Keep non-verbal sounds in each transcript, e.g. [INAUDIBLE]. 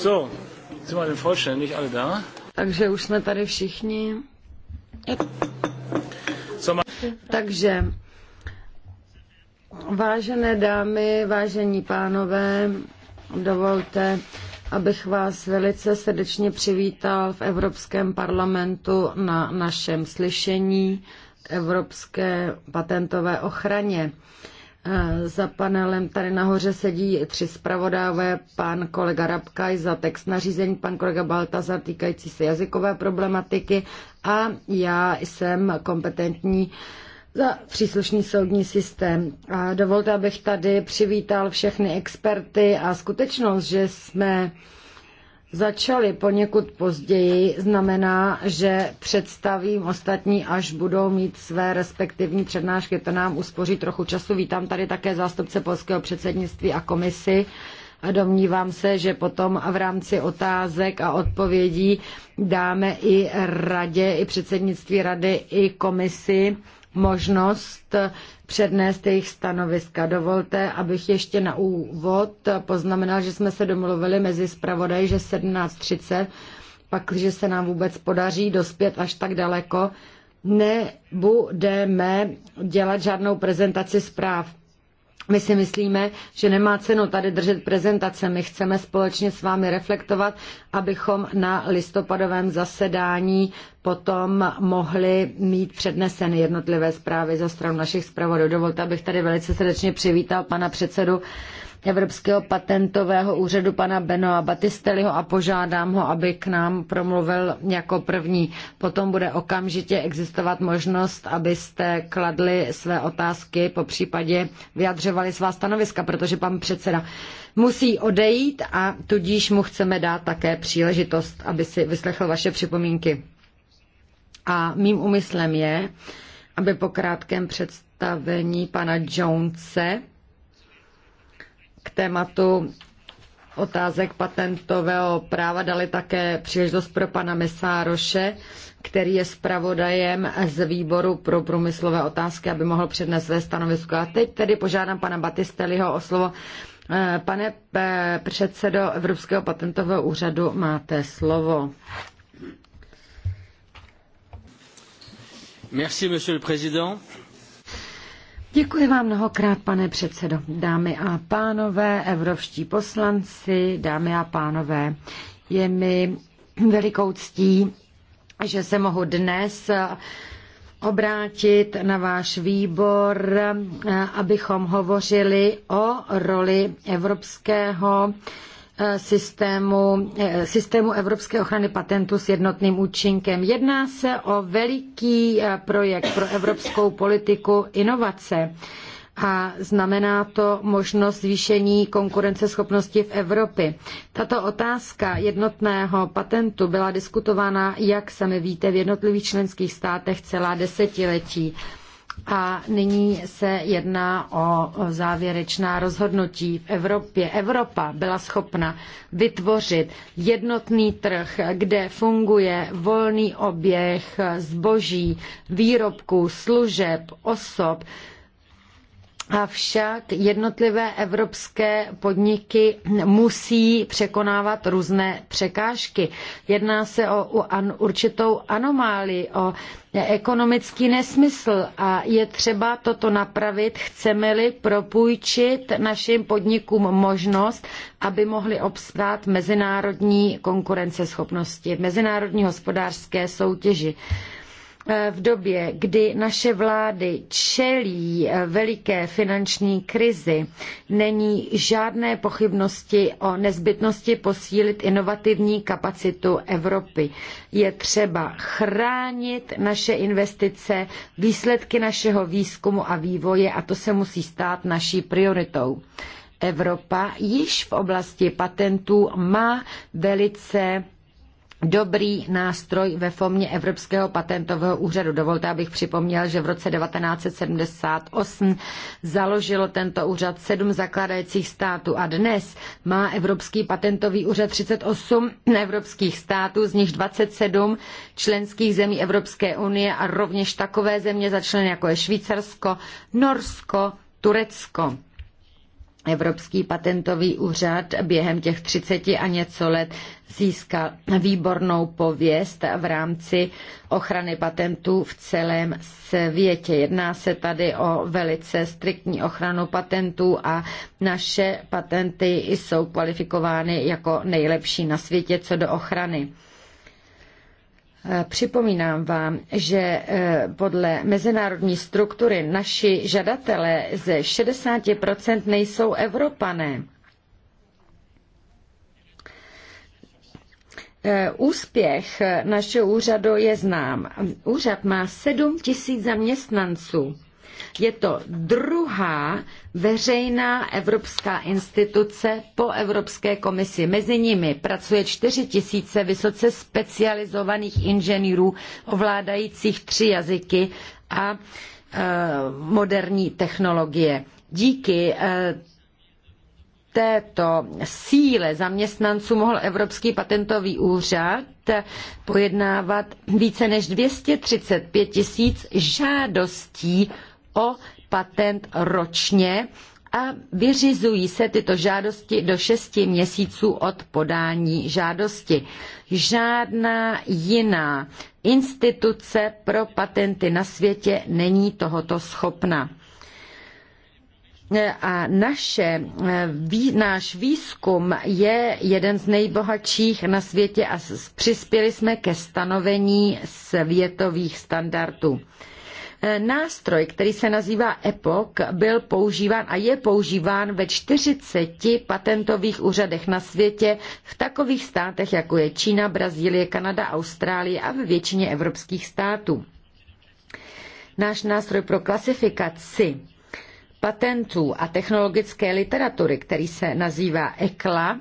So, sind wir denn vollständig alle da? Takže už jsme tady všichni. Takže, vážené dámy, vážení pánové, dovolte, abych vás velice srdečně přivítal v Evropském parlamentu na našem slyšení k Evropské patentové ochraně. Za panelem tady nahoře sedí tři zpravodajové, pan kolega Rabkaj za text nařízení, pan kolega Baltazar týkající se jazykové problematiky a já jsem kompetentní za příslušný soudní systém. A dovolte, abych tady přivítal všechny experty a skutečnost, že jsme začali poněkud později, znamená, že představím ostatní, až budou mít své respektivní přednášky. To nám uspoří trochu času. Vítám tady také zástupce polského předsednictví a komisy. A domnívám se, že potom v rámci otázek a odpovědí dáme i radě, i předsednictví rady, i komisi možnost přednést jejich stanoviska. Dovolte, abych ještě na úvod poznamenal, že jsme se domluvili mezi zpravodaji, že 17.30, že se nám vůbec podaří dospět až tak daleko, nebudeme dělat žádnou prezentaci zpráv my si myslíme, že nemá cenu tady držet prezentace. My chceme společně s vámi reflektovat, abychom na listopadovém zasedání potom mohli mít předneseny jednotlivé zprávy ze stran našich zpravodů. Dovolte, abych tady velice srdečně přivítal pana předsedu Evropského patentového úřadu pana Benoa Batisteliho a požádám ho, aby k nám promluvil jako první. Potom bude okamžitě existovat možnost, abyste kladli své otázky, po případě vyjadřovali svá stanoviska, protože pan předseda musí odejít a tudíž mu chceme dát také příležitost, aby si vyslechl vaše připomínky. A mým úmyslem je, aby po krátkém představení pana Jonese k tématu otázek patentového práva dali také příležitost pro pana Mesároše, který je zpravodajem z výboru pro průmyslové otázky, aby mohl přednést své stanovisko. A teď tedy požádám pana Batisteliho o slovo. Eh, pane eh, předsedo Evropského patentového úřadu, máte slovo. Merci, monsieur le président. Děkuji vám mnohokrát, pane předsedo. Dámy a pánové, evropští poslanci, dámy a pánové, je mi velikou ctí, že se mohu dnes obrátit na váš výbor, abychom hovořili o roli evropského Eh, systému, eh, systému Evropské ochrany patentů s jednotným účinkem. Jedná se o veliký eh, projekt pro evropskou politiku inovace a znamená to možnost zvýšení konkurenceschopnosti v Evropě. Tato otázka jednotného patentu byla diskutována, jak sami víte, v jednotlivých členských státech celá desetiletí. A nyní se jedná o závěrečná rozhodnutí v Evropě. Evropa byla schopna vytvořit jednotný trh, kde funguje volný oběh zboží, výrobků, služeb, osob, Avšak jednotlivé evropské podniky musí překonávat různé překážky. Jedná se o určitou anomálii, o ekonomický nesmysl a je třeba toto napravit, chceme-li propůjčit našim podnikům možnost, aby mohli obstát mezinárodní konkurenceschopnosti, mezinárodní hospodářské soutěži. Eh, v době, kdy naše vlády čelí eh, veliké finanční krizi, není žádné pochybnosti o nezbytnosti posílit inovativní kapacitu Evropy. Je třeba chránit naše investice, výsledky našeho výzkumu a vývoje a to se musí stát naší prioritou. Evropa již v oblasti patentů má velice dobrý nástroj ve formě Evropského patentového úřadu. Dovolte, abych připomněl, že v roce 1978 založilo tento úřad sedm zakladajících států a dnes má Evropský patentový úřad 38 evropských států, z nich 27 členských zemí Evropské unie a rovněž takové země začleny jako je Švýcarsko, Norsko, Turecko. Evropský patentový úřad během těch 30 a něco let získal výbornou pověst v rámci ochrany patentů v celém světě. Jedná se tady o velice striktní ochranu patentů a naše patenty jsou kvalifikovány jako nejlepší na světě co do ochrany. Eh, připomínám vám, že eh, podle mezinárodní struktury naši žadatelé ze 60% nejsou Evropané. Eh, úspěch našeho úřadu je znám. Úřad má 7 tisíc zaměstnanců je to druhá veřejná evropská instituce po Evropské komisi. Mezi nimi pracuje 4 tisíce vysoce specializovaných inženýrů ovládajících tři jazyky a e, moderní technologie. Díky e, této síle zaměstnanců mohl Evropský patentový úřad pojednávat více než 235 tisíc žádostí o patent ročně a vyřizují se tyto žádosti do šesti měsíců od podání žádosti. Žádná jiná instituce pro patenty na světě není tohoto schopna a naše, vý, náš výzkum je jeden z nejbohatších na světě a přispěli jsme ke stanovení světových standardů. Nástroj, který se nazývá EPOC, byl používán a je používán ve 40 patentových úřadech na světě v takových státech, jako je Čína, Brazílie, Kanada, Austrálie a ve většině evropských států. Náš nástroj pro klasifikaci patentů a technologické literatury, který se nazývá ECLA,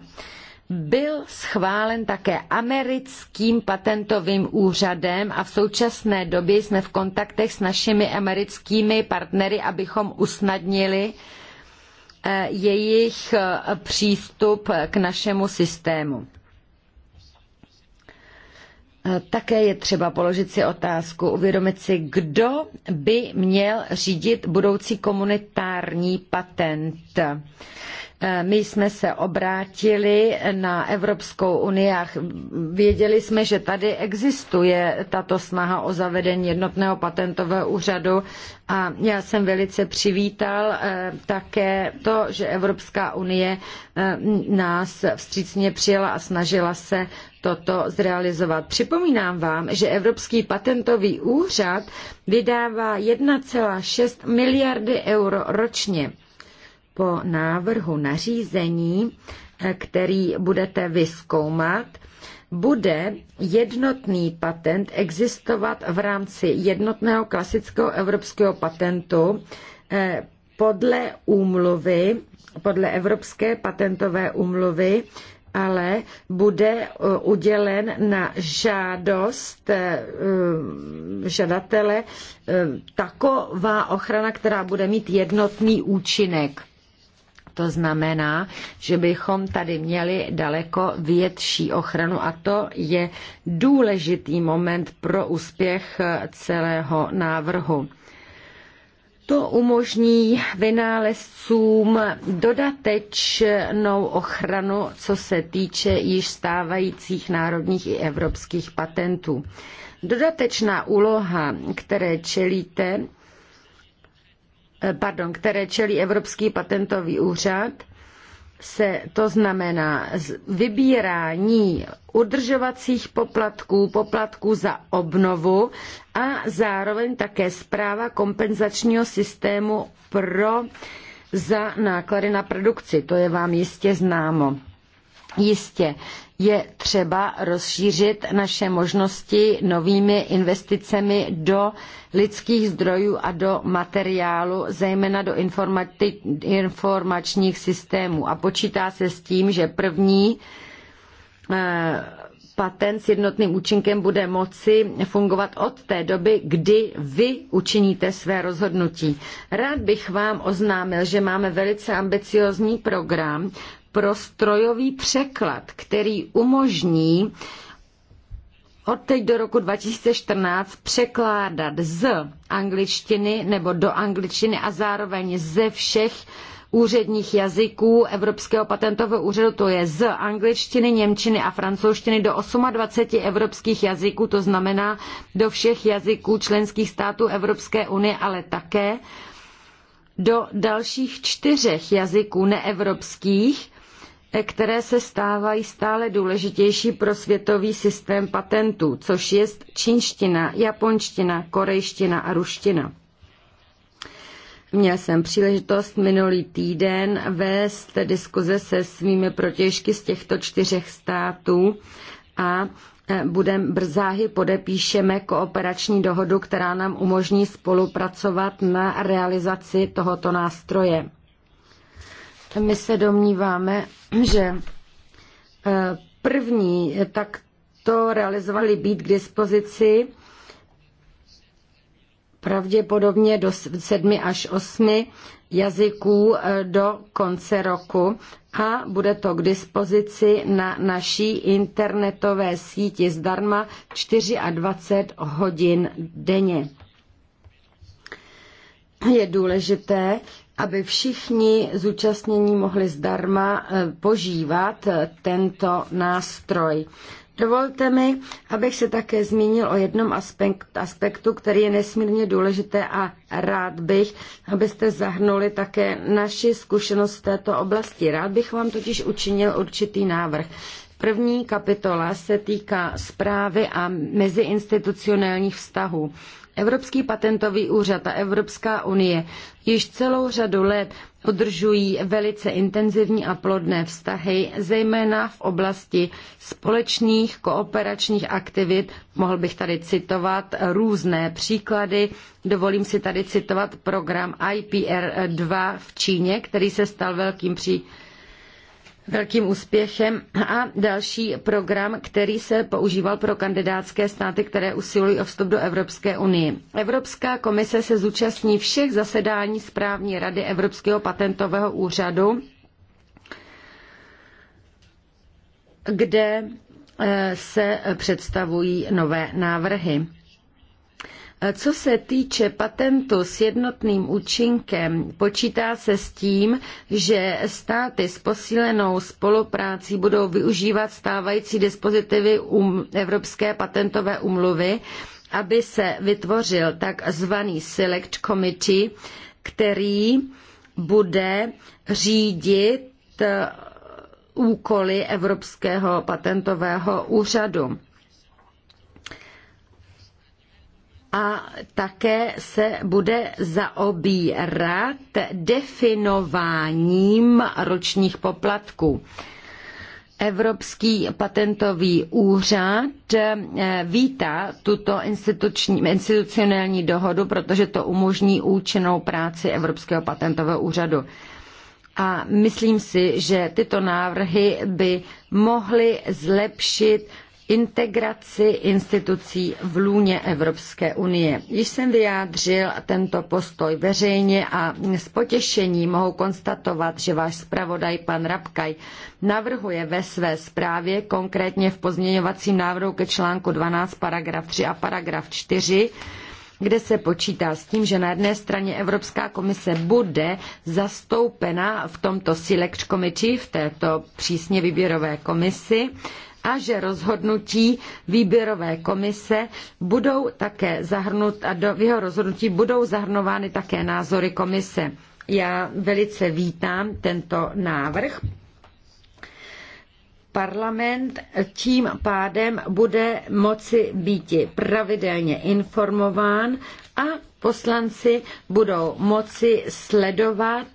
byl schválen také americkým patentovým úřadem a v současné době jsme v kontaktech s našimi americkými partnery, abychom usnadnili eh, jejich eh, přístup k našemu systému. Eh, také je třeba položit si otázku, uvědomit si, kdo by měl řídit budoucí komunitární patent. Eh, my jsme se obrátili na Evropskou unii a věděli jsme, že tady existuje tato snaha o zavedení jednotného patentového úřadu a já jsem velice přivítal eh, také to, že Evropská unie eh, nás vstřícně přijela a snažila se toto zrealizovat. Připomínám vám, že Evropský patentový úřad vydává 1,6 miliardy euro ročně po návrhu nařízení, eh, který budete vyskoumat, bude jednotný patent existovat v rámci jednotného klasického evropského patentu eh, podle úmluvy, podle Evropské patentové úmluvy, ale bude eh, udělen na žádost žadatele taková ochrana, která bude mít jednotný účinek. To znamená, že bychom tady měli daleko větší ochranu a to je důležitý moment pro úspěch celého návrhu. To umožní vynálezcům dodatečnou ochranu, co se týče již stávajících národních i evropských patentů. Dodatečná úloha, které čelíte, Eh, pardon, které čelí Evropský patentový úřad, se to znamená vybírání udržovacích poplatků, poplatků za obnovu a zároveň také zpráva kompenzačního systému pro za náklady na produkci. To je vám jistě známo. Jistě, je třeba rozšířit naše možnosti novými investicemi do lidských zdrojů a do materiálu, zejména do informačních systémů. A počítá se s tím, že první eh, patent s jednotným účinkem bude moci fungovat od té doby, kdy vy učiníte své rozhodnutí. Rád bych vám oznámil, že máme velice ambiciozní program pro strojový překlad, který umožní od teď do roku 2014 překládat z angličtiny nebo do angličtiny a zároveň ze všech úředních jazyků Evropského patentového úřadu, to je z angličtiny, němčiny a francouzštiny do 28 evropských jazyků, to znamená do všech jazyků členských států Evropské unie, ale také do dalších čtyřech jazyků neevropských, které se stávají stále důležitější pro světový systém patentů, což je čínština, japonština, korejština a ruština. Měl jsem příležitost minulý týden vést diskuze se svými protěžky z těchto čtyřech států a e, budem brzáhy podepíšeme kooperační dohodu, která nám umožní spolupracovat na realizaci tohoto nástroje. My se domníváme, že eh, první takto realizovali být k dispozici pravděpodobně do sedmi až osmi jazyků eh, do konce roku a bude to k dispozici na naší internetové síti zdarma 24 hodin denně. Je důležité, aby všichni zúčastnění mohli zdarma eh, požívat eh, tento nástroj. Dovolte mi, abych se také zmínil o jednom aspektu, který je nesmírně důležité a rád bych, abyste zahrnuli také naši zkušenost v této oblasti. Rád bych vám totiž učinil určitý návrh. První kapitola se týká zprávy a meziinstitucionálních vztahů. Evropský patentový úřad a Evropská unie již celou řadu let udržují velice intenzivní a plodné vztahy, zejména v oblasti společných kooperačních aktivit. Mohl bych tady citovat různé příklady. Dovolím si tady citovat program IPR2 v Číně, který se stal velkým příkladem velkým úspěchem a další program, který se používal pro kandidátské státy, které usilují o vstup do Evropské unie. Evropská komise se zúčastní všech zasedání správní rady Evropského patentového úřadu, kde eh, se představují nové návrhy. Co se týče patentu s jednotným účinkem, počítá se s tím, že státy s posílenou spoluprácí budou využívat stávající dispozitivy um, Evropské patentové umluvy, aby se vytvořil takzvaný Select Committee, který bude řídit uh, úkoly Evropského patentového úřadu. a také se bude zaobírat definováním ročních poplatků. Evropský patentový úřad eh, vítá tuto institucionální dohodu, protože to umožní účinnou práci Evropského patentového úřadu. A myslím si, že tyto návrhy by mohly zlepšit integraci institucí v lůně Evropské unie. Již jsem vyjádřil tento postoj veřejně a s potěšením mohu konstatovat, že váš zpravodaj pan Rabkaj navrhuje ve své zprávě, konkrétně v pozměňovacím návrhu ke článku 12 paragraf 3 a paragraf 4, kde se počítá s tím, že na jedné straně Evropská komise bude zastoupena v tomto Select Committee, v této přísně výběrové komisi, a že rozhodnutí výběrové komise budou také zahrnut a do jeho rozhodnutí budou zahrnovány také názory komise. Já velice vítám tento návrh. Parlament tím pádem bude moci být pravidelně informován a poslanci budou moci sledovat,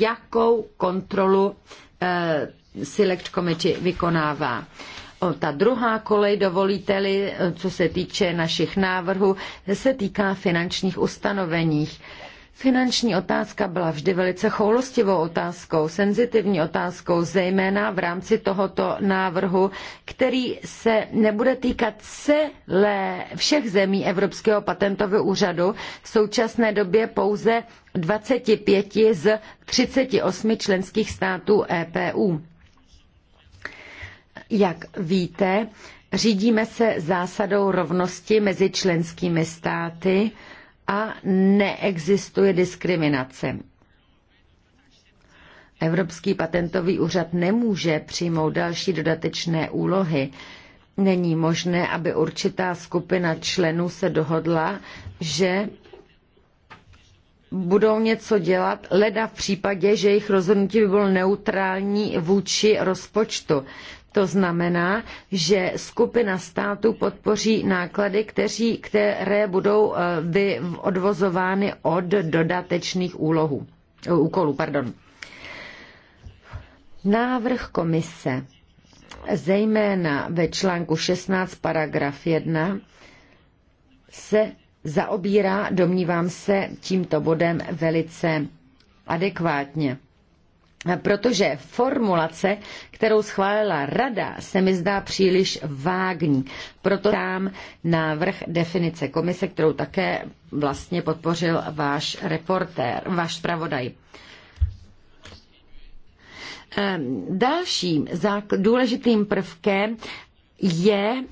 jakou kontrolu eh, Select Committee vykonává ta druhá kolej, dovolíte-li, e, co se týče našich návrhů, se týká finančních ustanoveních. Finanční otázka byla vždy velice choulostivou otázkou, senzitivní otázkou, zejména v rámci tohoto návrhu, který se nebude týkat celé všech zemí Evropského patentového úřadu, v současné době pouze 25 z 38 členských států EPU. Jak víte, řídíme se zásadou rovnosti mezi členskými státy a neexistuje diskriminace. Evropský patentový úřad nemůže přijmout další dodatečné úlohy. Není možné, aby určitá skupina členů se dohodla, že budou něco dělat, leda v případě, že jejich rozhodnutí by bylo neutrální vůči rozpočtu. To znamená, že skupina států podpoří náklady, kteří, které budou eh, vy, odvozovány od dodatečných úlohů, úkolů. Pardon. Návrh komise, zejména ve článku 16 paragraf 1, se zaobírá, domnívám se, tímto bodem velice adekvátně protože formulace, kterou schválila rada, se mi zdá příliš vágní. Proto dám návrh definice komise, kterou také vlastně podpořil váš reportér, váš zpravodaj. Ehm, dalším důležitým prvkem je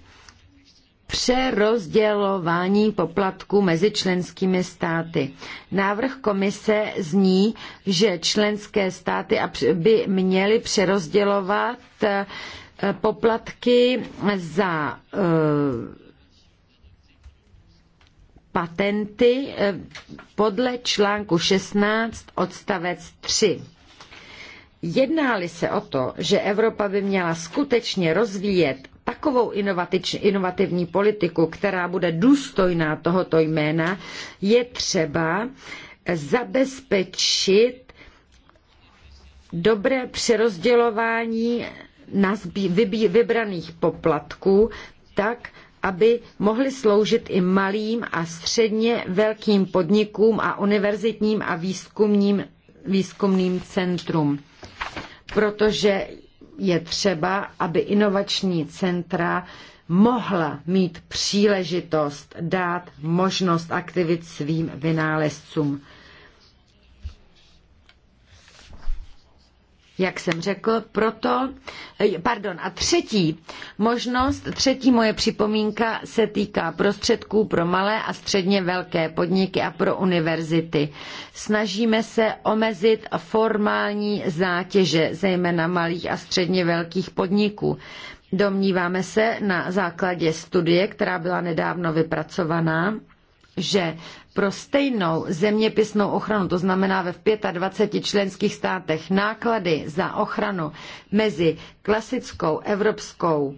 přerozdělování poplatků mezi členskými státy. Návrh komise zní, že členské státy by měly přerozdělovat eh, poplatky za eh, patenty eh, podle článku 16 odstavec 3. Jednáli se o to, že Evropa by měla skutečně rozvíjet takovou inovativní politiku, která bude důstojná tohoto jména, je třeba zabezpečit dobré přerozdělování na vybraných poplatků tak, aby mohly sloužit i malým a středně velkým podnikům a univerzitním a výzkumným výzkumným centrum. Protože je třeba, aby inovační centra mohla mít příležitost dát možnost aktivit svým vynálezcům. jak jsem řekl, proto, pardon, a třetí možnost, třetí moje připomínka se týká prostředků pro malé a středně velké podniky a pro univerzity. Snažíme se omezit formální zátěže, zejména malých a středně velkých podniků. Domníváme se na základě studie, která byla nedávno vypracovaná, že pro stejnou zeměpisnou ochranu, to znamená ve 25 členských státech, náklady za ochranu mezi klasickou evropskou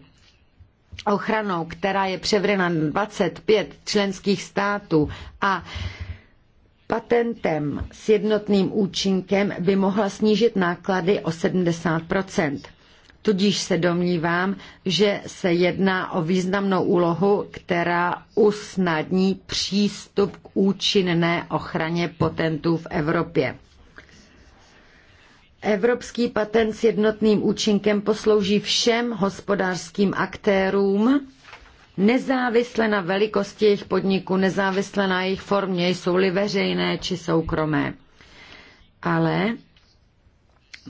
ochranou, která je převrena 25 členských států a patentem s jednotným účinkem by mohla snížit náklady o 70 Tudíž se domnívám, že se jedná o významnou úlohu, která usnadní přístup k účinné ochraně patentů v Evropě. Evropský patent s jednotným účinkem poslouží všem hospodářským aktérům, nezávisle na velikosti jejich podniku, nezávisle na jejich formě, jsou-li veřejné či soukromé. Ale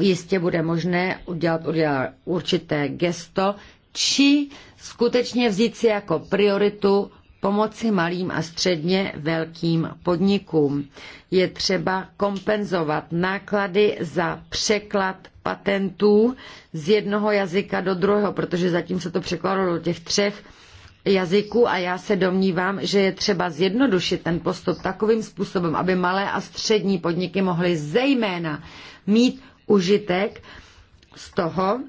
jistě bude možné udělat, udělat určité gesto, či skutečně vzít si jako prioritu pomoci malým a středně velkým podnikům. Je třeba kompenzovat náklady za překlad patentů z jednoho jazyka do druhého, protože zatím se to překládalo do těch třech jazyků a já se domnívám, že je třeba zjednodušit ten postup takovým způsobem, aby malé a střední podniky mohly zejména mít užitek z toho,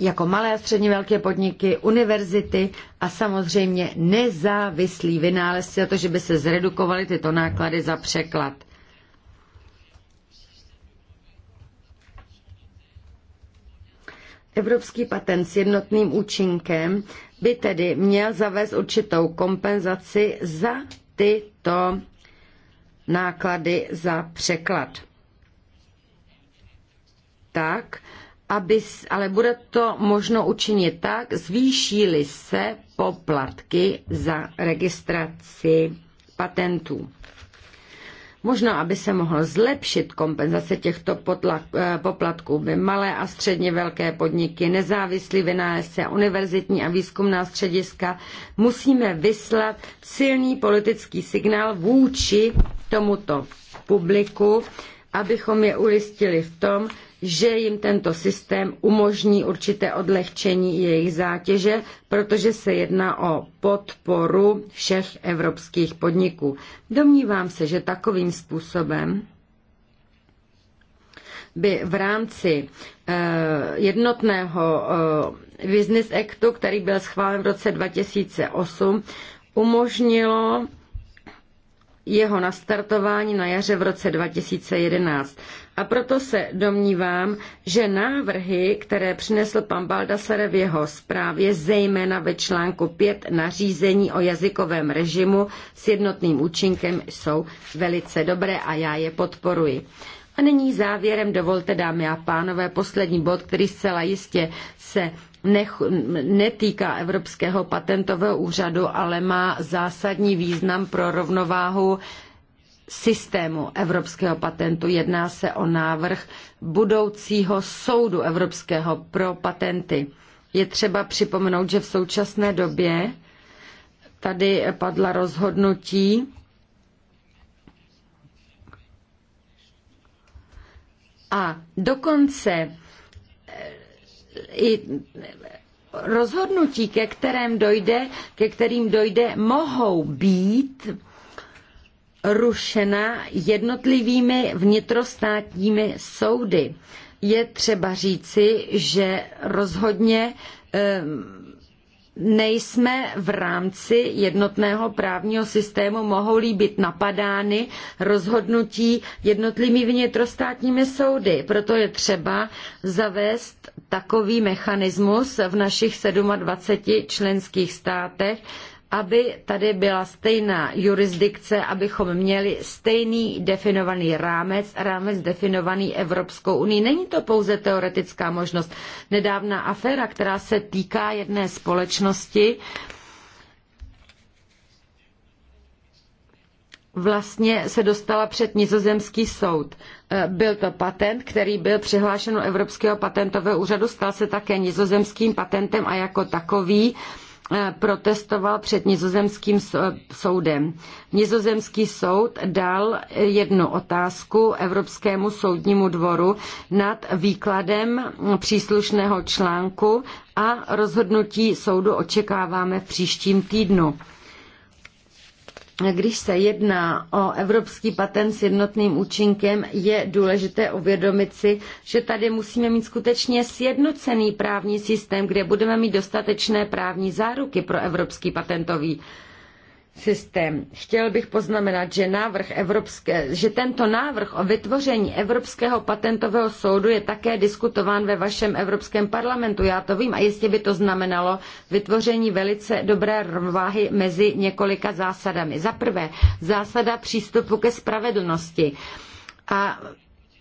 jako malé a středně velké podniky, univerzity a samozřejmě nezávislí vynálezci a to, že by se zredukovaly tyto náklady za překlad. Evropský patent s jednotným účinkem by tedy měl zavést určitou kompenzaci za tyto náklady za překlad tak, aby, ale bude to možno učinit tak, zvýšily se poplatky za registraci patentů. Možná, aby se mohl zlepšit kompenzace těchto potlak, eh, poplatků, by malé a středně velké podniky, nezávislí vynálezce, univerzitní a výzkumná střediska, musíme vyslat silný politický signál vůči tomuto publiku, abychom je ujistili v tom, že jim tento systém umožní určité odlehčení jejich zátěže, protože se jedná o podporu všech evropských podniků. Domnívám se, že takovým způsobem by v rámci eh, jednotného eh, Business Actu, který byl schválen v roce 2008, umožnilo jeho nastartování na jaře v roce 2011. A proto se domnívám, že návrhy, které přinesl pan Baldassare v jeho zprávě, zejména ve článku 5 nařízení o jazykovém režimu s jednotným účinkem, jsou velice dobré a já je podporuji. A nyní závěrem dovolte, dámy a pánové, poslední bod, který zcela jistě se nech, netýká Evropského patentového úřadu, ale má zásadní význam pro rovnováhu systému evropského patentu. Jedná se o návrh budoucího soudu evropského pro patenty. Je třeba připomenout, že v současné době tady padla rozhodnutí a dokonce eh, i rozhodnutí, ke, kterém dojde, ke kterým dojde, mohou být rušena jednotlivými vnitrostátními soudy. Je třeba říci, že rozhodně nejsme v rámci jednotného právního systému, mohou být napadány rozhodnutí jednotlivými vnitrostátními soudy. Proto je třeba zavést takový mechanismus v našich 27 členských státech, aby tady byla stejná jurisdikce, abychom měli stejný definovaný rámec, rámec definovaný Evropskou unii. Není to pouze teoretická možnost. Nedávná aféra, která se týká jedné společnosti, vlastně se dostala před nizozemský soud. E, byl to patent, který byl přihlášen u Evropského patentového úřadu, stal se také nizozemským patentem a jako takový Eh, protestoval před nizozemským eh, soudem. Nizozemský soud dal jednu otázku Evropskému soudnímu dvoru nad výkladem příslušného článku a rozhodnutí soudu očekáváme v příštím týdnu když se jedná o evropský patent s jednotným účinkem, je důležité uvědomit si, že tady musíme mít skutečně sjednocený právní systém, kde budeme mít dostatečné právní záruky pro evropský patentový systém. Chtěl bych poznamenat, že, návrh evropské, že tento návrh o vytvoření Evropského patentového soudu je také diskutován ve vašem Evropském parlamentu. Já to vím a jistě by to znamenalo vytvoření velice dobré rovnováhy mezi několika zásadami. Za prvé, zásada přístupu ke spravedlnosti. A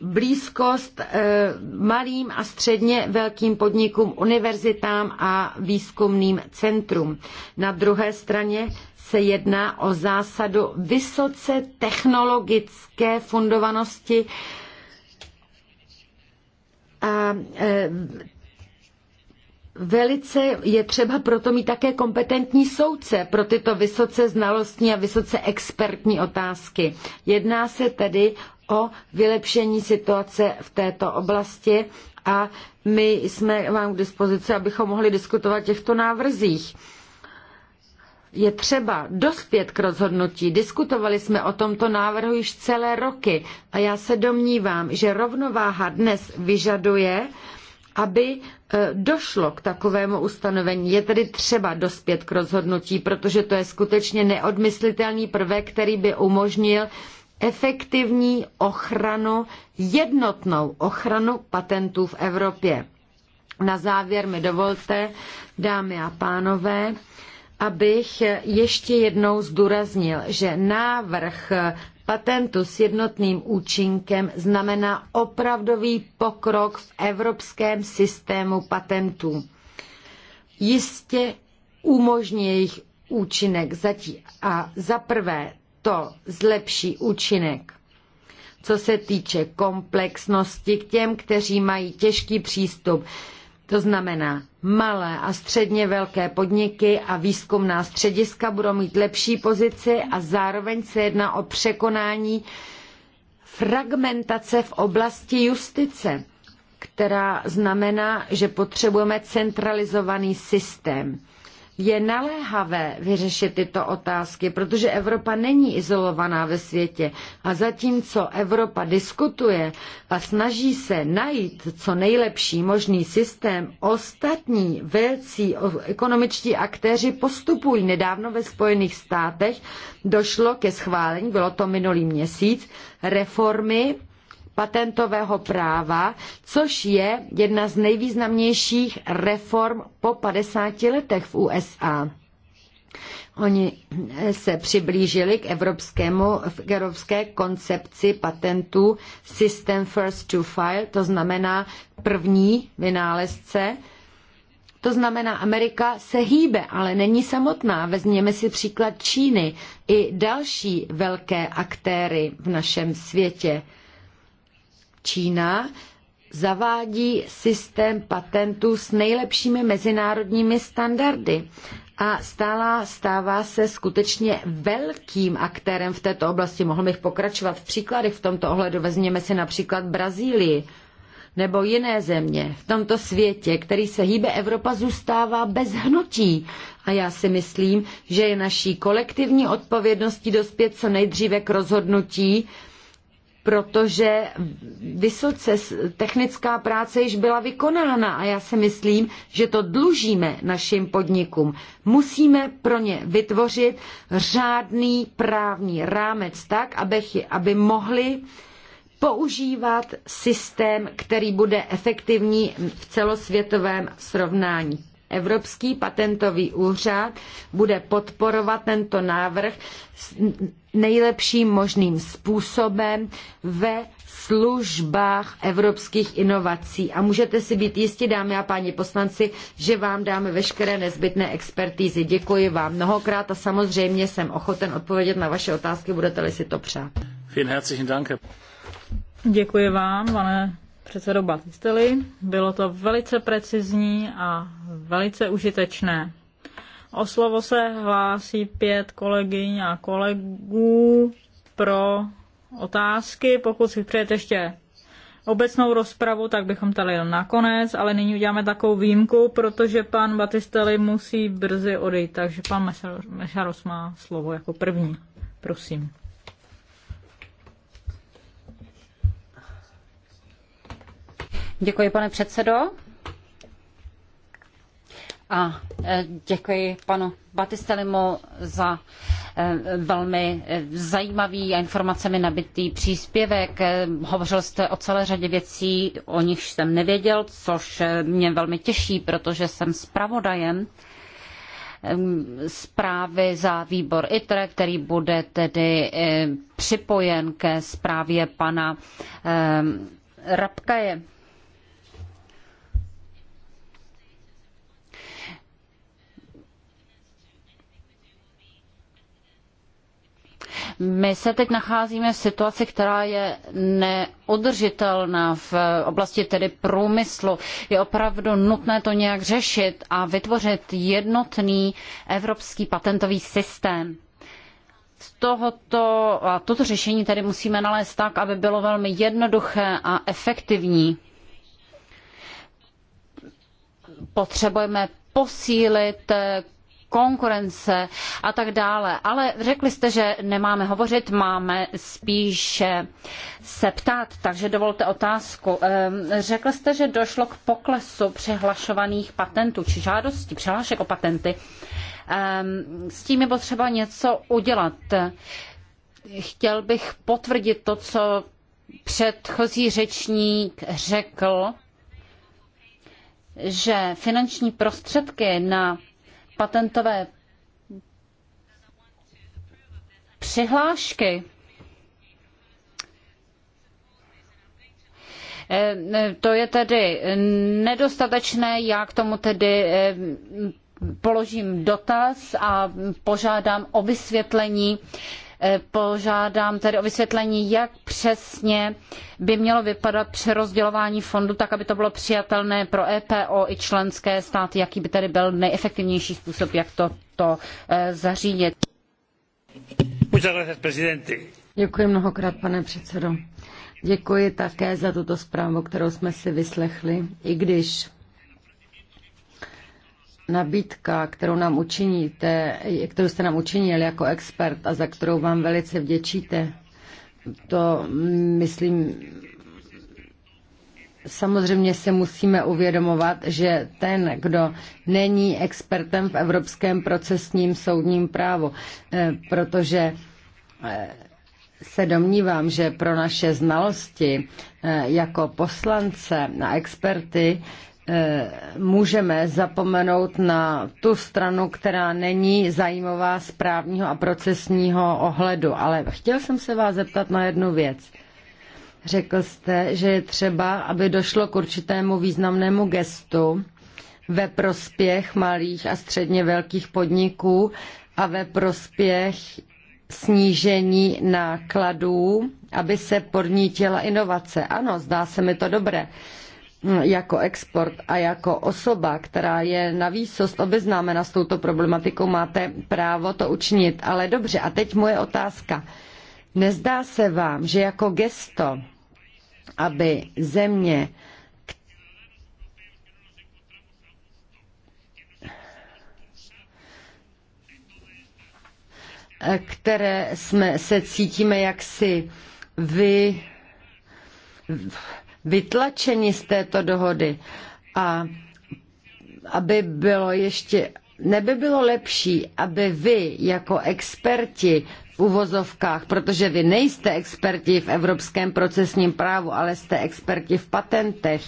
blízkost eh, malým a středně velkým podnikům, univerzitám a výzkumným centrum. Na druhé straně se jedná o zásadu vysoce technologické fundovanosti a e, Velice je třeba proto mít také kompetentní soudce pro tyto vysoce znalostní a vysoce expertní otázky. Jedná se tedy o vylepšení situace v této oblasti a my jsme vám k dispozici, abychom mohli diskutovat těchto návrzích je třeba dospět k rozhodnutí. Diskutovali jsme o tomto návrhu již celé roky a já se domnívám, že rovnováha dnes vyžaduje, aby e, došlo k takovému ustanovení. Je tedy třeba dospět k rozhodnutí, protože to je skutečně neodmyslitelný prvek, který by umožnil efektivní ochranu, jednotnou ochranu patentů v Evropě. Na závěr mi dovolte, dámy a pánové, abych ještě jednou zdůraznil, že návrh patentu s jednotným účinkem znamená opravdový pokrok v evropském systému patentů. Jistě umožní jejich účinek zatím a za prvé to zlepší účinek co se týče komplexnosti k těm, kteří mají těžký přístup to znamená, malé a středně velké podniky a výzkumná střediska budou mít lepší pozici a zároveň se jedná o překonání fragmentace v oblasti justice, která znamená, že potřebujeme centralizovaný systém je naléhavé vyřešit tyto otázky, protože Evropa není izolovaná ve světě. A zatímco Evropa diskutuje a snaží se najít co nejlepší možný systém, ostatní velcí ekonomičtí aktéři postupují. Nedávno ve Spojených státech došlo ke schválení, bylo to minulý měsíc, reformy patentového práva, což je jedna z nejvýznamnějších reform po 50 letech v USA. Oni se přiblížili k, evropskému, k evropské koncepci patentů System First to File, to znamená první vynálezce. To znamená, Amerika se hýbe, ale není samotná. Vezměme si příklad Číny i další velké aktéry v našem světě. Čína zavádí systém patentů s nejlepšími mezinárodními standardy a stála, stává se skutečně velkým aktérem v této oblasti. Mohl bych pokračovat v příkladech v tomto ohledu. Vezměme si například Brazílii nebo jiné země v tomto světě, který se hýbe, Evropa zůstává bez hnutí. A já si myslím, že je naší kolektivní odpovědností dospět co nejdříve k rozhodnutí, protože vysoce technická práce již byla vykonána a já si myslím, že to dlužíme našim podnikům. Musíme pro ně vytvořit řádný právní rámec tak, aby, aby mohli používat systém, který bude efektivní v celosvětovém srovnání. Evropský patentový úřad bude podporovat tento návrh nejlepším možným způsobem ve službách evropských inovací. A můžete si být jistí, dámy a páni poslanci, že vám dáme veškeré nezbytné expertízy. Děkuji vám mnohokrát a samozřejmě jsem ochoten odpovědět na vaše otázky, budete-li si to přát. Vielen herzlichen Dank. Děkuji vám, pane předsedo Batisteli. Bylo to velice precizní a velice užitečné. O slovo se hlásí pět kolegyň a kolegů pro otázky. Pokud si přejete ještě obecnou rozpravu, tak bychom tady jel nakonec, ale nyní uděláme takovou výjimku, protože pan Batisteli musí brzy odejít, takže pan Mešaros má slovo jako první. Prosím. Děkuji, pane předsedo. A e, děkuji panu Batistelimu za e, velmi e, zajímavý a informacemi nabitý příspěvek. Hovořil jste o celé řadě věcí, o nichž jsem nevěděl, což mě velmi těší, protože jsem zpravodajem zprávy za výbor ITRE, který bude tedy připojen ke zprávě pana Rabkaje. My se teď nacházíme v situaci, která je neudržitelná v oblasti tedy průmyslu. Je opravdu nutné to nějak řešit a vytvořit jednotný evropský patentový systém z tohoto, a toto řešení tedy musíme nalézt tak, aby bylo velmi jednoduché a efektivní. Potřebujeme posílit konkurence a tak dále. Ale řekli jste, že nemáme hovořit, máme spíše se ptát, takže dovolte otázku. Ehm, řekl jste, že došlo k poklesu přihlašovaných patentů či žádostí přihlášek o patenty. Ehm, s tím je potřeba něco udělat. Chtěl bych potvrdit to, co předchozí řečník řekl, že finanční prostředky na patentové přihlášky. Eh, to je tedy nedostatečné, já k tomu tedy eh, položím dotaz a požádám o vysvětlení Eh, požádám tedy o vysvětlení, jak přesně by mělo vypadat přerozdělování fondu, tak aby to bylo přijatelné pro EPO i členské státy, jaký by tedy byl nejefektivnější způsob, jak to, to eh, zařídit. Děkuji mnohokrát, pane předsedo. Děkuji také za tuto zprávu, kterou jsme si vyslechli, i když nabídka, kterou nám učiníte, kterou jste nám učinil jako expert a za kterou vám velice vděčíte, to myslím, samozřejmě se musíme uvědomovat, že ten, kdo není expertem v evropském procesním soudním právu, eh, protože eh, se domnívám, že pro naše znalosti eh, jako poslance na experty Eh, můžeme zapomenout na tu stranu, která není zajímavá z právního a procesního ohledu. Ale chtěl jsem se vás zeptat na jednu věc. Řekl jste, že je třeba, aby došlo k určitému významnému gestu ve prospěch malých a středně velkých podniků a ve prospěch snížení nákladů, aby se podnítila inovace. Ano, zdá se mi to dobré jako export a jako osoba, která je na výsost obeznámena s touto problematikou, máte právo to učinit. Ale dobře, a teď moje otázka. Nezdá se vám, že jako gesto, aby země, které jsme se cítíme jaksi vy vytlačeni z této dohody a aby bylo ještě, neby bylo lepší, aby vy jako experti v uvozovkách, protože vy nejste experti v evropském procesním právu, ale jste experti v patentech,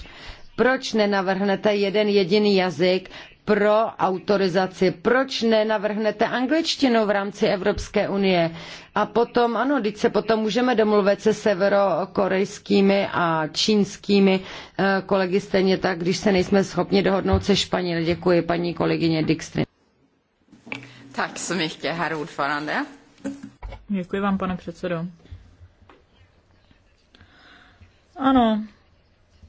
proč nenavrhnete jeden jediný jazyk pro autorizaci. Proč nenavrhnete angličtinu v rámci Evropské unie? A potom, ano, teď se potom můžeme domluvit se severokorejskými a čínskými eh, kolegy stejně tak, když se nejsme schopni dohodnout se Španěli. Děkuji paní kolegyně Dixtry. Tak så mycket, herr Děkuji vám, pane předsedo. Ano,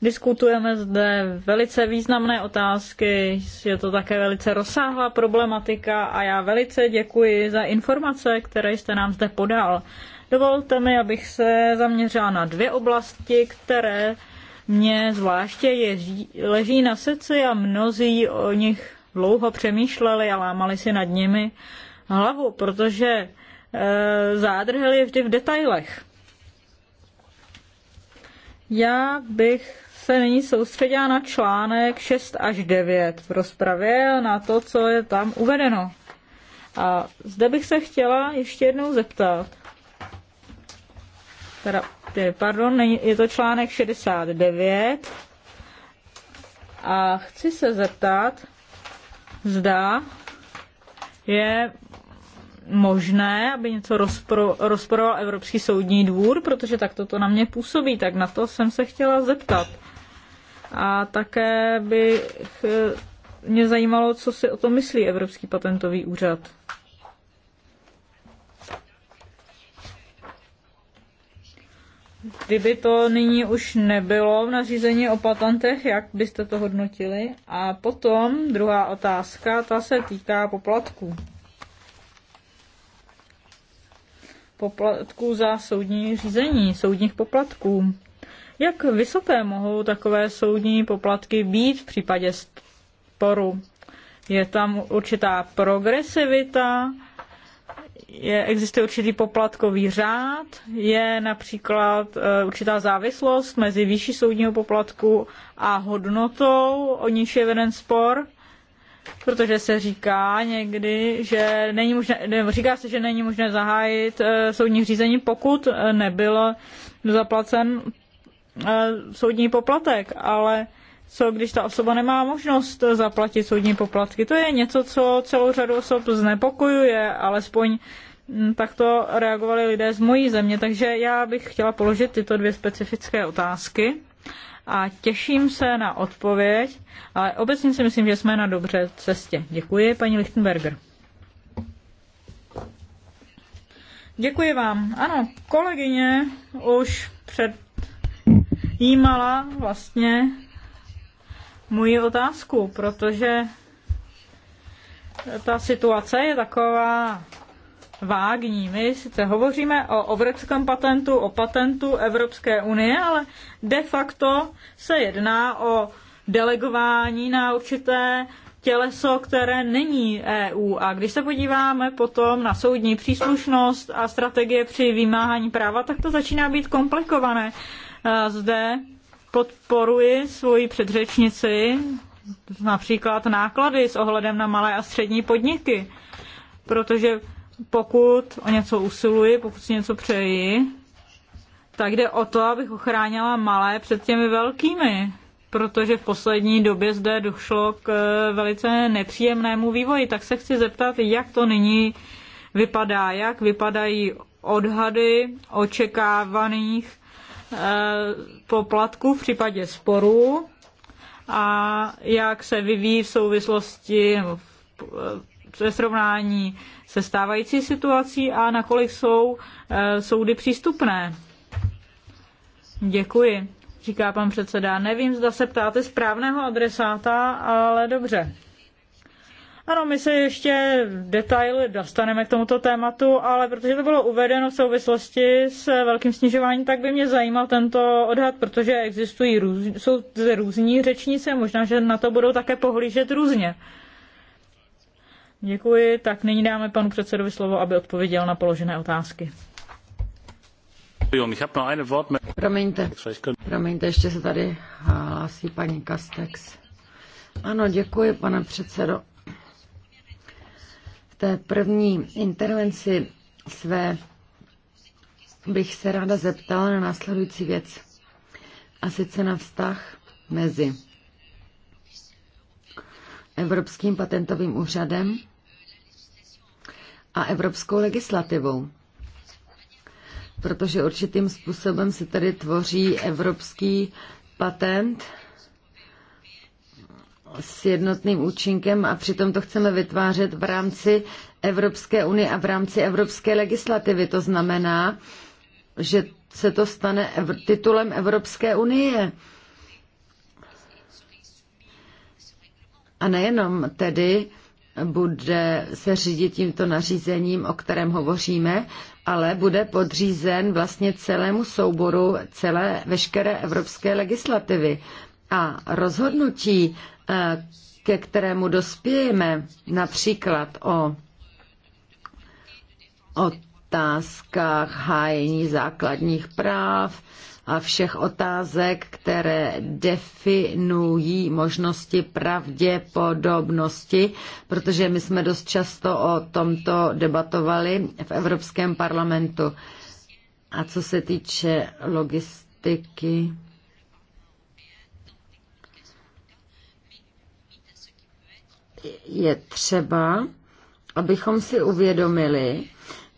Diskutujeme zde velice významné otázky, je to také velice rozsáhlá problematika a já velice děkuji za informace, které jste nám zde podal. Dovolte mi, abych se zaměřila na dvě oblasti, které mě zvláště ježí, leží na srdci a mnozí o nich dlouho přemýšleli a lámali si nad nimi hlavu, protože e, zádrhel je vždy v detailech. Já bych se nyní soustředila na článek 6 až 9 v rozpravě a na to, co je tam uvedeno. A zde bych se chtěla ještě jednou zeptat. Teda, pardon, je to článek 69. A chci se zeptat, zda je možné, aby něco rozpro, rozporoval Evropský soudní dvůr, protože tak toto na mě působí, tak na to jsem se chtěla zeptat. A také by eh, mě zajímalo, co si o tom myslí Evropský patentový úřad. Kdyby to nyní už nebylo v nařízení o patentech, jak byste to hodnotili? A potom druhá otázka, ta se týká poplatků. Poplatků za soudní řízení, soudních poplatků. Jak vysoké mohou takové soudní poplatky být v případě sporu? Je tam určitá progresivita, je, existuje určitý poplatkový řád, je například e, určitá závislost mezi výší soudního poplatku a hodnotou, o níž je veden spor, protože se říká někdy, že není možné, ne, říká se, že není možné zahájit e, soudní řízení, pokud eh, nebyl zaplacen Eh, soudní poplatek, ale co když ta osoba nemá možnost zaplatit soudní poplatky. To je něco, co celou řadu osob znepokojuje, alespoň hm, takto reagovali lidé z mojí země, takže já bych chtěla položit tyto dvě specifické otázky a těším se na odpověď, ale obecně si myslím, že jsme na dobře cestě. Děkuji, paní Lichtenberger. Děkuji vám. Ano, kolegyně už před jímala vlastně moji otázku, protože ta situace je taková vágní. My sice hovoříme o evropském patentu, o patentu Evropské unie, ale de facto se jedná o delegování na určité těleso, které není EU. A když se podíváme potom na soudní příslušnost a strategie při vymáhání práva, tak to začíná být komplikované zde podporuji svoji předřečnici, například náklady s ohledem na malé a střední podniky, protože pokud o něco usiluji, pokud si něco přeji, tak jde o to, abych ochránila malé před těmi velkými, protože v poslední době zde došlo k eh, velice nepříjemnému vývoji. Tak se chci zeptat, jak to nyní vypadá, jak vypadají odhady očekávaných Eh, poplatku v případě sporů a jak se vyvíjí v souvislosti eh, ve srovnání se stávající situací a nakolik jsou eh, soudy přístupné. Děkuji, říká pan předseda. Nevím, zda se ptáte správného adresáta, ale dobře. Ano, my se ještě detaily dostaneme k tomuto tématu, ale protože to bylo uvedeno v souvislosti s velkým snižováním, tak by mě zajímal tento odhad, protože existují růz, jsou různí řečníci možná, že na to budou také pohlížet různě. Děkuji, tak nyní dáme panu předsedovi slovo, aby odpověděl na položené otázky. Promiňte, promiňte, ještě se tady hlásí paní Kastex. Ano, děkuji, pane předsedo té první intervenci své bych se ráda zeptala na následující věc. A sice na vztah mezi Evropským patentovým úřadem a evropskou legislativou. Protože určitým způsobem se tady tvoří evropský patent s jednotným účinkem a přitom to chceme vytvářet v rámci Evropské unie a v rámci evropské legislativy. To znamená, že se to stane titulem Evropské unie. A nejenom tedy bude se řídit tímto nařízením, o kterém hovoříme, ale bude podřízen vlastně celému souboru celé veškeré evropské legislativy. A rozhodnutí Eh, ke kterému dospějeme, například o otázkách hájení základních práv a všech otázek, které definují možnosti pravděpodobnosti, protože my jsme dost často o tomto debatovali v Evropském parlamentu. A co se týče logistiky, je třeba, abychom si uvědomili,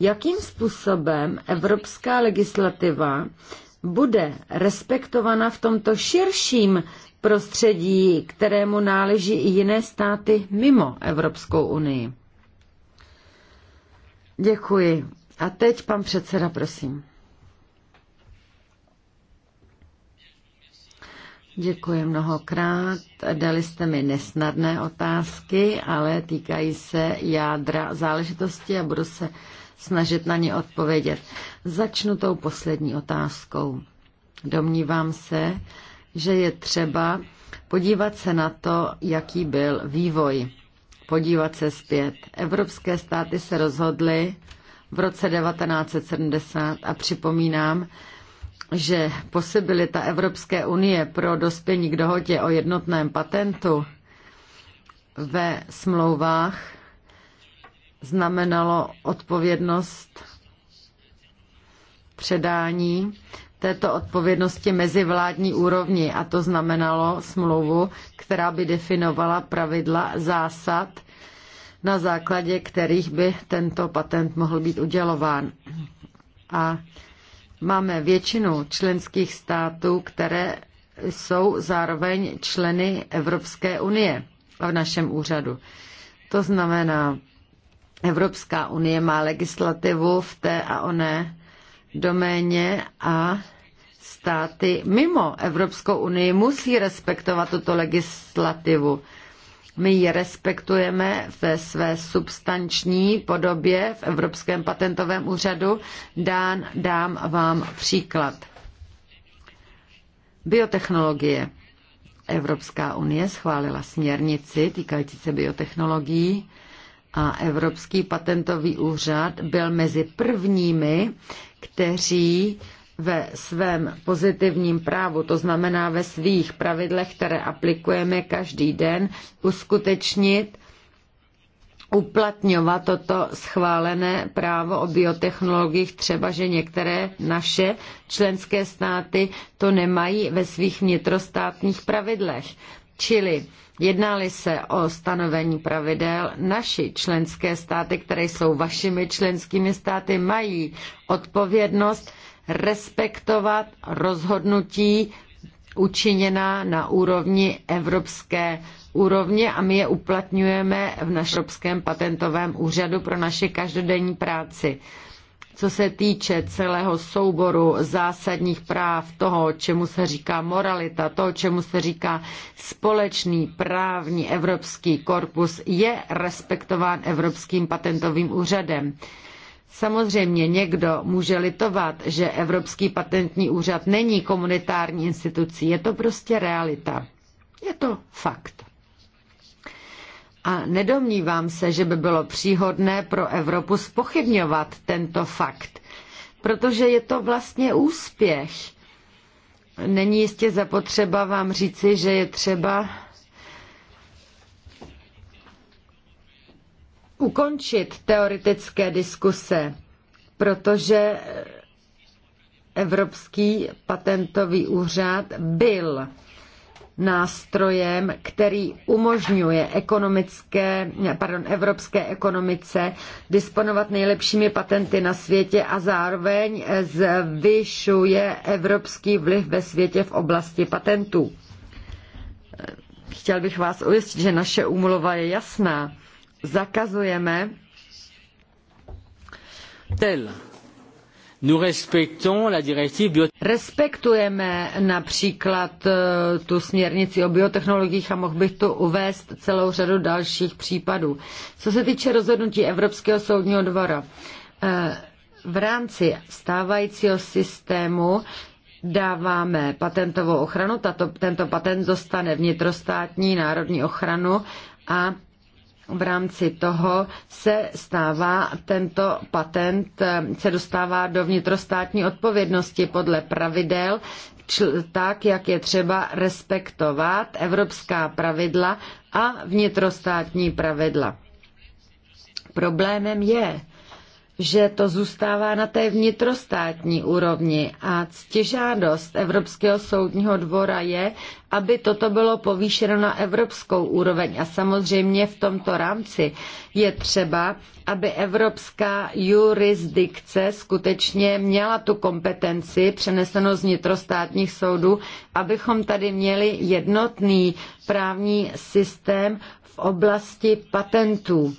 jakým způsobem evropská legislativa bude respektovaná v tomto širším prostředí, kterému náleží i jiné státy mimo Evropskou unii. Děkuji. A teď pan předseda, prosím. Děkuji mnohokrát. Dali jste mi nesnadné otázky, ale týkají se jádra záležitosti a budu se snažit na ně odpovědět. Začnu tou poslední otázkou. Domnívám se, že je třeba podívat se na to, jaký byl vývoj. Podívat se zpět. Evropské státy se rozhodly v roce 1970 a připomínám, že posibilita Evropské unie pro dospění k dohodě o jednotném patentu ve smlouvách znamenalo odpovědnost předání této odpovědnosti mezi vládní úrovni a to znamenalo smlouvu, která by definovala pravidla zásad, na základě kterých by tento patent mohl být udělován. A Máme většinu členských států, které jsou zároveň členy Evropské unie v našem úřadu. To znamená, Evropská unie má legislativu v té a oné doméně a státy mimo Evropskou unii musí respektovat tuto legislativu. My ji respektujeme ve své substanční podobě v Evropském patentovém úřadu. Dán, dám vám příklad. Biotechnologie. Evropská unie schválila směrnici týkající se biotechnologií a Evropský patentový úřad byl mezi prvními, kteří ve svém pozitivním právu, to znamená ve svých pravidlech, které aplikujeme každý den, uskutečnit uplatňovat toto schválené právo o biotechnologiích, třeba že některé naše členské státy to nemají ve svých vnitrostátních pravidlech. Čili jednali se o stanovení pravidel, naši členské státy, které jsou vašimi členskými státy, mají odpovědnost respektovat rozhodnutí učiněná na úrovni evropské úrovně a my je uplatňujeme v našem Evropském patentovém úřadu pro naše každodenní práci. Co se týče celého souboru zásadních práv, toho, čemu se říká moralita, toho, čemu se říká společný právní evropský korpus, je respektován Evropským patentovým úřadem. Samozřejmě někdo může litovat, že Evropský patentní úřad není komunitární institucí. Je to prostě realita. Je to fakt. A nedomnívám se, že by bylo příhodné pro Evropu spochybňovat tento fakt, protože je to vlastně úspěch. Není jistě zapotřeba vám říci, že je třeba ukončit teoretické diskuse, protože Evropský patentový úřad byl nástrojem, který umožňuje ekonomické, pardon, evropské ekonomice disponovat nejlepšími patenty na světě a zároveň zvyšuje evropský vliv ve světě v oblasti patentů. Chtěl bych vás ujistit, že naše úmluva je jasná zakazujeme. Tel. Respektujeme například eh, tu směrnici o biotechnologiích a mohl bych tu uvést celou řadu dalších případů. Co se týče rozhodnutí Evropského soudního dvora, eh, v rámci stávajícího systému dáváme patentovou ochranu, tato, tento patent zůstane vnitrostátní národní ochranu a v rámci toho se stává tento patent, eh, se dostává do vnitrostátní odpovědnosti podle pravidel, tak, jak je třeba respektovat evropská pravidla a vnitrostátní pravidla. Problémem je, že to zůstává na té vnitrostátní úrovni a ctižádost Evropského soudního dvora je, aby toto bylo povýšeno na evropskou úroveň. A samozřejmě v tomto rámci je třeba, aby evropská jurisdikce skutečně měla tu kompetenci přenesenou z vnitrostátních soudů, abychom tady měli jednotný právní systém v oblasti patentů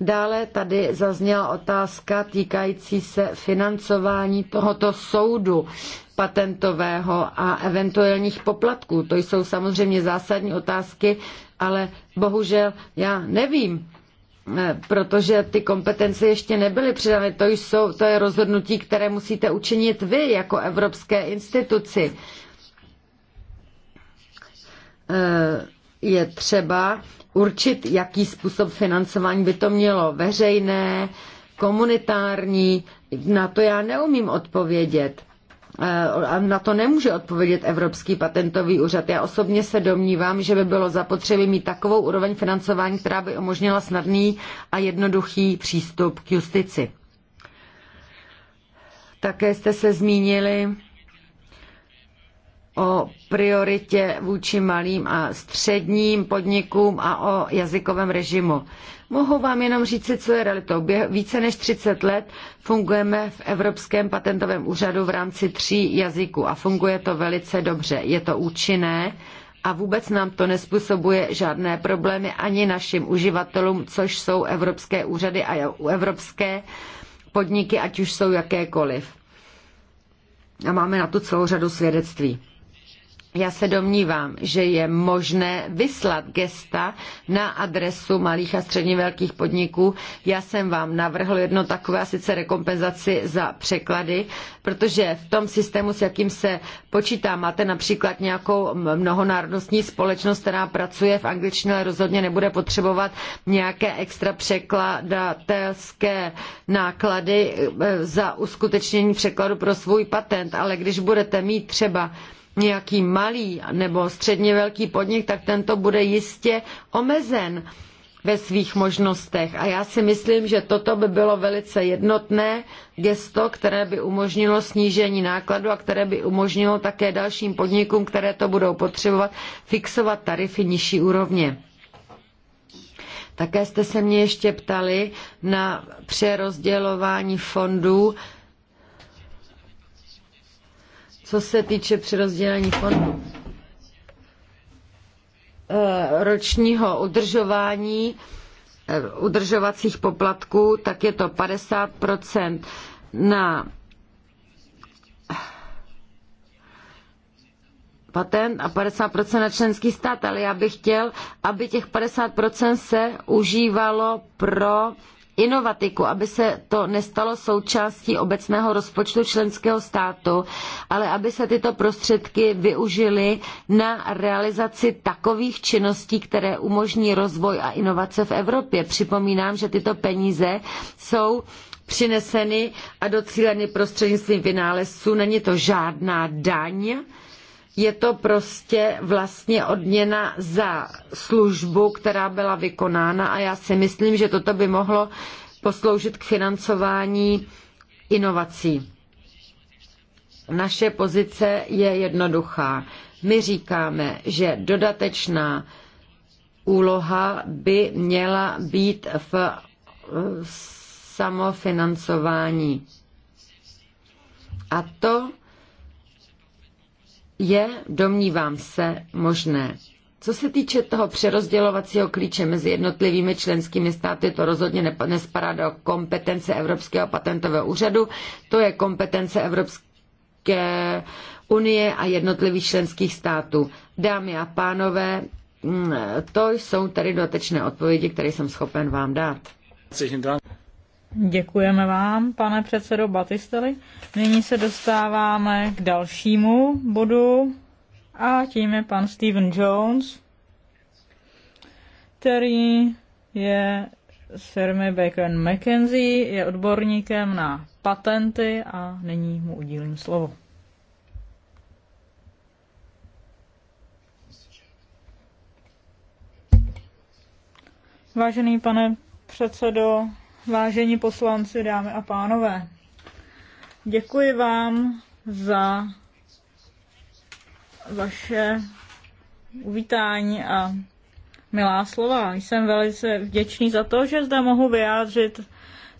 Dále tady zazněla otázka týkající se financování tohoto soudu patentového a eventuálních poplatků. To jsou samozřejmě zásadní otázky, ale bohužel já nevím, eh, protože ty kompetence ještě nebyly přidány. To, jsou, to je rozhodnutí, které musíte učinit vy jako evropské instituci. Eh, je třeba určit, jaký způsob financování by to mělo. Veřejné, komunitární, na to já neumím odpovědět. Eh, na to nemůže odpovědět Evropský patentový úřad. Já osobně se domnívám, že by bylo zapotřebí mít takovou úroveň financování, která by umožnila snadný a jednoduchý přístup k justici. Také jste se zmínili o prioritě vůči malým a středním podnikům a o jazykovém režimu. Mohu vám jenom říci, co je realitou. Více než 30 let fungujeme v Evropském patentovém úřadu v rámci tří jazyků a funguje to velice dobře. Je to účinné a vůbec nám to nespůsobuje žádné problémy ani našim uživatelům, což jsou evropské úřady a evropské podniky, ať už jsou jakékoliv. A máme na to celou řadu svědectví. Já se domnívám, že je možné vyslat gesta na adresu malých a středně velkých podniků. Já jsem vám navrhl jedno takové, a sice rekompenzaci za překlady, protože v tom systému, s jakým se počítá, máte například nějakou mnohonárodnostní společnost, která pracuje v angličtině, ale rozhodně nebude potřebovat nějaké extra překladatelské náklady eh, za uskutečnění překladu pro svůj patent, ale když budete mít třeba nějaký malý nebo středně velký podnik, tak tento bude jistě omezen ve svých možnostech. A já si myslím, že toto by bylo velice jednotné gesto, které by umožnilo snížení nákladu a které by umožnilo také dalším podnikům, které to budou potřebovat, fixovat tarify nižší úrovně. Také jste se mě ještě ptali na přerozdělování fondů co se týče přirozdělení fondů, eh, ročního udržování eh, udržovacích poplatků, tak je to 50 na patent a 50% na členský stát, ale já bych chtěl, aby těch 50% se užívalo pro inovatiku, aby se to nestalo součástí obecného rozpočtu členského státu, ale aby se tyto prostředky využily na realizaci takových činností, které umožní rozvoj a inovace v Evropě. Připomínám, že tyto peníze jsou přineseny a docíleny prostřednictvím vynálezců. Není to žádná daň, je to prostě vlastně odměna za službu, která byla vykonána a já si myslím, že toto by mohlo posloužit k financování inovací. Naše pozice je jednoduchá. My říkáme, že dodatečná úloha by měla být v samofinancování. A to je, domnívám se, možné. Co se týče toho přerozdělovacího klíče mezi jednotlivými členskými státy, to rozhodně nespadá do kompetence Evropského patentového úřadu, to je kompetence Evropské unie a jednotlivých členských států. Dámy a pánové, mm, to jsou tady dotečné odpovědi, které jsem schopen vám dát. Děkujeme vám, pane předsedo Batisteli. Nyní se dostáváme k dalšímu bodu a tím je pan Steven Jones, který je z firmy Baker McKenzie, je odborníkem na patenty a nyní mu udílím slovo. Vážený pane předsedo vážení poslanci, dámy a pánové. Děkuji vám za vaše uvítání a milá slova. Jsem velice vděčný za to, že zde mohu vyjádřit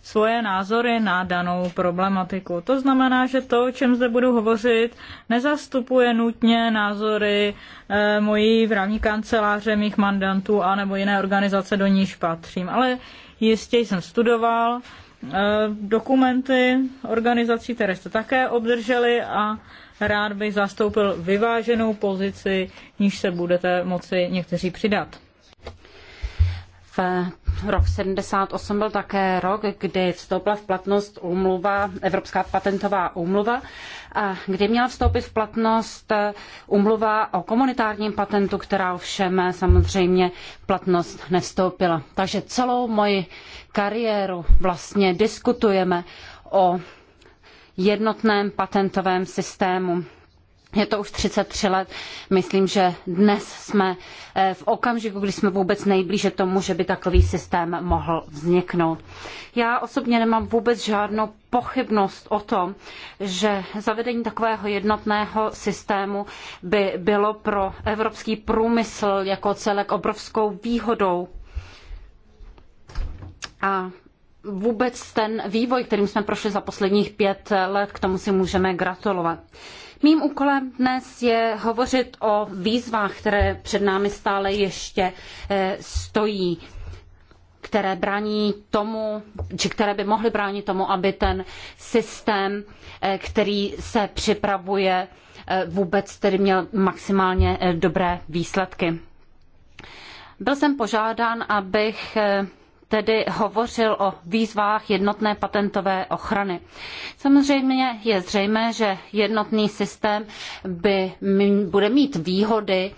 svoje názory na danou problematiku. To znamená, že to, o čem zde budu hovořit, nezastupuje nutně názory e, mojí právní kanceláře, mých mandantů a nebo jiné organizace, do níž patřím. Ale jistě jsem studoval e, dokumenty organizací, které jste také obdrželi a rád bych zastoupil vyváženou pozici, níž se budete moci někteří přidat v rok 78 byl také rok, kdy vstoupila v platnost úmluva, Evropská patentová úmluva, a kdy měla vstoupit v platnost úmluva o komunitárním patentu, která ovšem samozřejmě platnost nevstoupila. Takže celou moji kariéru vlastně diskutujeme o jednotném patentovém systému je to už 33 let. Myslím, že dnes jsme eh, v okamžiku, kdy jsme vůbec nejblíže tomu, že by takový systém mohl vzniknout. Já osobně nemám vůbec žádnou pochybnost o tom, že zavedení takového jednotného systému by bylo pro evropský průmysl jako celek obrovskou výhodou. A vůbec ten vývoj, kterým jsme prošli za posledních pět let, k tomu si můžeme gratulovat. Mým úkolem dnes je hovořit o výzvách, které před námi stále ještě eh, stojí které brání tomu, či které by mohly bránit tomu, aby ten systém, eh, který se připravuje, eh, vůbec tedy měl maximálně dobré výsledky. Byl jsem požádán, abych tedy hovořil o výzvách jednotné patentové ochrany. Samozřejmě je zřejmé, že jednotný systém by, bude mít výhody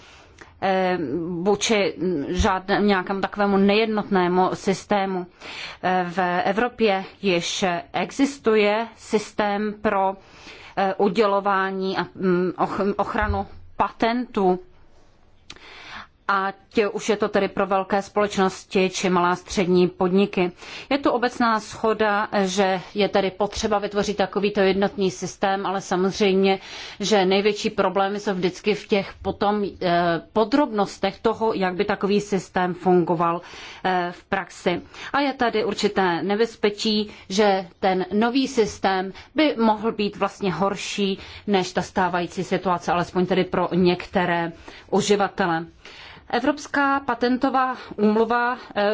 eh, vůči žádné, nějakému takovému nejednotnému systému. Eh, v Evropě již existuje systém pro eh, udělování a mm, ochranu patentů ať už je to tedy pro velké společnosti či malá střední podniky. Je tu obecná schoda, že je tedy potřeba vytvořit takovýto jednotný systém, ale samozřejmě, že největší problémy jsou vždycky v těch potom eh, podrobnostech toho, jak by takový systém fungoval eh, v praxi. A je tady určité nebezpečí, že ten nový systém by mohl být vlastně horší než ta stávající situace, alespoň tedy pro některé uživatele. Evropská patentová úmluva, eh,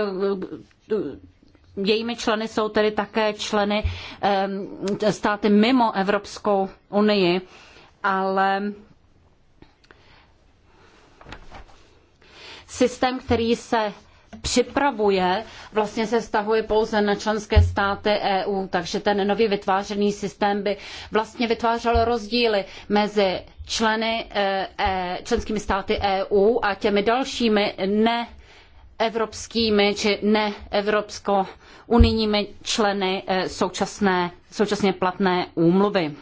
jejími členy jsou tedy také členy eh, státy mimo Evropskou unii, ale systém, který se připravuje, vlastně se stahuje pouze na členské státy EU, takže ten nově vytvářený systém by vlastně vytvářel rozdíly mezi členy, eh, e, členskými státy EU a těmi dalšími neevropskými, či neevropsko unijními členy eh, současné, současně platné úmluvy.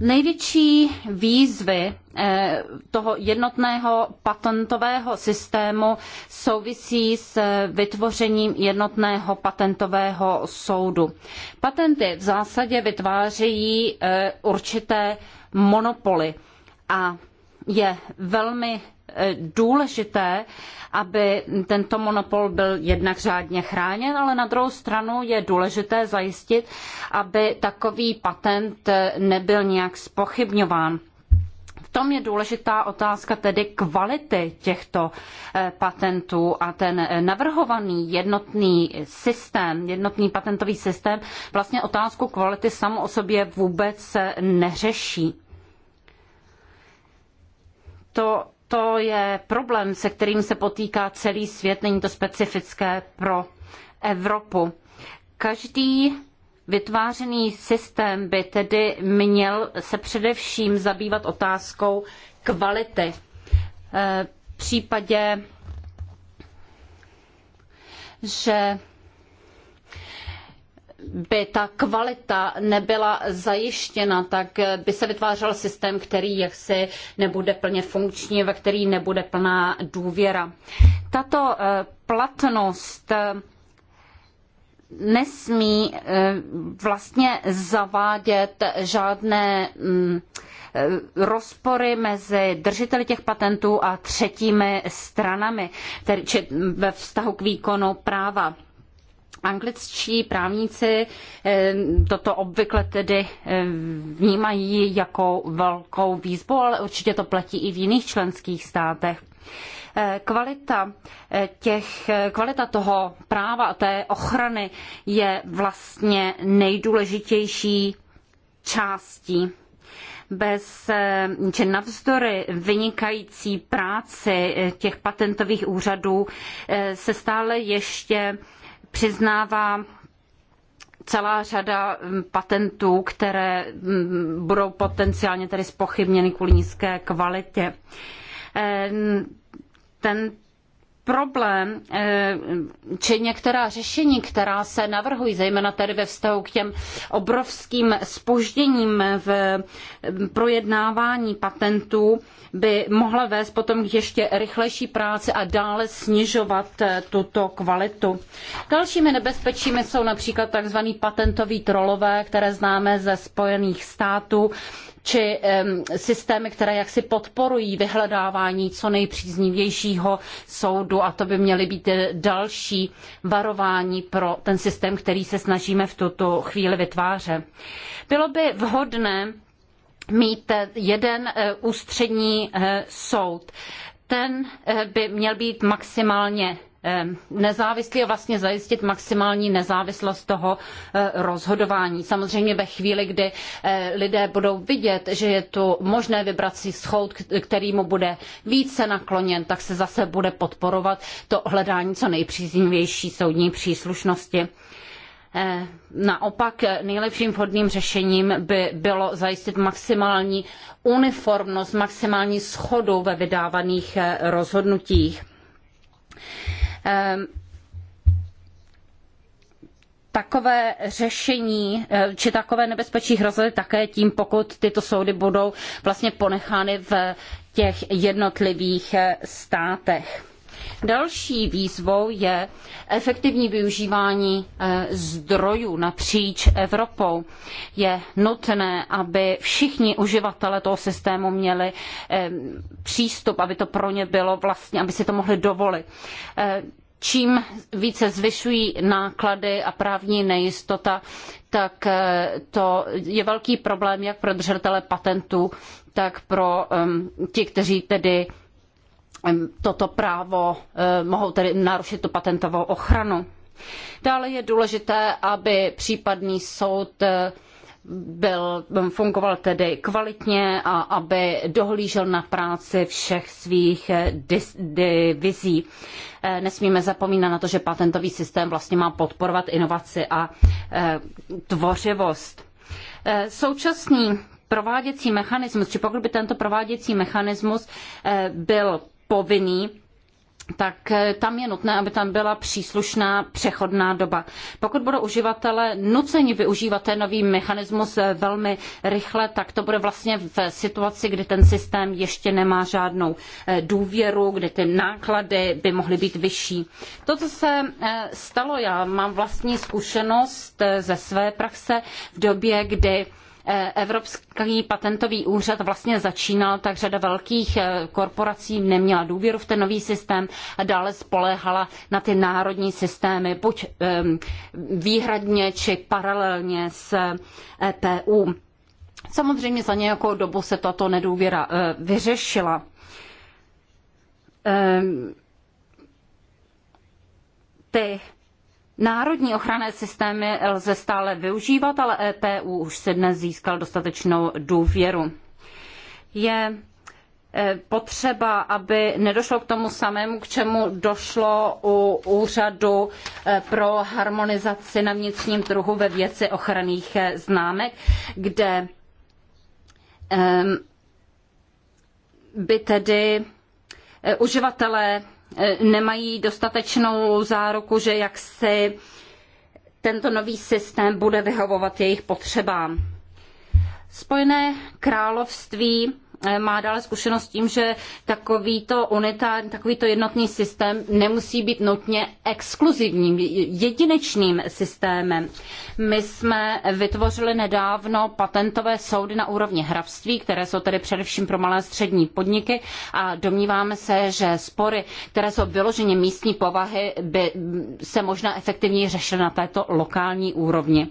Největší výzvy Eh, toho jednotného patentového systému souvisí s eh, vytvořením jednotného patentového soudu. Patenty v zásadě vytvářejí eh, určité monopoly a je velmi důležité, aby tento monopol byl jednak řádně chráněn, ale na druhou stranu je důležité zajistit, aby takový patent nebyl nějak spochybňován tom je důležitá otázka tedy kvality těchto eh, patentů a ten eh, navrhovaný jednotný systém, jednotný patentový systém vlastně otázku kvality samo o sobě vůbec eh, neřeší. To to je problém, se kterým se potýká celý svět, není to specifické pro Evropu. Každý Vytvářený systém by tedy měl se především zabývat otázkou kvality. E, v případě, že by ta kvalita nebyla zajištěna, tak by se vytvářel systém, který jaksi nebude plně funkční, ve který nebude plná důvěra. Tato e, platnost nesmí eh, vlastně zavádět žádné mm, eh, rozpory mezi držiteli těch patentů a třetími stranami, tedy ve vztahu k výkonu práva. Angličtí právníci eh, toto obvykle tedy eh, vnímají jako velkou výzvu, ale určitě to platí i v jiných členských státech. Eh, kvalita, těch, kvalita toho práva a té ochrany je vlastně nejdůležitější částí bez, že navzdory vynikající práci těch patentových úřadů se stále ještě přiznává celá řada mm, patentů, které mm, budou potenciálně tedy spochybněny kvůli nízké kvalitě. Eh, ten problém eh, či některá řešení, která se navrhují, zejména tedy ve vztahu k těm obrovským spožděním v projednávání patentů, by mohla vést potom k ještě rychlejší práci a dále snižovat eh, tuto kvalitu. Dalšími nebezpečími jsou například tzv. patentoví trolové, které známe ze Spojených států, či systémy, které jaksi podporují vyhledávání co nejpříznivějšího soudu a to by měly být eh, další varování pro ten systém, který se snažíme v tuto chvíli vytvářet. Bylo by vhodné mít eh, jeden eh, ústřední soud. Ten by měl být maximálně nezávislý a vlastně zajistit maximální nezávislost toho eh, rozhodování. Samozřejmě ve chvíli, kdy eh, lidé budou vidět, že je tu možné vybrat si schoud, který mu bude více nakloněn, tak se zase bude podporovat to hledání co nejpříznivější soudní příslušnosti. Eh, naopak nejlepším vhodným řešením by bylo zajistit maximální uniformnost, maximální schodu ve vydávaných rozhodnutích. Ehm, takové řešení eh, či takové nebezpečí hrozily také tím, pokud tyto soudy budou vlastně ponechány v těch jednotlivých eh, státech. Další výzvou je efektivní využívání eh, zdrojů napříč Evropou. Je nutné, aby všichni uživatelé toho systému měli eh, přístup, aby to pro ně bylo vlastně, aby si to mohli dovolit eh, čím více zvyšují náklady a právní nejistota, tak to je velký problém jak pro držitele patentů, tak pro um, ti, kteří tedy toto právo, eh, mohou tedy narušit tu patentovou ochranu. Dále je důležité, aby případný soud eh, byl, fungoval tedy kvalitně a aby dohlížel na práci všech svých eh, dis, divizí. Nesmíme zapomínat na to, že patentový systém vlastně má podporovat inovaci a tvořivost. Současný prováděcí mechanismus, či pokud by tento prováděcí mechanismus byl povinný, tak eh, tam je nutné, aby tam byla příslušná přechodná doba. Pokud budou uživatelé nuceni využívat ten nový mechanismus eh, velmi rychle, tak to bude vlastně v situaci, kdy ten systém ještě nemá žádnou eh, důvěru, kdy ty náklady by mohly být vyšší. To, co se stalo, já mám vlastní zkušenost ze své praxe v době, kdy Eh, Evropský patentový úřad vlastně začínal, tak řada velkých eh, korporací neměla důvěru v ten nový systém a dále spoléhala na ty národní systémy, buď ehm, výhradně či paralelně s EPU. Eh, e Samozřejmě za nějakou dobu se tato nedůvěra vyřešila. Ehm, ty Národní ochranné systémy lze stále využívat, ale EPU už si dnes získal dostatečnou důvěru. Je e, potřeba, aby nedošlo k tomu samému, k čemu došlo u úřadu e, pro harmonizaci na vnitřním trhu ve věci ochranných e, známek, kde by tedy uživatelé E, nemají dostatečnou záruku, že jak si tento nový systém bude vyhovovat jejich potřebám. Spojené království Eh, má dále zkušenost s tím, že takovýto unitární, takovýto jednotný systém nemusí být nutně exkluzivním, jedinečným systémem. My jsme vytvořili nedávno patentové soudy na úrovni hrabství, které jsou tedy především pro malé a střední podniky a domníváme se, že spory, které jsou vyloženě místní povahy, by se možná efektivněji řešily na této lokální úrovni.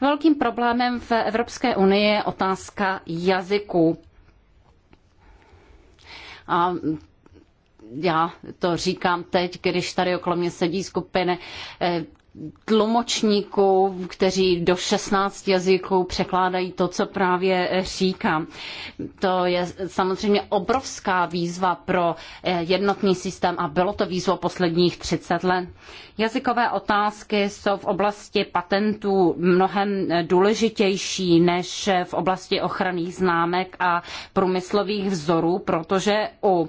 Velkým problémem v Evropské unii je otázka jazyků a já to říkám teď, když tady okolo mě sedí skupiny eh, tlumočníků, kteří do 16 jazyků překládají to, co právě říkám. To je samozřejmě obrovská výzva pro eh, jednotný systém a bylo to výzva posledních 30 let. Jazykové otázky jsou v oblasti patentů mnohem eh, důležitější než v oblasti ochranných známek a průmyslových vzorů, protože u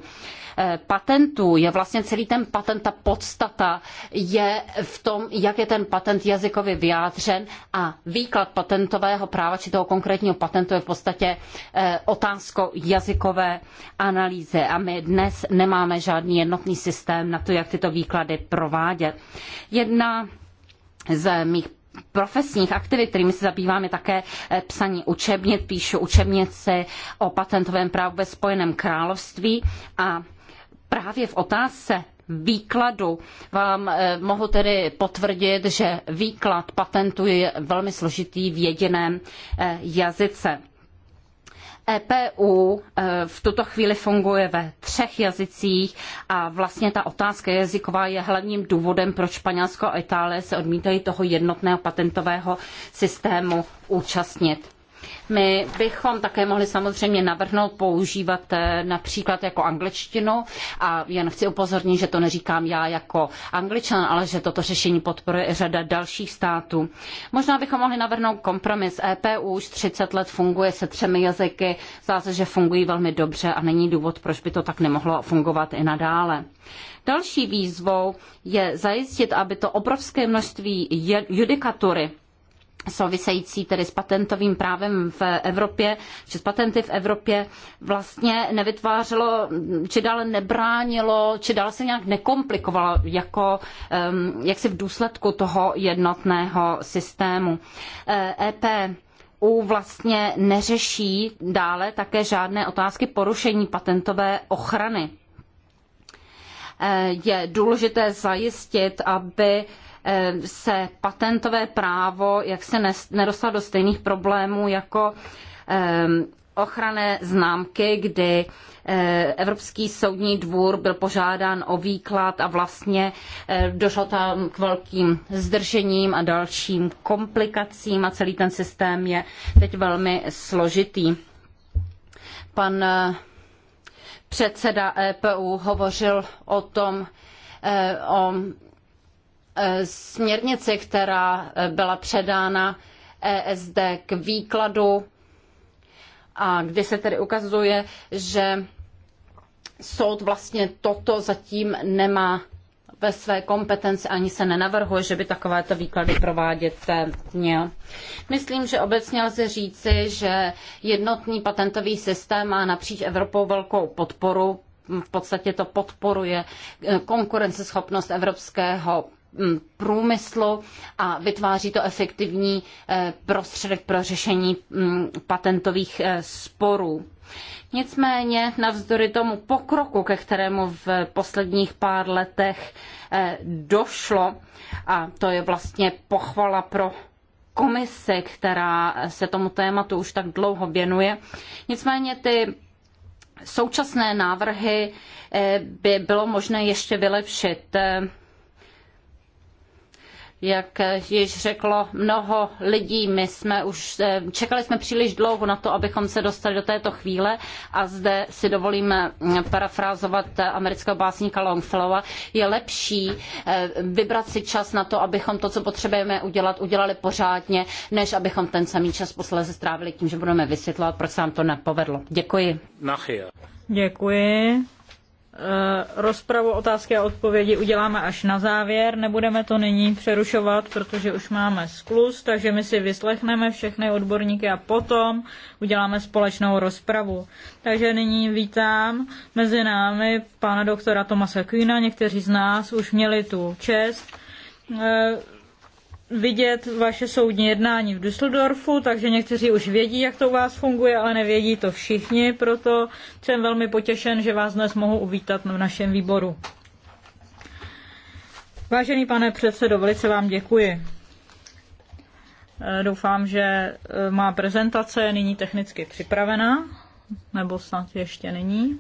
Eh, patentů je vlastně celý ten patent, ta podstata je v tom, jak je ten patent jazykově vyjádřen a výklad patentového práva či toho konkrétního patentu je v podstatě eh, otázkou jazykové analýzy a my dnes nemáme žádný jednotný systém na to, jak tyto výklady provádět. Jedna z mých profesních aktivit, kterými se zabývám, je také eh, psaní učebnic. Píšu učebnice o patentovém právu ve Spojeném království a právě v otázce výkladu vám eh, mohu tedy potvrdit, že výklad patentu je velmi složitý v jediném eh, jazyce. EPU eh, v tuto chvíli funguje ve třech jazycích a vlastně ta otázka jazyková je hlavním důvodem, proč Španělsko a Itálie se odmítají toho jednotného patentového systému účastnit. My bychom také mohli samozřejmě navrhnout používat eh, například jako angličtinu a jen chci upozornit, že to neříkám já jako angličan, ale že toto řešení podporuje řada dalších států. Možná bychom mohli navrhnout kompromis. EPU už 30 let funguje se třemi jazyky, zase, že fungují velmi dobře a není důvod, proč by to tak nemohlo fungovat i nadále. Další výzvou je zajistit, aby to obrovské množství judikatury související tedy s patentovým právem v Evropě, či s patenty v Evropě, vlastně nevytvářelo, či dále nebránilo, či dále se nějak nekomplikovalo, jako jaksi v důsledku toho jednotného systému. EP eh, e u vlastně neřeší dále také žádné otázky porušení patentové ochrany. Eh, je důležité zajistit, aby Eh, se patentové právo jak se nedostalo do stejných problémů jako ehm, ochranné známky, kdy eh, Evropský soudní dvůr byl požádán o výklad a vlastně eh, došlo tam k velkým zdržením a dalším komplikacím a celý ten systém je teď velmi složitý. Pan předseda EPU hovořil o tom, o E, směrnici, která e, byla předána ESD k výkladu a kdy se tedy ukazuje, že soud vlastně toto zatím nemá ve své kompetenci ani se nenavrhuje, že by takovéto výklady provádět měl. Myslím, že obecně lze říci, že jednotný patentový systém má napříč Evropou velkou podporu. V podstatě to podporuje konkurenceschopnost evropského Mm, průmyslu a vytváří to efektivní eh, prostředek pro řešení mm, patentových eh, sporů. Nicméně navzdory tomu pokroku, ke kterému v posledních pár letech eh, došlo, a to je vlastně pochvala pro komisi, která se tomu tématu už tak dlouho věnuje, nicméně ty současné návrhy by bylo možné ještě vylepšit. Jak již řeklo mnoho lidí, my jsme už eh, čekali jsme příliš dlouho na to, abychom se dostali do této chvíle a zde si dovolíme eh, parafrázovat amerického básníka Longfellowa. Je lepší eh, vybrat si čas na to, abychom to, co potřebujeme udělat, udělali pořádně, než abychom ten samý čas posléze strávili tím, že budeme vysvětlovat, proč se nám to nepovedlo. Děkuji. Děkuji. Eh, rozpravu otázky a odpovědi uděláme až na závěr. Nebudeme to nyní přerušovat, protože už máme sklus, takže my si vyslechneme všechny odborníky a potom uděláme společnou rozpravu. Takže nyní vítám mezi námi pana doktora Tomase Kýna. Někteří z nás už měli tu čest eh, vidět vaše soudní jednání v Düsseldorfu, takže někteří už vědí, jak to u vás funguje, ale nevědí to všichni, proto jsem velmi potěšen, že vás dnes mohu uvítat na našem výboru. Vážený pane předsedo, velice vám děkuji. Eh, doufám, že eh, má prezentace nyní technicky připravená, nebo snad ještě není.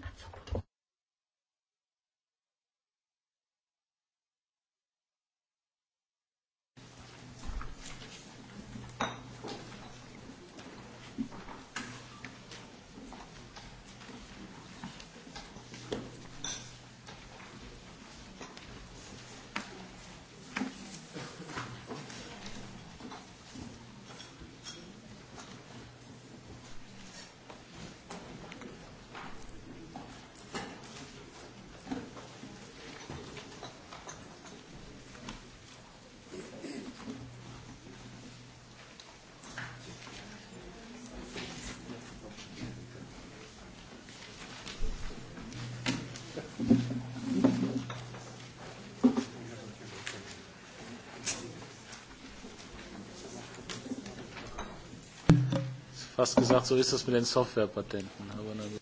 fast gesagt, so ist das mit den Softwarepatenten.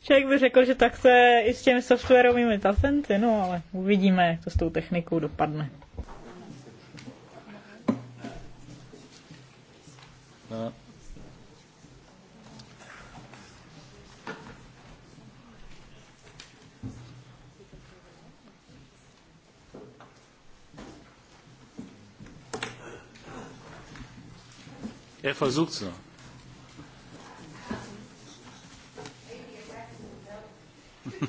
Člověk by řekl, že tak to je i s těmi softwarovými patenty, no ale uvidíme, jak to s tou technikou dopadne. No. Er es noch.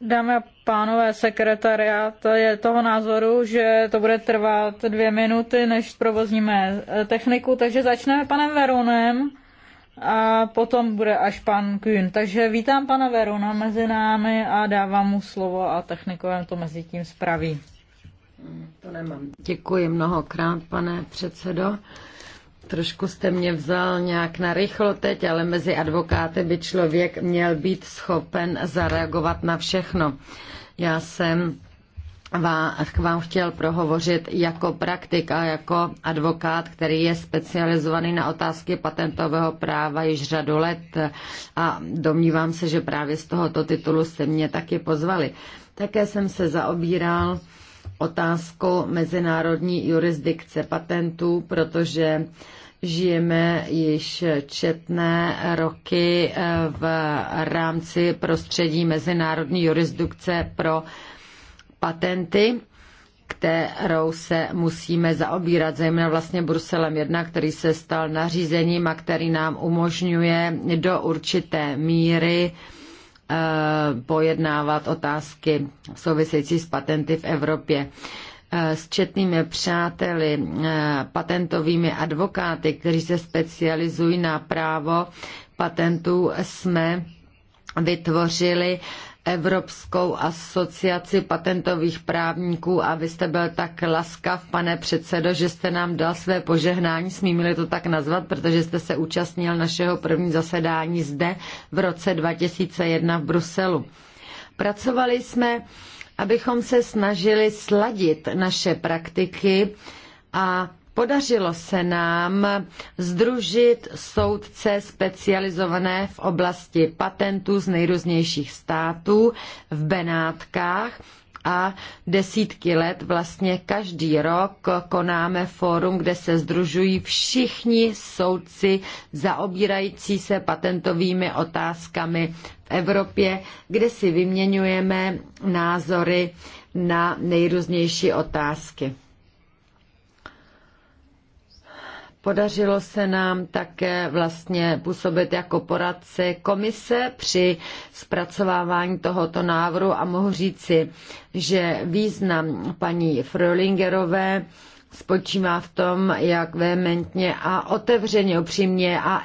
Dámy a pánové, sekretariát je toho názoru, že to bude trvat dvě minuty, než provozníme eh, techniku, takže začneme panem Veronem a potom bude až pan Kühn. Takže vítám pana Verona mezi námi a dávám mu slovo a technikovém to mezi tím spraví. To nemám. Děkuji mnohokrát, pane předsedo. Trošku jste mě vzal nějak na rychlo teď, ale mezi advokáty by člověk měl být schopen zareagovat na všechno. Já jsem k vám chtěl prohovořit jako praktik a jako advokát, který je specializovaný na otázky patentového práva již řadu let a domnívám se, že právě z tohoto titulu jste mě taky pozvali. Také jsem se zaobíral otázkou mezinárodní jurisdikce patentů, protože Žijeme již četné roky eh, v rámci prostředí mezinárodní jurisdikce pro patenty kterou se musíme zaobírat, zejména vlastně Bruselem 1, který se stal nařízením a který nám umožňuje do určité míry eh, pojednávat otázky související s patenty v Evropě. Eh, s četnými přáteli, eh, patentovými advokáty, kteří se specializují na právo patentů, jsme vytvořili Evropskou asociaci patentových právníků a vy jste byl tak laskav, pane předsedo, že jste nám dal své požehnání, smíme to tak nazvat, protože jste se účastnil našeho první zasedání zde v roce 2001 v Bruselu. Pracovali jsme abychom se snažili sladit naše praktiky a podařilo se nám združit soudce specializované v oblasti patentů z nejrůznějších států v Benátkách a desítky let vlastně každý rok konáme fórum, kde se združují všichni soudci zaobírající se patentovými otázkami v Evropě, kde si vyměňujeme názory na nejrůznější otázky. Podařilo se nám také vlastně působit jako poradce komise při zpracovávání tohoto návrhu a mohu říci, že význam paní Frölingerové spočívá v tom, jak vehementně a otevřeně, upřímně a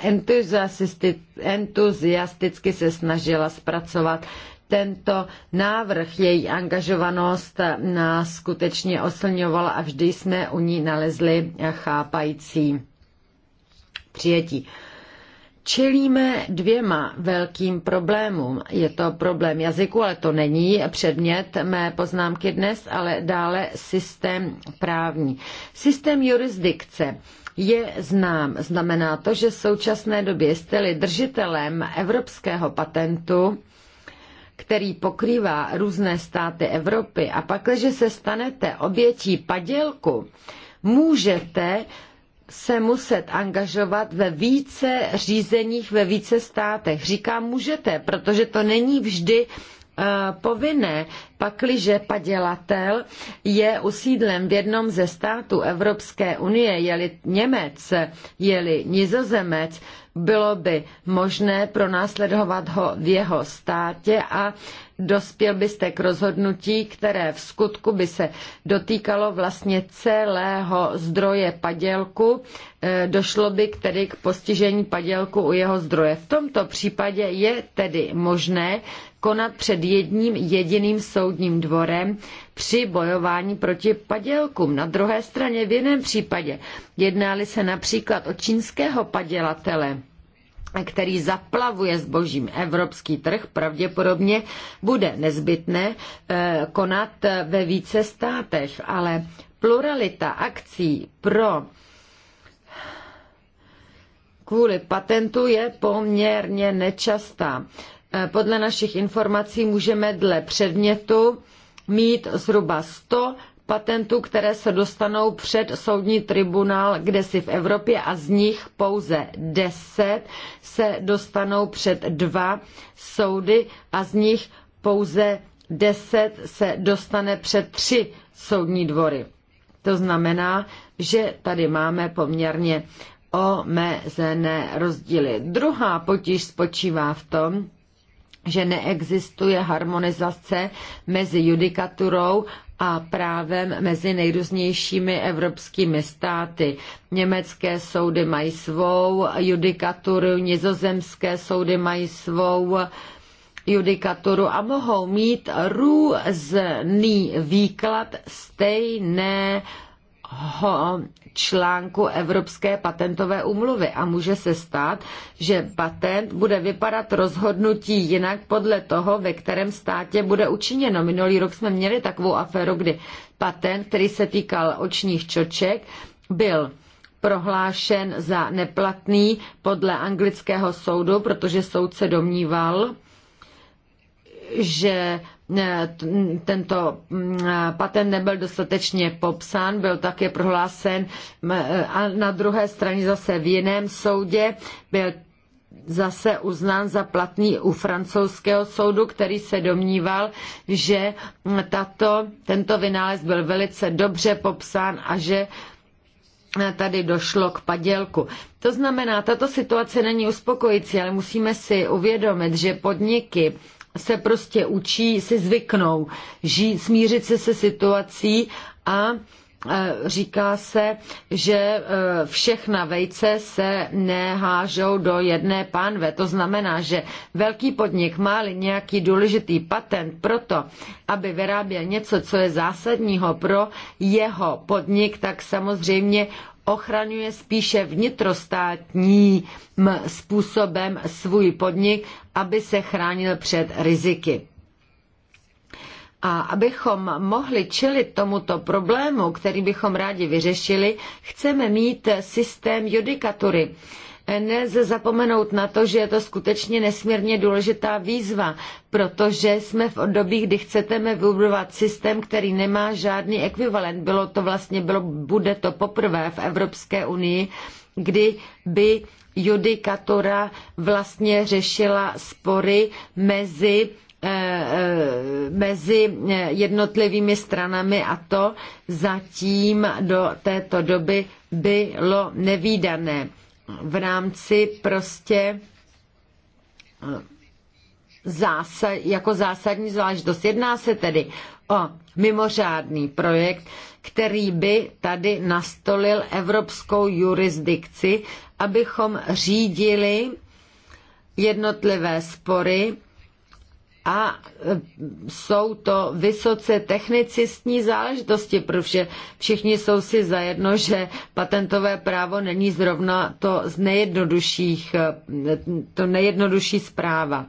entuziasticky se snažila zpracovat tento návrh, její angažovanost nás skutečně oslňovala a vždy jsme u ní nalezli chápající přijetí. Čelíme dvěma velkým problémům. Je to problém jazyku, ale to není předmět mé poznámky dnes, ale dále systém právní. Systém jurisdikce je znám. Znamená to, že v současné době jste-li držitelem evropského patentu, který pokrývá různé státy Evropy a pakliže se stanete obětí padělku, můžete se muset angažovat ve více řízeních, ve více státech. Říkám můžete, protože to není vždy eh, povinné, pakliže padělatel je usídlen v jednom ze států Evropské unie, je-li Němec, je-li Nizozemec, bylo by možné pronásledovat ho v jeho státě a dospěl byste k rozhodnutí, které v skutku by se dotýkalo vlastně celého zdroje padělku, e, došlo by k tedy k postižení padělku u jeho zdroje. V tomto případě je tedy možné konat před jedním jediným soudním dvorem při bojování proti padělkům. Na druhé straně v jiném případě jednáli se například o čínského padělatele, který zaplavuje zbožím evropský trh, pravděpodobně bude nezbytné eh, konat ve více státech, ale pluralita akcí pro kvůli patentu je poměrně nečastá. Eh, podle našich informací můžeme dle předmětu mít zhruba 100 patentů, které se dostanou před soudní tribunál, kde si v Evropě a z nich pouze 10 se dostanou před dva soudy a z nich pouze 10 se dostane před tři soudní dvory. To znamená, že tady máme poměrně omezené rozdíly. Druhá potíž spočívá v tom, že neexistuje harmonizace mezi judikaturou a právem mezi nejrůznějšími evropskými státy. Německé soudy mají svou judikaturu, nizozemské soudy mají svou judikaturu a mohou mít různý výklad stejné článku Evropské patentové umluvy a může se stát, že patent bude vypadat rozhodnutí jinak podle toho, ve kterém státě bude učiněno. Minulý rok jsme měli takovou aféru, kdy patent, který se týkal očních čoček, byl prohlášen za neplatný podle anglického soudu, protože soud se domníval, že Eh, tento mm, eh, patent nebyl dostatečně popsán, byl také prohlásen eh, a na druhé straně zase v jiném soudě byl zase uznán za platný u francouzského soudu, který se domníval, že tato, tento vynález byl velice dobře popsán a že tady došlo k padělku. To znamená, tato situace není uspokojící, ale musíme si uvědomit, že podniky se prostě učí, si zvyknou žít, smířit se se situací a e, říká se, že e, všechna vejce se nehážou do jedné pánve. To znamená, že velký podnik má nějaký důležitý patent pro to, aby vyráběl něco, co je zásadního pro jeho podnik, tak samozřejmě ochraňuje spíše vnitrostátním způsobem svůj podnik, aby se chránil před riziky. A abychom mohli čelit tomuto problému, který bychom rádi vyřešili, chceme mít systém judikatury, E, nelze zapomenout na to, že je to skutečně nesmírně důležitá výzva, protože jsme v období, kdy chceme vybudovat systém, který nemá žádný ekvivalent. Bylo to vlastně, bylo, bude to poprvé v Evropské unii, kdy by judikatura vlastně řešila spory mezi e, e, mezi jednotlivými stranami a to zatím do této doby bylo nevýdané v rámci prostě eh, zása, jako zásadní záležitost Jedná se tedy o mimořádný projekt, který by tady nastolil evropskou jurisdikci, abychom řídili jednotlivé spory a e, jsou to vysoce technicistní záležitosti, protože všichni jsou si zajedno, že patentové právo není zrovna to z nejjednodušších, e, to nejjednodušší zpráva.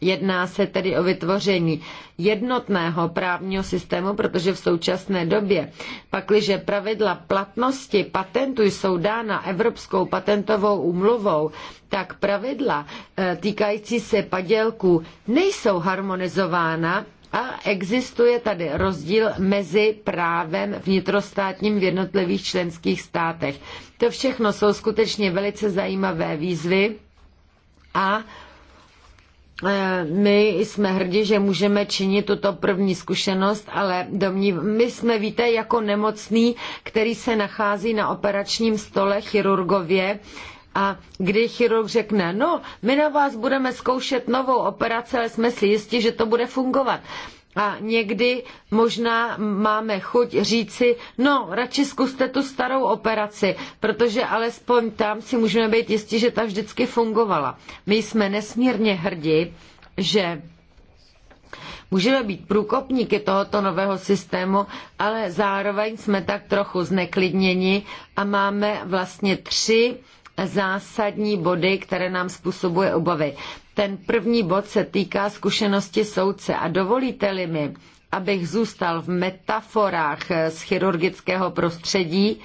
Jedná se tedy o vytvoření jednotného právního systému, protože v současné době, pakliže pravidla platnosti patentů jsou dána Evropskou patentovou úmluvou, tak pravidla eh, týkající se padělků nejsou harmonizována a existuje tady rozdíl mezi právem vnitrostátním v jednotlivých členských státech. To všechno jsou skutečně velice zajímavé výzvy a Eh, my jsme hrdí, že můžeme činit tuto první zkušenost, ale domnív, my jsme, víte, jako nemocný, který se nachází na operačním stole chirurgově, a když chirurg řekne, no, my na vás budeme zkoušet novou operaci, ale jsme si jisti, že to bude fungovat. A někdy možná máme chuť říci, no, radši zkuste tu starou operaci, protože alespoň tam si můžeme být jistí, že ta vždycky fungovala. My jsme nesmírně hrdí, že Můžeme být průkopníky tohoto nového systému, ale zároveň jsme tak trochu zneklidněni a máme vlastně tři zásadní body, které nám způsobuje obavy. Ten první bod se týká zkušenosti soudce a dovolíte-li mi, abych zůstal v metaforách z chirurgického prostředí,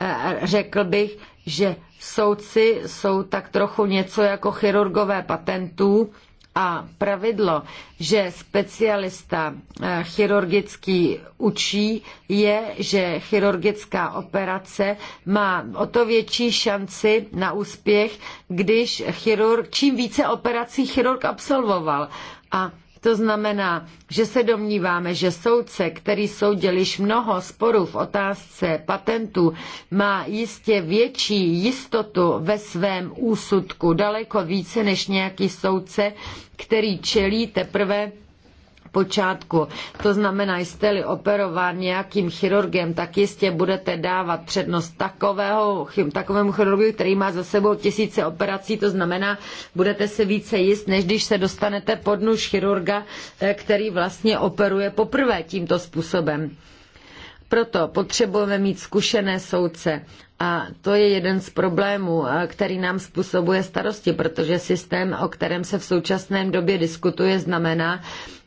eh, řekl bych, že soudci jsou tak trochu něco jako chirurgové patentů, a pravidlo, že specialista eh, chirurgický učí, je, že chirurgická operace má o to větší šanci na úspěch, když chirurg, čím více operací chirurg absolvoval. A to znamená, že se domníváme, že soudce, který soudil již mnoho sporů v otázce patentů, má jistě větší jistotu ve svém úsudku, daleko více než nějaký soudce, který čelí teprve počátku. To znamená, jste-li operován nějakým chirurgem, tak jistě budete dávat přednost takového, takovému chirurgu, který má za sebou tisíce operací, to znamená, budete se více jist, než když se dostanete pod nůž chirurga, eh, který vlastně operuje poprvé tímto způsobem. Proto potřebujeme mít zkušené soudce. A to je jeden z problémů, eh, který nám způsobuje starosti, protože systém, o kterém se v současném době diskutuje, znamená,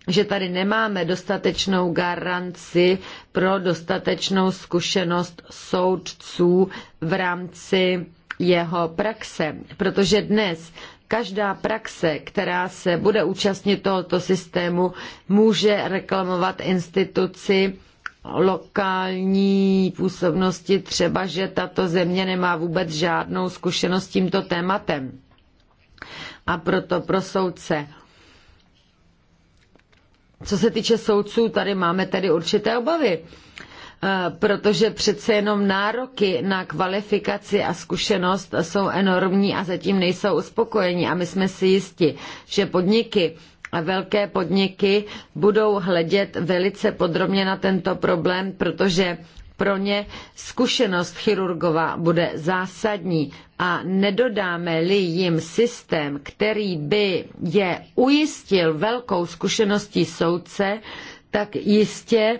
že tady nemáme dostatečnou garanci pro dostatečnou zkušenost soudců v rámci jeho praxe, protože dnes každá praxe, která se bude účastnit tohoto systému, může reklamovat instituci lokální působnosti, třeba že tato země nemá vůbec žádnou zkušenost s tímto tématem. A proto pro soudce co se týče soudců, tady máme tedy určité obavy, eh, protože přece jenom nároky na kvalifikaci a zkušenost jsou enormní a zatím nejsou uspokojeni. A my jsme si jisti, že podniky a velké podniky budou hledět velice podrobně na tento problém, protože pro ně zkušenost chirurgova bude zásadní a nedodáme-li jim systém, který by je ujistil velkou zkušeností soudce, tak jistě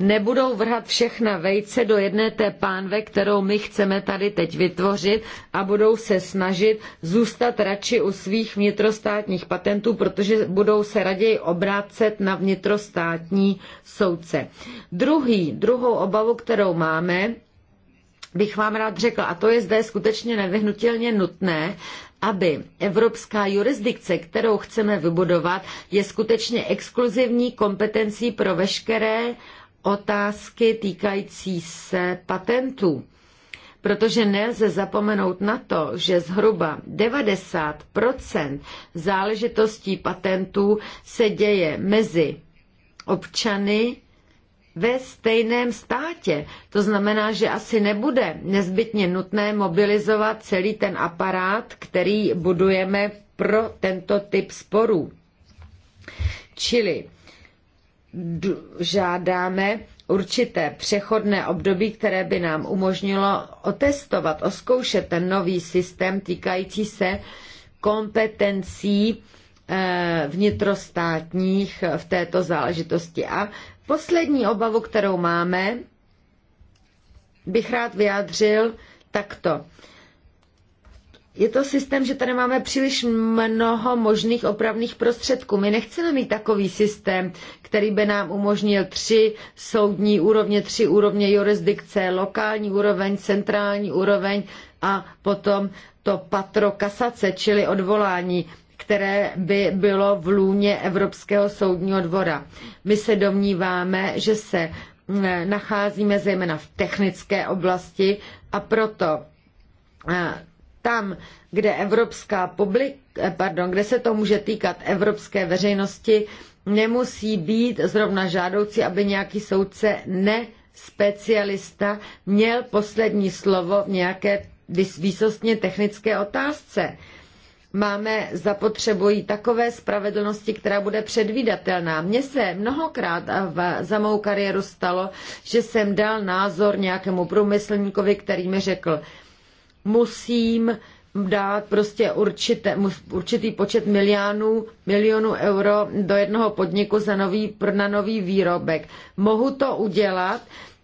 nebudou vrhat všechna vejce do jedné té pánve, kterou my chceme tady teď vytvořit a budou se snažit zůstat radši u svých vnitrostátních patentů, protože budou se raději obrácet na vnitrostátní soudce. Druhý, druhou obavu, kterou máme, bych vám rád řekla, a to je zde skutečně nevyhnutelně nutné, aby evropská jurisdikce, kterou chceme vybudovat, je skutečně exkluzivní kompetencí pro veškeré otázky týkající se patentů. Protože nelze zapomenout na to, že zhruba 90 záležitostí patentů se děje mezi občany ve stejném státě. To znamená, že asi nebude nezbytně nutné mobilizovat celý ten aparát, který budujeme pro tento typ sporů. Čili žádáme určité přechodné období, které by nám umožnilo otestovat, oskoušet ten nový systém týkající se kompetencí eh, vnitrostátních v této záležitosti. A Poslední obavu, kterou máme, bych rád vyjádřil takto. Je to systém, že tady máme příliš mnoho možných opravných prostředků. My nechceme mít takový systém, který by nám umožnil tři soudní úrovně, tři úrovně jurisdikce, lokální úroveň, centrální úroveň a potom to patro kasace, čili odvolání které by bylo v lůně Evropského soudního dvora. My se domníváme, že se eh, nacházíme zejména v technické oblasti a proto eh, tam, kde, evropská publik, eh, pardon, kde se to může týkat evropské veřejnosti, nemusí být zrovna žádoucí, aby nějaký soudce nespecialista měl poslední slovo v nějaké výsostně technické otázce máme zapotřebují takové spravedlnosti, která bude předvídatelná. Mně se mnohokrát a v, za mou kariéru stalo, že jsem dal názor nějakému průmyslníkovi, který mi řekl, musím dát prostě určité, určitý počet milionů, milionů euro do jednoho podniku za nový, na nový výrobek. Mohu to udělat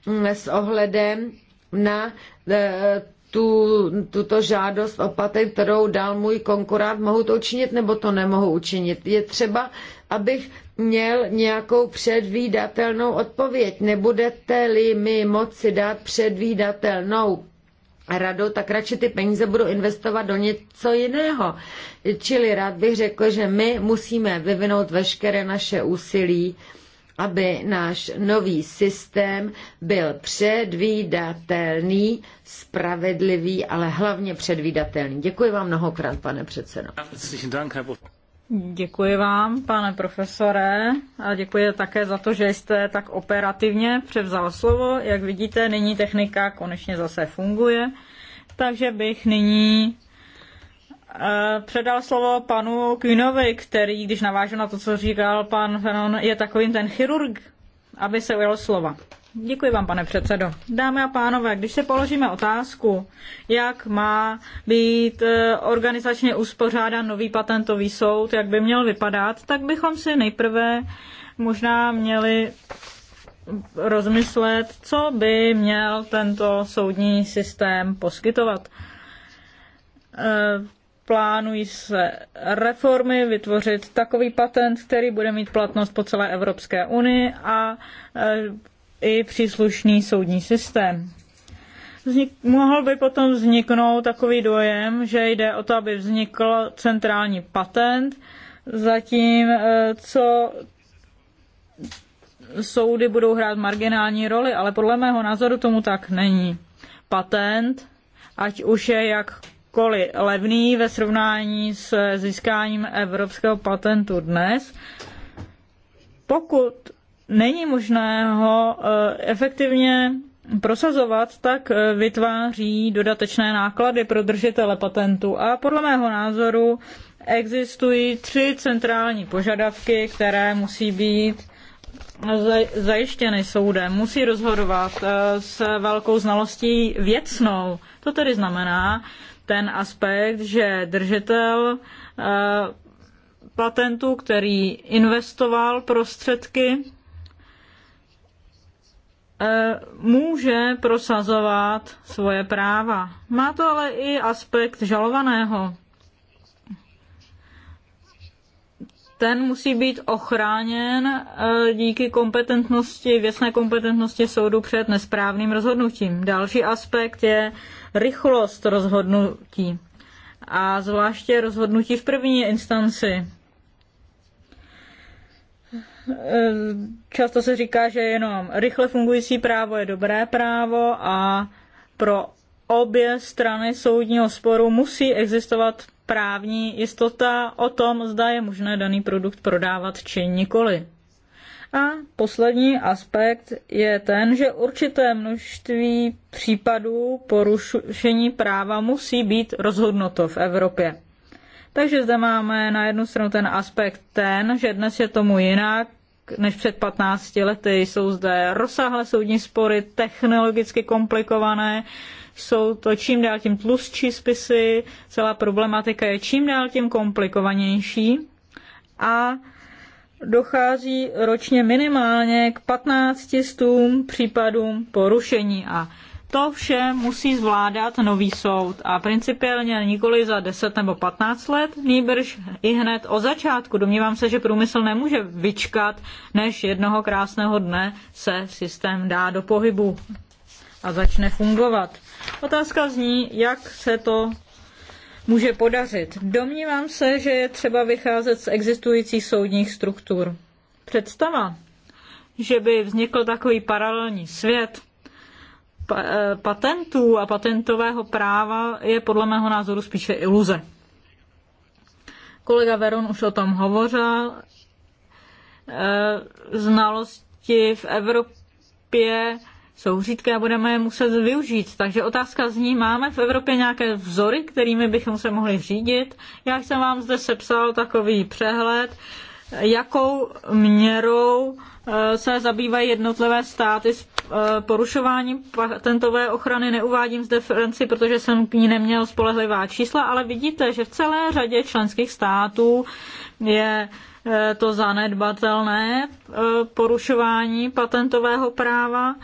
mm, s ohledem na e, tu, tuto žádost o patent, kterou dal můj konkurát, mohu to učinit nebo to nemohu učinit. Je třeba, abych měl nějakou předvídatelnou odpověď. Nebudete-li mi moci dát předvídatelnou radu, tak radši ty peníze budu investovat do něco jiného. Čili rád bych řekl, že my musíme vyvinout veškeré naše úsilí, aby náš nový systém byl předvídatelný, spravedlivý, ale hlavně předvídatelný. Děkuji vám mnohokrát, pane předsedo. Děkuji vám, pane profesore, a děkuji také za to, že jste tak operativně převzal slovo. Jak vidíte, nyní technika konečně zase funguje, takže bych nyní Eh, předal slovo panu Quinovi, který, když navážu na to, co říkal pan Fenon, je takovým ten chirurg, aby se ujel slova. Děkuji vám, pane předsedo. Dámy a pánové, když se položíme otázku, jak má být eh, organizačně uspořádán nový patentový soud, jak by měl vypadat, tak bychom si nejprve možná měli rozmyslet, co by měl tento soudní systém poskytovat eh, plánují se reformy, vytvořit takový patent, který bude mít platnost po celé Evropské unii a e, i příslušný soudní systém. Vznik, mohl by potom vzniknout takový dojem, že jde o to, aby vznikl centrální patent, zatím e, co soudy budou hrát marginální roli, ale podle mého názoru tomu tak není. Patent, ať už je jak koli levný ve srovnání s získáním evropského patentu dnes. Pokud není možné ho eh, efektivně prosazovat, tak eh, vytváří dodatečné náklady pro držitele patentu. A podle mého názoru existují tři centrální požadavky, které musí být zajištěny soudem. Musí rozhodovat eh, s velkou znalostí věcnou. To tedy znamená, ten aspekt, že držitel eh, patentu, který investoval prostředky, eh, může prosazovat svoje práva. Má to ale i aspekt žalovaného. ten musí být ochráněn eh, díky kompetentnosti, věcné kompetentnosti soudu před nesprávným rozhodnutím. Další aspekt je rychlost rozhodnutí a zvláště rozhodnutí v první instanci. Eh, často se říká, že jenom rychle fungující právo je dobré právo a pro obě strany soudního sporu musí existovat právní jistota o tom, zda je možné daný produkt prodávat či nikoli. A poslední aspekt je ten, že určité množství případů porušení práva musí být rozhodnuto v Evropě. Takže zde máme na jednu stranu ten aspekt ten, že dnes je tomu jinak, než před 15 lety jsou zde rozsáhlé soudní spory, technologicky komplikované, jsou to čím dál tím tlustší spisy, celá problematika je čím dál tím komplikovanější a dochází ročně minimálně k 15 stům případům porušení a to vše musí zvládat nový soud a principiálně nikoli za 10 nebo 15 let, nýbrž i hned o začátku. Domnívám se, že průmysl nemůže vyčkat, než jednoho krásného dne se systém dá do pohybu a začne fungovat. Otázka zní, jak se to může podařit. Domnívám se, že je třeba vycházet z existujících soudních struktur. Představa, že by vznikl takový paralelní svět eh, patentů a patentového práva, je podle mého názoru spíše iluze. Kolega Veron už o tom hovořil. Eh, znalosti v Evropě jsou řídké a budeme je muset využít. Takže otázka zní, máme v Evropě nějaké vzory, kterými bychom se mohli řídit? Já jsem vám zde sepsal takový přehled, jakou měrou eh, se zabývají jednotlivé státy s eh, porušováním patentové ochrany. Neuvádím zde Franci, protože jsem k ní neměl spolehlivá čísla, ale vidíte, že v celé řadě členských států je eh, to zanedbatelné porušování patentového práva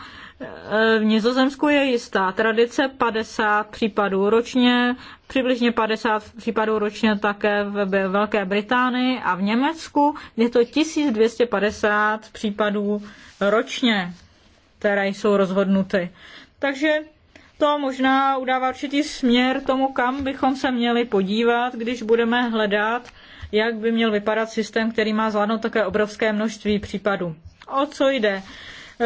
v Nizozemsku je jistá tradice 50 případů ročně, přibližně 50 případů ročně také v Velké Británii a v Německu je to 1250 případů ročně, které jsou rozhodnuty. Takže to možná udává určitý směr tomu, kam bychom se měli podívat, když budeme hledat, jak by měl vypadat systém, který má zvládnout také obrovské množství případů. O co jde?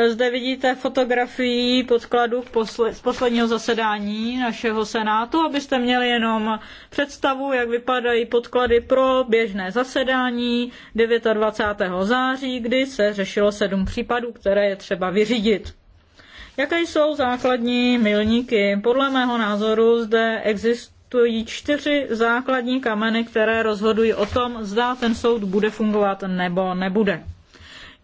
Zde vidíte fotografii podkladu z posledního zasedání našeho senátu, abyste měli jenom představu, jak vypadají podklady pro běžné zasedání 29. září, kdy se řešilo sedm případů, které je třeba vyřídit. Jaké jsou základní milníky? Podle mého názoru zde existují čtyři základní kameny, které rozhodují o tom, zda ten soud bude fungovat nebo nebude.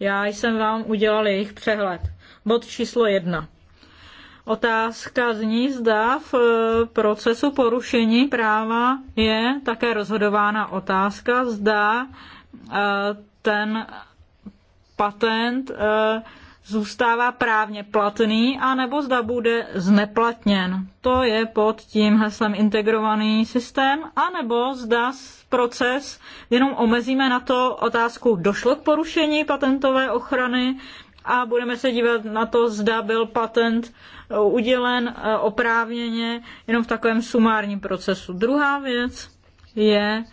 Já jsem vám udělal jejich přehled. Bod číslo jedna. Otázka zní, zda v e, procesu porušení práva je také rozhodována otázka, zda e, ten patent e, zůstává právně platný, anebo zda bude zneplatněn. To je pod tím heslem integrovaný systém, anebo zda proces, jenom omezíme na to otázku, došlo k porušení patentové ochrany a budeme se dívat na to, zda byl patent eh, udělen eh, oprávněně jenom v takovém sumárním procesu. Druhá věc je,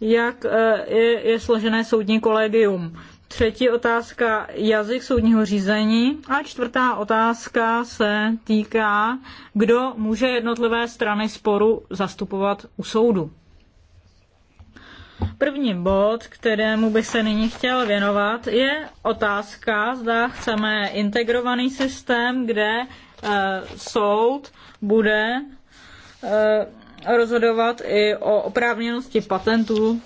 jak eh, je, je složené soudní kolegium. Třetí otázka jazyk soudního řízení a čtvrtá otázka se týká, kdo může jednotlivé strany sporu zastupovat u soudu. První bod, kterému bych se nyní chtěl věnovat, je otázka, zda chceme integrovaný systém, kde e, soud bude e, rozhodovat i o oprávněnosti patentů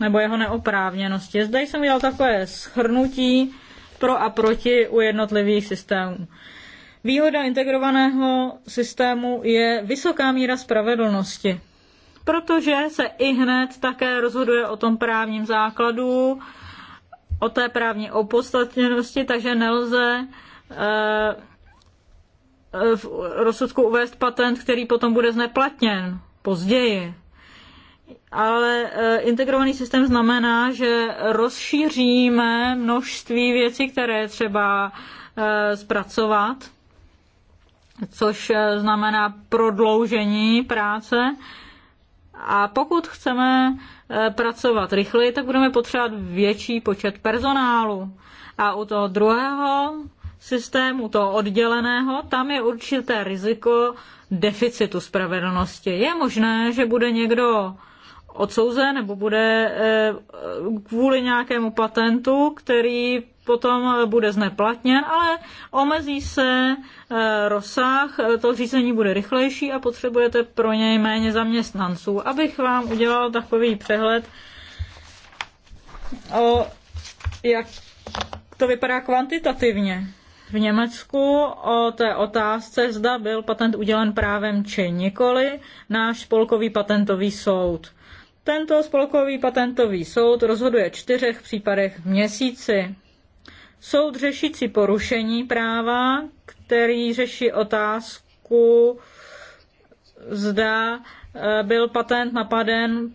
nebo jeho neoprávněnosti. Zde jsem udělal takové shrnutí pro a proti u jednotlivých systémů. Výhoda integrovaného systému je vysoká míra spravedlnosti protože se i hned také rozhoduje o tom právním základu, o té právní opodstatněnosti, takže nelze eh, v rozsudku uvést patent, který potom bude zneplatněn později. Ale eh, integrovaný systém znamená, že rozšíříme množství věcí, které je třeba eh, zpracovat, což znamená prodloužení práce a pokud chceme eh, pracovat rychleji, tak budeme potřebovat větší počet personálu. A u toho druhého systému, toho odděleného, tam je určité riziko deficitu spravedlnosti. Je možné, že bude někdo odsouzen nebo bude eh, kvůli nějakému patentu, který potom bude zneplatněn, ale omezí se eh, rozsah, eh, to řízení bude rychlejší a potřebujete pro něj méně zaměstnanců. Abych vám udělal takový přehled o jak to vypadá kvantitativně. V Německu o té otázce, zda byl patent udělen právem či nikoli, náš spolkový patentový soud. Tento spolkový patentový soud rozhoduje v čtyřech případech v měsíci. Soud řešící porušení práva, který řeší otázku, zda eh, byl patent napaden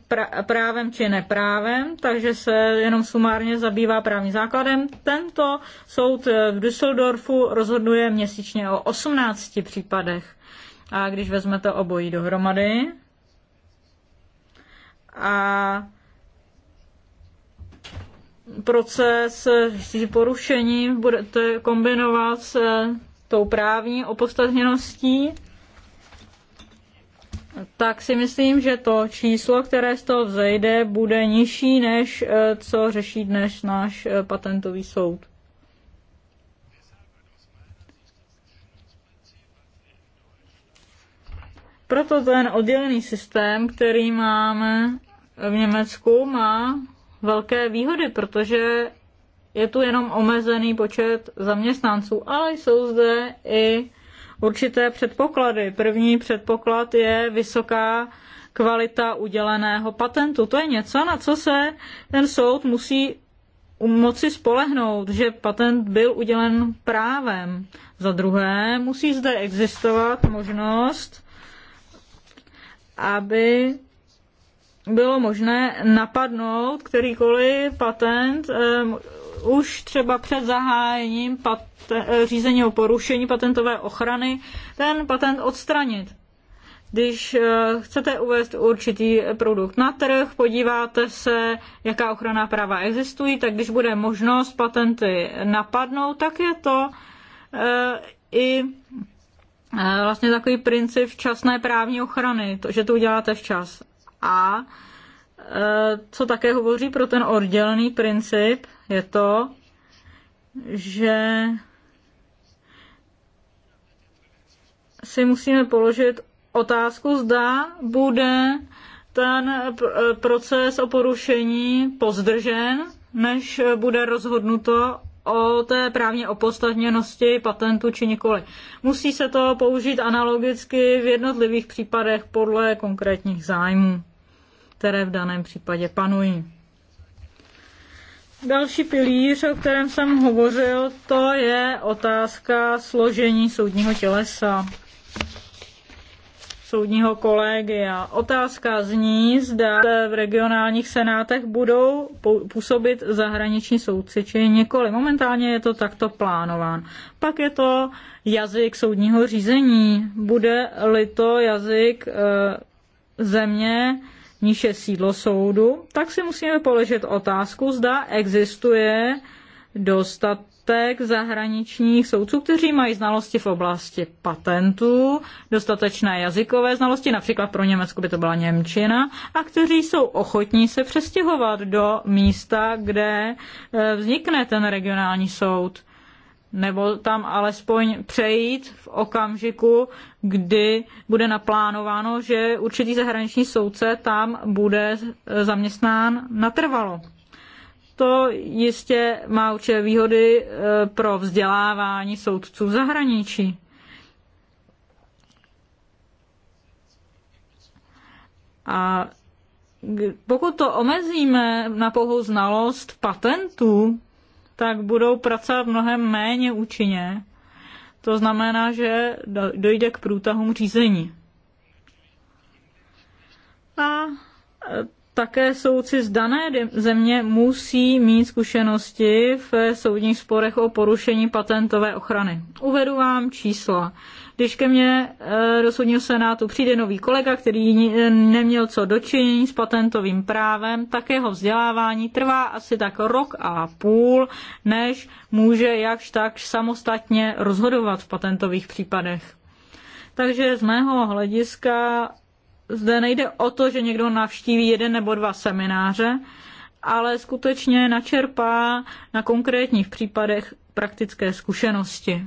právem či neprávem, takže se jenom sumárně zabývá právním základem. Tento soud eh, v Düsseldorfu rozhoduje měsíčně o 18 případech. A když vezmete obojí dohromady a proces s porušením budete kombinovat s eh, tou právní opodstatněností, tak si myslím, že to číslo, které z toho vzejde, bude nižší, než eh, co řeší dnes náš eh, patentový soud. Proto ten oddělený systém, který máme v Německu, má velké výhody, protože je tu jenom omezený počet zaměstnanců, ale jsou zde i určité předpoklady. První předpoklad je vysoká kvalita uděleného patentu. To je něco, na co se ten soud musí moci spolehnout, že patent byl udělen právem. Za druhé, musí zde existovat možnost, aby bylo možné napadnout kterýkoliv patent ehm, už třeba před zahájením paten- eh, řízení o porušení patentové ochrany ten patent odstranit. Když eh, chcete uvést určitý produkt na trh, podíváte se, jaká ochranná práva existují, tak když bude možnost patenty napadnout, tak je to eh, i vlastně takový princip včasné právní ochrany, to, že to uděláte včas a e, co také hovoří pro ten oddělený princip, je to, že si musíme položit otázku, zda bude ten e, proces o porušení pozdržen, než bude rozhodnuto o té právně opodstatněnosti patentu či nikoli. Musí se to použít analogicky v jednotlivých případech podle konkrétních zájmů, které v daném případě panují. Další pilíř, o kterém jsem hovořil, to je otázka složení soudního tělesa soudního kolegia. Otázka zní, zda v regionálních senátech budou působit zahraniční soudci, či nikoli. Momentálně je to takto plánován. Pak je to jazyk soudního řízení. Bude-li to jazyk e, země, níž je sídlo soudu, tak si musíme položit otázku, zda existuje dostat dostatek zahraničních soudců, kteří mají znalosti v oblasti patentů, dostatečné jazykové znalosti, například pro Německo by to byla Němčina, a kteří jsou ochotní se přestěhovat do místa, kde eh, vznikne ten regionální soud nebo tam alespoň přejít v okamžiku, kdy bude naplánováno, že určitý zahraniční soudce tam bude eh, zaměstnán natrvalo. To jistě má určitě výhody eh, pro vzdělávání soudců v zahraničí. A pokud to omezíme na pouhou znalost patentů, tak budou pracovat mnohem méně účinně. To znamená, že dojde k průtahům řízení. A také soudci z dané země musí mít zkušenosti v soudních sporech o porušení patentové ochrany. Uvedu vám čísla. Když ke mně eh, do soudního senátu přijde nový kolega, který neměl co dočinění s patentovým právem, tak jeho vzdělávání trvá asi tak rok a půl, než může jakž tak samostatně rozhodovat v patentových případech. Takže z mého hlediska zde nejde o to, že někdo navštíví jeden nebo dva semináře, ale skutečně načerpá na konkrétních případech praktické zkušenosti.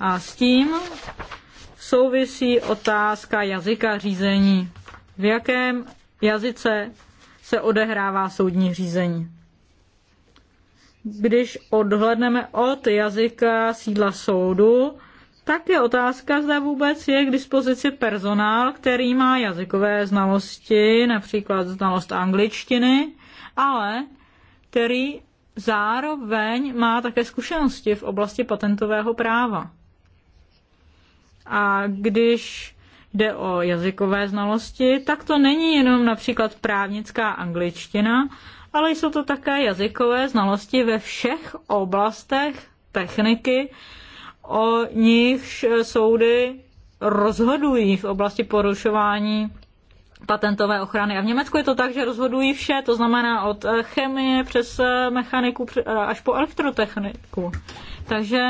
A s tím souvisí otázka jazyka řízení. V jakém jazyce se odehrává soudní řízení? Když odhledneme od jazyka sídla soudu, tak je otázka, zda vůbec je k dispozici personál, který má jazykové znalosti, například znalost angličtiny, ale který zároveň má také zkušenosti v oblasti patentového práva. A když jde o jazykové znalosti, tak to není jenom například právnická angličtina, ale jsou to také jazykové znalosti ve všech oblastech techniky, o nichž soudy rozhodují v oblasti porušování patentové ochrany. A v Německu je to tak, že rozhodují vše, to znamená od eh, chemie přes eh, mechaniku eh, až po elektrotechniku. Takže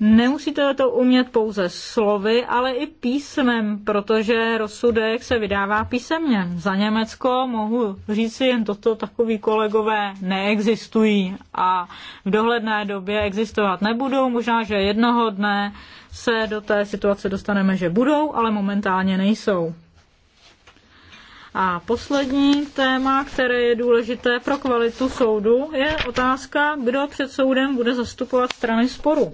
Nemusíte to umět pouze slovy, ale i písmem, protože rozsudek se vydává písemně. Za Německo mohu říci jen toto, takový kolegové neexistují a v dohledné době existovat nebudou. Možná, že jednoho dne se do té situace dostaneme, že budou, ale momentálně nejsou. A poslední téma, které je důležité pro kvalitu soudu, je otázka, kdo před soudem bude zastupovat strany sporu.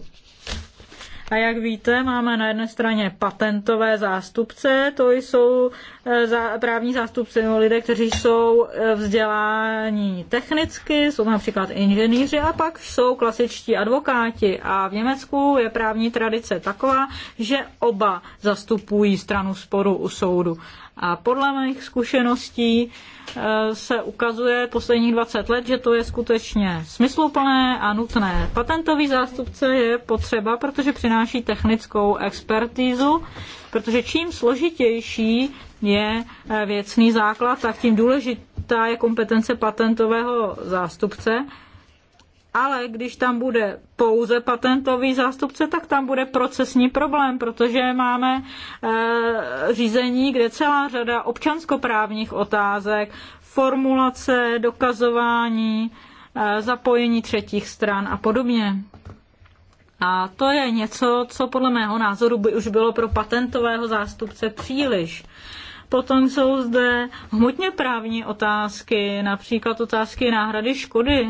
A jak víte, máme na jedné straně patentové zástupce, to jsou e, právní zástupci nebo lidé, kteří jsou e, vzdělání technicky, jsou například inženýři a pak jsou klasičtí advokáti. A v Německu je právní tradice taková, že oba zastupují stranu sporu u soudu. A podle mých zkušeností eh, se ukazuje posledních 20 let, že to je skutečně smysluplné a nutné. Patentový zástupce je potřeba, protože přináší technickou expertízu, protože čím složitější je eh, věcný základ, tak tím důležitá je kompetence patentového zástupce ale když tam bude pouze patentový zástupce, tak tam bude procesní problém, protože máme e, řízení, kde celá řada občanskoprávních otázek, formulace, dokazování, e, zapojení třetích stran a podobně. A to je něco, co podle mého názoru by už bylo pro patentového zástupce příliš. Potom jsou zde hmotně právní otázky, například otázky náhrady škody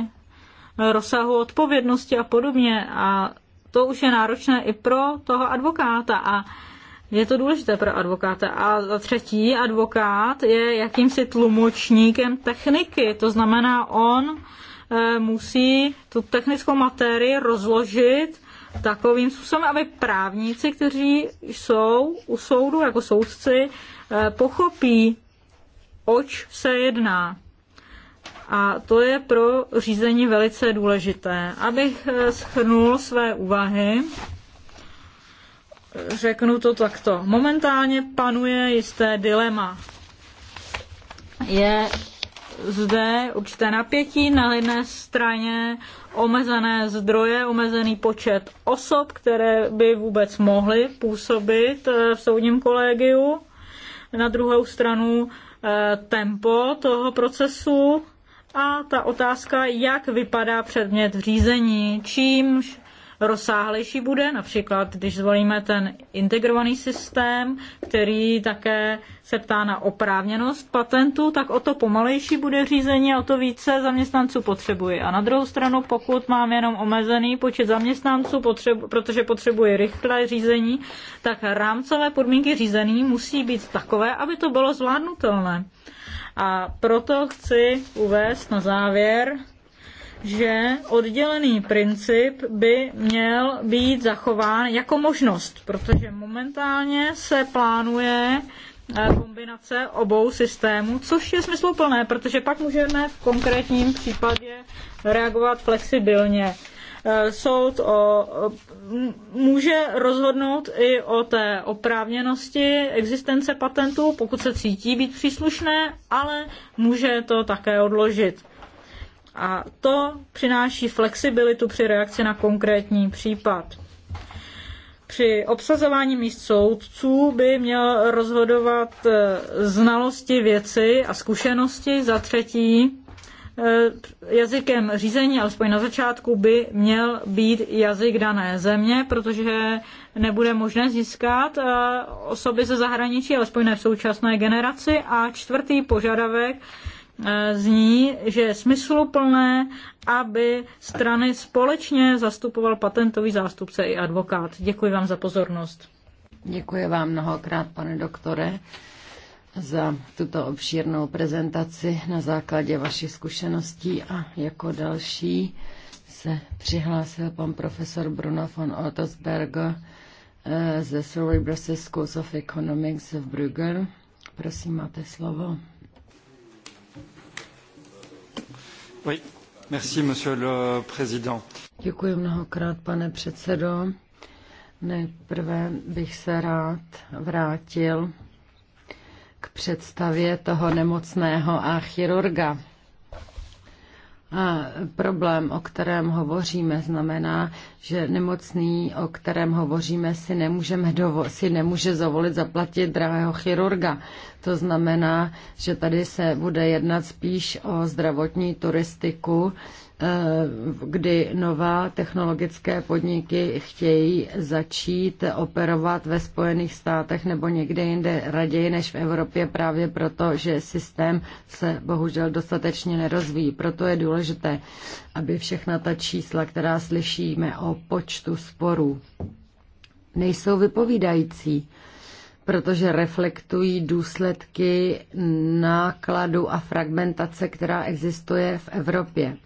rozsahu odpovědnosti a podobně. A to už je náročné i pro toho advokáta. A je to důležité pro advokáta. A za třetí, advokát je jakýmsi tlumočníkem techniky. To znamená, on eh, musí tu technickou materii rozložit takovým způsobem, aby právníci, kteří jsou u soudu jako soudci, eh, pochopí, oč se jedná. A to je pro řízení velice důležité. Abych eh, schrnul své úvahy, řeknu to takto. Momentálně panuje jisté dilema. Je zde určité napětí na jedné straně omezené zdroje, omezený počet osob, které by vůbec mohly působit eh, v soudním kolegiu. Na druhou stranu eh, tempo toho procesu a ta otázka, jak vypadá předmět řízení, čímž rozsáhlejší bude, například když zvolíme ten integrovaný systém, který také se ptá na oprávněnost patentu, tak o to pomalejší bude řízení a o to více zaměstnanců potřebuje. A na druhou stranu, pokud mám jenom omezený počet zaměstnanců, potřebu, protože potřebuji rychlé řízení, tak rámcové podmínky řízení musí být takové, aby to bylo zvládnutelné. A proto chci uvést na závěr, že oddělený princip by měl být zachován jako možnost, protože momentálně se plánuje eh, kombinace obou systémů, což je smysluplné, protože pak můžeme v konkrétním případě reagovat flexibilně. Eh, soud o, může rozhodnout i o té oprávněnosti existence patentu, pokud se cítí být příslušné, ale může to také odložit. A to přináší flexibilitu při reakci na konkrétní případ. Při obsazování míst soudců by měl rozhodovat eh, znalosti věci a zkušenosti za třetí Eh, jazykem řízení, alespoň na začátku, by měl být jazyk dané země, protože nebude možné získat eh, osoby ze zahraničí, alespoň ne v současné generaci. A čtvrtý požadavek eh, zní, že je smysluplné, aby strany společně zastupoval patentový zástupce i advokát. Děkuji vám za pozornost. Děkuji vám mnohokrát, pane doktore za tuto obšírnou prezentaci na základě vašich zkušeností a jako další se přihlásil pan profesor Bruno von Ottosberg eh, ze Brussels School of Economics v Brügger. Prosím, máte slovo. Oui. Merci, monsieur le président. Děkuji mnohokrát, pane předsedo. Nejprve bych se rád vrátil k představě toho nemocného a chirurga. A problém, o kterém hovoříme, znamená, že nemocný, o kterém hovoříme, si, nemůžeme dovo- si nemůže zavolit zaplatit drahého chirurga. To znamená, že tady se bude jednat spíš o zdravotní turistiku, kdy nová technologické podniky chtějí začít operovat ve Spojených státech nebo někde jinde raději než v Evropě právě proto, že systém se bohužel dostatečně nerozvíjí. Proto je důležité, aby všechna ta čísla, která slyšíme o počtu sporů, nejsou vypovídající protože reflektují důsledky nákladu a fragmentace, která existuje v Evropě.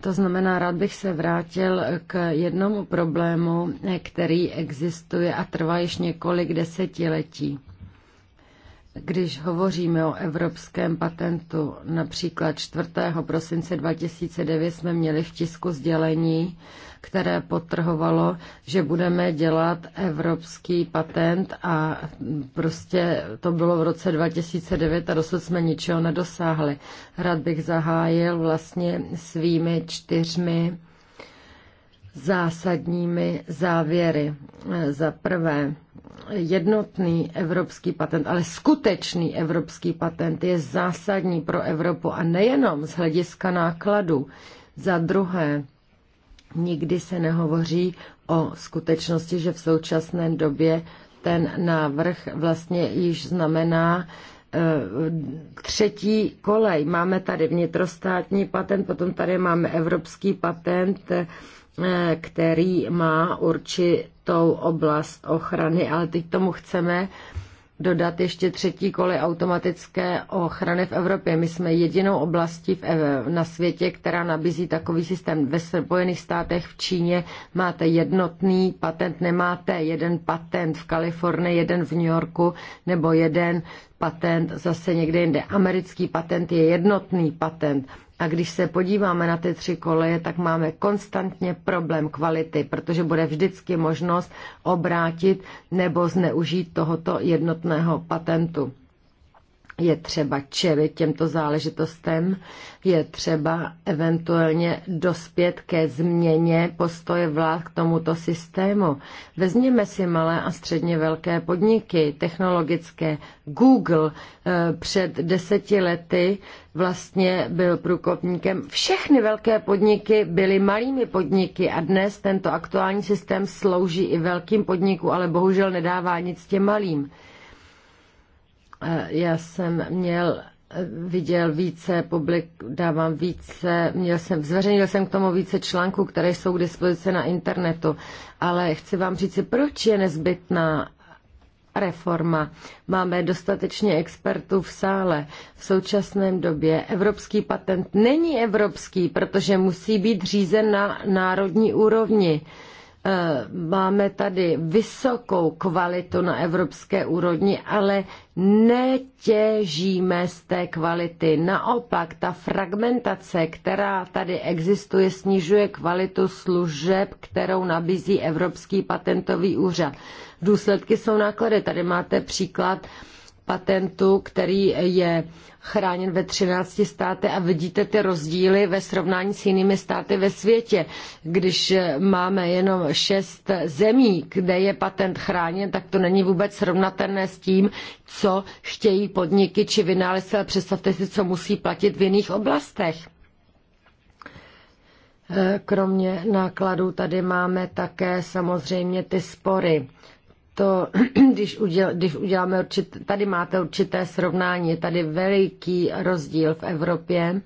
To znamená, rád bych se vrátil k jednomu problému, který existuje a trvá již několik desetiletí. Když hovoříme o evropském patentu, například 4. prosince 2009 jsme měli v tisku sdělení které potrhovalo, že budeme dělat evropský patent a prostě to bylo v roce 2009 a dosud jsme ničeho nedosáhli. Rád bych zahájil vlastně svými čtyřmi zásadními závěry. Za prvé, jednotný evropský patent, ale skutečný evropský patent je zásadní pro Evropu a nejenom z hlediska nákladu. Za druhé, Nikdy se nehovoří o skutečnosti, že v současné době ten návrh vlastně již znamená eh, třetí kolej. Máme tady vnitrostátní patent, potom tady máme evropský patent, eh, který má určitou oblast ochrany, ale teď tomu chceme dodat ještě třetí koli automatické ochrany v Evropě. My jsme jedinou oblastí v Ev- na světě, která nabízí takový systém. Ve Spojených státech v Číně máte jednotný patent, nemáte jeden patent v Kalifornii, jeden v New Yorku nebo jeden patent zase někde jinde. Americký patent je jednotný patent a když se podíváme na ty tři koleje, tak máme konstantně problém kvality, protože bude vždycky možnost obrátit nebo zneužít tohoto jednotného patentu je třeba čelit těmto záležitostem, je třeba eventuálně dospět ke změně postoje vlád k tomuto systému. Vezměme si malé a středně velké podniky technologické. Google eh, před deseti lety vlastně byl průkopníkem. Všechny velké podniky byly malými podniky a dnes tento aktuální systém slouží i velkým podniku, ale bohužel nedává nic těm malým. Já jsem měl viděl více publik, dávám více, měl jsem, zveřejnil jsem k tomu více článků, které jsou k dispozici na internetu, ale chci vám říct, proč je nezbytná reforma. Máme dostatečně expertů v sále. V současném době evropský patent není evropský, protože musí být řízen na národní úrovni. Uh, Eh, máme tady vysokou kvalitu na evropské úrovni, ale netěžíme z té kvality. Naopak, ta fragmentace, která tady existuje, snižuje kvalitu služeb, kterou nabízí Evropský patentový úřad. Důsledky jsou náklady. Tady máte příklad uh, Patentu, který je chráněn ve 13 státech a vidíte ty rozdíly ve srovnání s jinými státy ve světě. Když máme jenom šest zemí, kde je patent chráněn, tak to není vůbec srovnatelné s tím, co chtějí podniky či vynálezce, ale představte si, co musí platit v jiných oblastech. Kromě nákladů tady máme také samozřejmě ty spory to, [CLEARS THROAT] když, uděl, když uděláme určité, tady máte určité srovnání, je tady veliký rozdíl v Evropě.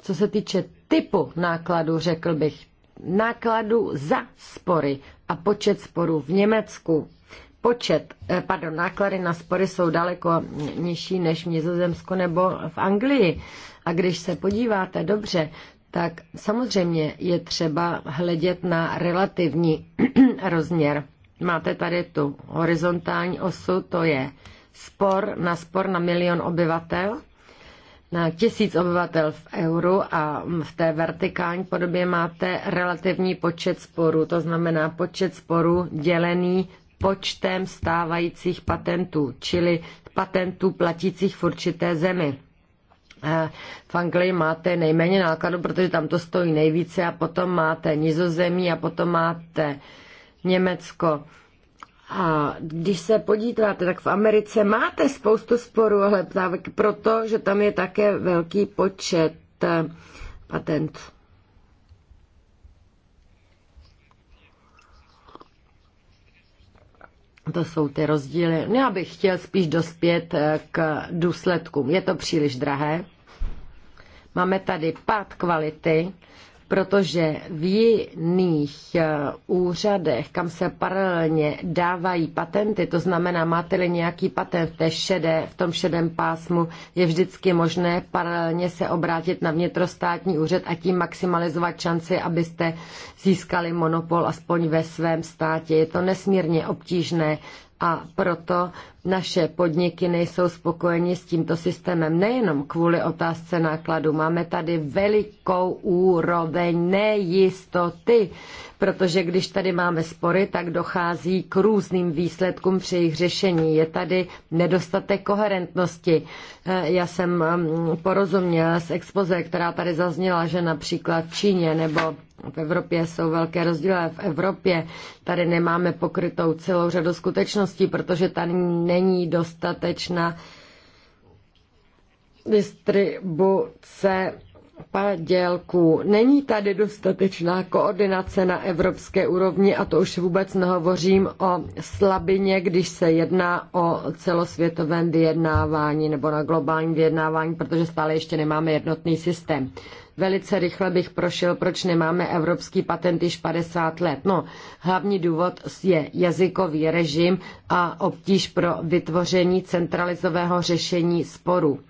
Co se týče typu nákladu, řekl bych, nákladu za spory a počet sporů v Německu. Počet, eh, pardon, náklady na spory jsou daleko nižší než v Nizozemsku nebo v Anglii. A když se podíváte dobře, tak samozřejmě je třeba hledět na relativní [CLEARS THROAT] rozměr. Máte tady tu horizontální osu, to je spor na spor na milion obyvatel, na tisíc obyvatel v euru a v té vertikální podobě máte relativní počet sporů, to znamená počet sporů dělený počtem stávajících patentů, čili patentů platících v určité zemi. Eh, v Anglii máte nejméně nákladů, protože tam to stojí nejvíce a potom máte Nizozemí a potom máte Německo. A když se podíváte, tak v Americe máte spoustu sporů, ale ptávek, protože tam je také velký počet eh, patentů. To jsou ty rozdíly. Já bych chtěl spíš dospět eh, k důsledkům. Je to příliš drahé. Máme tady pád kvality, protože v jiných eh, úřadech, kam se paralelně dávají patenty, to znamená, máte-li nějaký patent v, té šedé, v tom šedém pásmu, je vždycky možné paralelně se obrátit na vnitrostátní úřad a tím maximalizovat šanci, abyste získali monopol aspoň ve svém státě. Je to nesmírně obtížné a proto naše podniky nejsou spokojeni s tímto systémem nejenom kvůli otázce nákladu. Máme tady velikou úroveň nejistoty, protože když tady máme spory, tak dochází k různým výsledkům při jejich řešení. Je tady nedostatek koherentnosti. Eh, já jsem mm, porozuměla z expoze, která tady zazněla, že například v Číně nebo v Evropě jsou velké rozdíly. V Evropě tady nemáme pokrytou celou řadu skutečností, protože tady není dostatečná distribuce padělků. Není tady dostatečná koordinace na evropské úrovni a to už vůbec nehovořím o slabině, když se jedná o celosvětovém vyjednávání nebo na globální vyjednávání, protože stále ještě nemáme jednotný systém. Velice rychle bych prošel, proč nemáme evropský patent již 50 let. No, hlavní důvod je jazykový režim a obtíž pro vytvoření centralizového řešení sporu.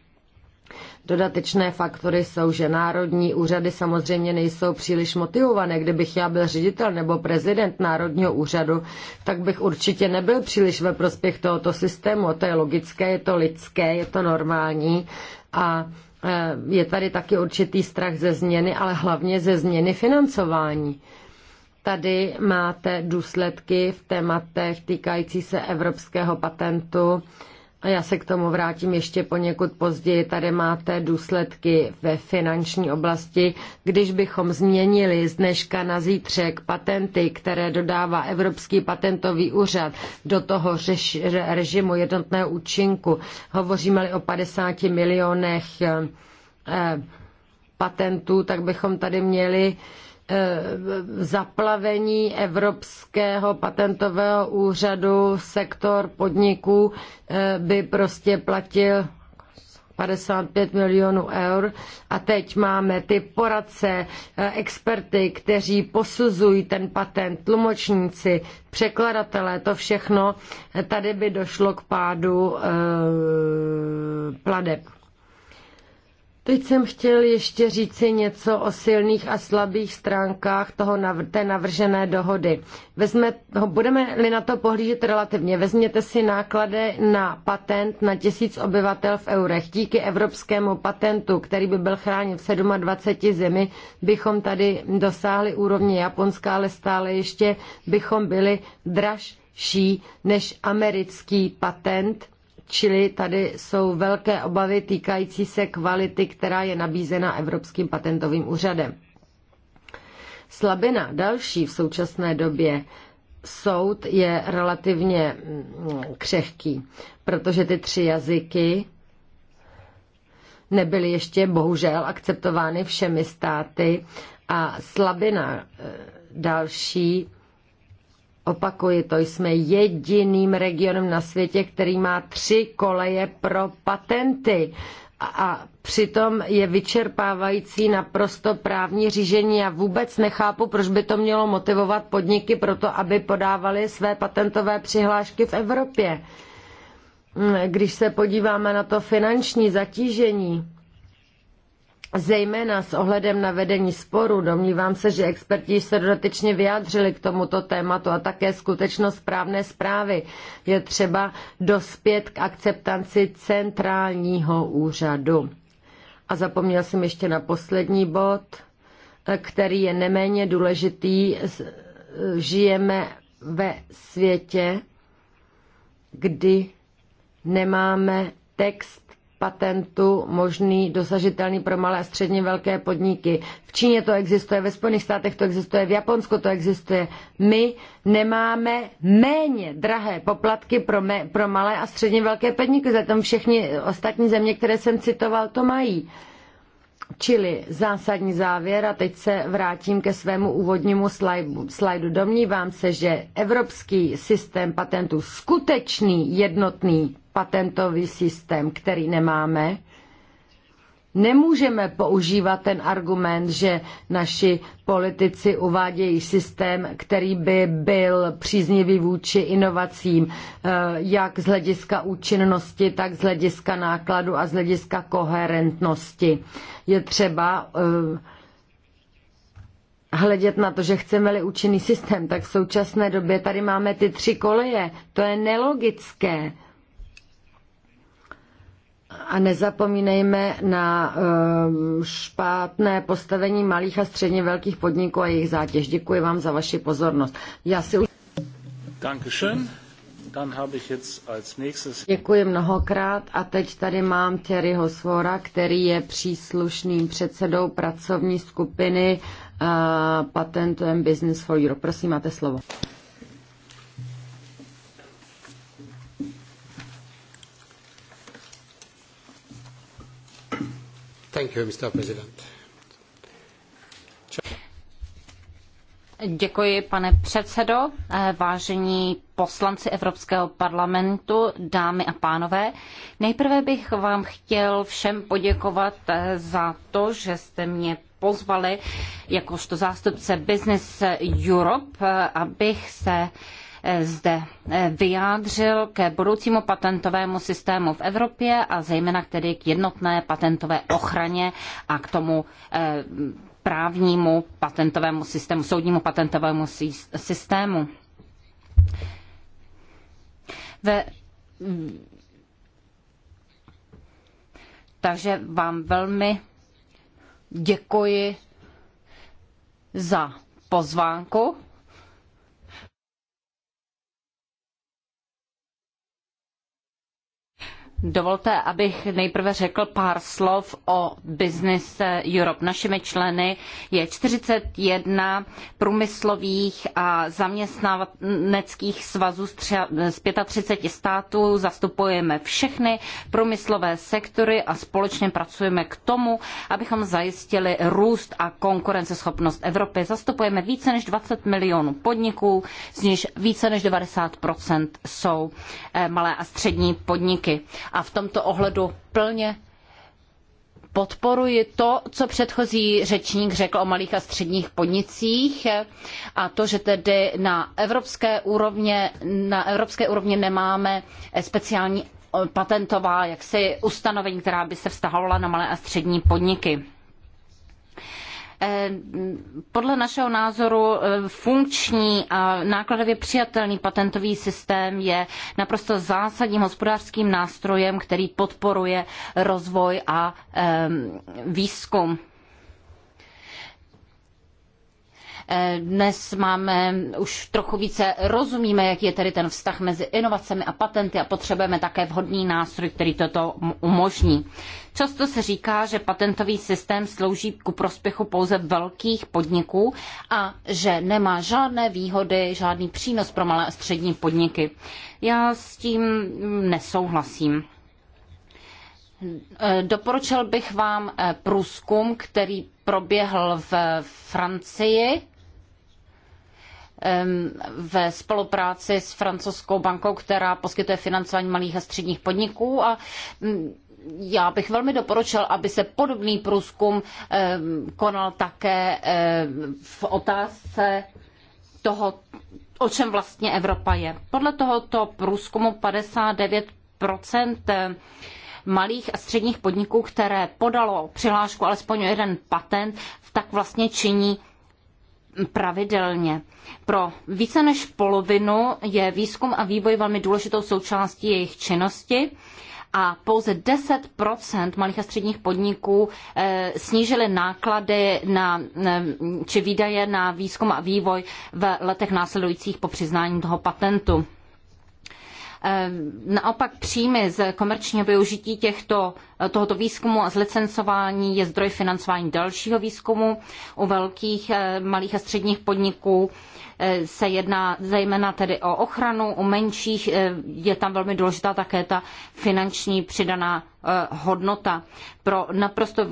Dodatečné faktory jsou, že národní úřady samozřejmě nejsou příliš motivované. Kdybych já byl ředitel nebo prezident národního úřadu, tak bych určitě nebyl příliš ve prospěch tohoto systému. To je logické, je to lidské, je to normální a Eh, je tady taky určitý strach ze změny, ale hlavně ze změny financování. Tady máte důsledky v tématech týkající se evropského patentu a já se k tomu vrátím ještě poněkud později. Tady máte důsledky ve finanční oblasti. Když bychom změnili z dneška na zítřek patenty, které dodává Evropský patentový úřad do toho řeš, režimu jednotného účinku, hovoříme-li o 50 milionech eh, patentů, tak bychom tady měli eh, Eh, zaplavení Evropského patentového úřadu sektor podniků eh, by prostě platil 55 milionů eur a teď máme ty poradce, eh, experty, kteří posuzují ten patent, tlumočníci, překladatelé, to všechno, tady by došlo k pádu e, pladeb. Teď jsem chtěl ještě říci něco o silných a slabých stránkách toho nav- té navržené dohody. Vezme, budeme-li na to pohlížet relativně, vezměte si náklady na patent na tisíc obyvatel v eurech. Díky evropskému patentu, který by byl chráněn v 27 zemi, bychom tady dosáhli úrovně Japonska, ale stále ještě bychom byli dražší než americký patent Čili tady jsou velké obavy týkající se kvality, která je nabízena Evropským patentovým úřadem. Slabina další v současné době soud je relativně mm, křehký, protože ty tři jazyky nebyly ještě bohužel akceptovány všemi státy a slabina e, další Opakuji to, jsme jediným regionem na světě, který má tři koleje pro patenty a přitom je vyčerpávající naprosto právní řízení. Já vůbec nechápu, proč by to mělo motivovat podniky pro to, aby podávali své patentové přihlášky v Evropě. Hm, když se podíváme na to finanční zatížení, Zejména s ohledem na vedení sporu domnívám se, že experti se dodatečně vyjádřili k tomuto tématu a také skutečnost správné zprávy. Je třeba dospět k akceptanci centrálního úřadu. A zapomněl jsem ještě na poslední bod, který je neméně důležitý. Žijeme ve světě, kdy nemáme text patentu možný, dosažitelný pro malé a středně velké podniky. V Číně to existuje, ve Spojených státech to existuje, v Japonsku to existuje. My nemáme méně drahé poplatky pro, me, pro malé a středně velké podniky, zatím všechny ostatní země, které jsem citoval, to mají. Čili zásadní závěr, a teď se vrátím ke svému úvodnímu slajdu. Domnívám se, že evropský systém patentů, skutečný jednotný patentový systém, který nemáme, Nemůžeme používat ten argument, že naši politici uvádějí systém, který by byl příznivý vůči inovacím, eh, jak z hlediska účinnosti, tak z hlediska nákladu a z hlediska koherentnosti. Je třeba eh, hledět na to, že chceme-li účinný systém, tak v současné době tady máme ty tři koleje. To je nelogické. A nezapomínejme na eh, špatné postavení malých a středně velkých podniků a jejich zátěž. Děkuji vám za vaši pozornost. Já si už... Dankeschön. Děkuji mnohokrát a teď tady mám Terryho Svora, který je příslušným předsedou pracovní skupiny uh, Business for Europe. Prosím, máte slovo. Thank you, Mr. President. Děkuji, pane předsedo, eh, vážení poslanci Evropského parlamentu, dámy a pánové. Nejprve bych vám chtěl všem poděkovat eh, za to, že jste mě pozvali jakožto zástupce Business Europe, eh, abych se Eh, zde eh, vyjádřil ke budoucímu patentovému systému v Evropě a zejména tedy k jednotné patentové ochraně a k tomu eh, právnímu patentovému systému, soudnímu patentovému systému. Ve takže vám velmi děkuji za pozvánku Dovolte, abych nejprve řekl pár slov o Business Europe. Našimi členy je 41 průmyslových a zaměstnaneckých svazů z 35 států. Zastupujeme všechny průmyslové sektory a společně pracujeme k tomu, abychom zajistili růst a konkurenceschopnost Evropy. Zastupujeme více než 20 milionů podniků, z nichž více než 90 jsou eh, malé a střední podniky a v tomto ohledu plně podporuji to, co předchozí řečník řekl o malých a středních podnicích a to, že tedy na evropské úrovni, na evropské úrovni nemáme speciální patentová jaksi ustanovení, která by se vztahovala na malé a střední podniky. Eh, podle našeho názoru eh, funkční a nákladově přijatelný patentový systém je naprosto zásadním hospodářským nástrojem, který podporuje rozvoj a eh, výzkum. Eh, dnes máme už trochu více rozumíme, jaký je tedy ten vztah mezi inovacemi a patenty a potřebujeme také vhodný nástroj, který toto umožní. Často se říká, že patentový systém slouží ku prospěchu pouze velkých podniků a že nemá žádné výhody, žádný přínos pro malé a střední podniky. Já s tím nesouhlasím. Eh, doporučil bych vám eh, průzkum, který proběhl v Francii ve spolupráci s francouzskou bankou, která poskytuje financování malých a středních podniků a mm, já bych velmi doporučil, aby se podobný průzkum konal také v otázce toho, o čem vlastně Evropa je. Podle tohoto průzkumu 59 malých a středních podniků, které podalo přihlášku alespoň jeden patent, tak vlastně činí pravidelně. Pro více než polovinu je výzkum a vývoj velmi důležitou součástí jejich činnosti a pouze 10 malých a středních podniků eh, snížily náklady na, eh, či výdaje na výzkum a vývoj v letech následujících po přiznání toho patentu. Ehm, naopak příjmy z komerčního využití těchto, eh, tohoto výzkumu a z licencování je zdroj financování dalšího výzkumu u velkých, eh, malých a středních podniků eh, se jedná zejména tedy o ochranu, u menších je tam velmi důležitá také ta finanční přidaná hodnota. Pro naprosto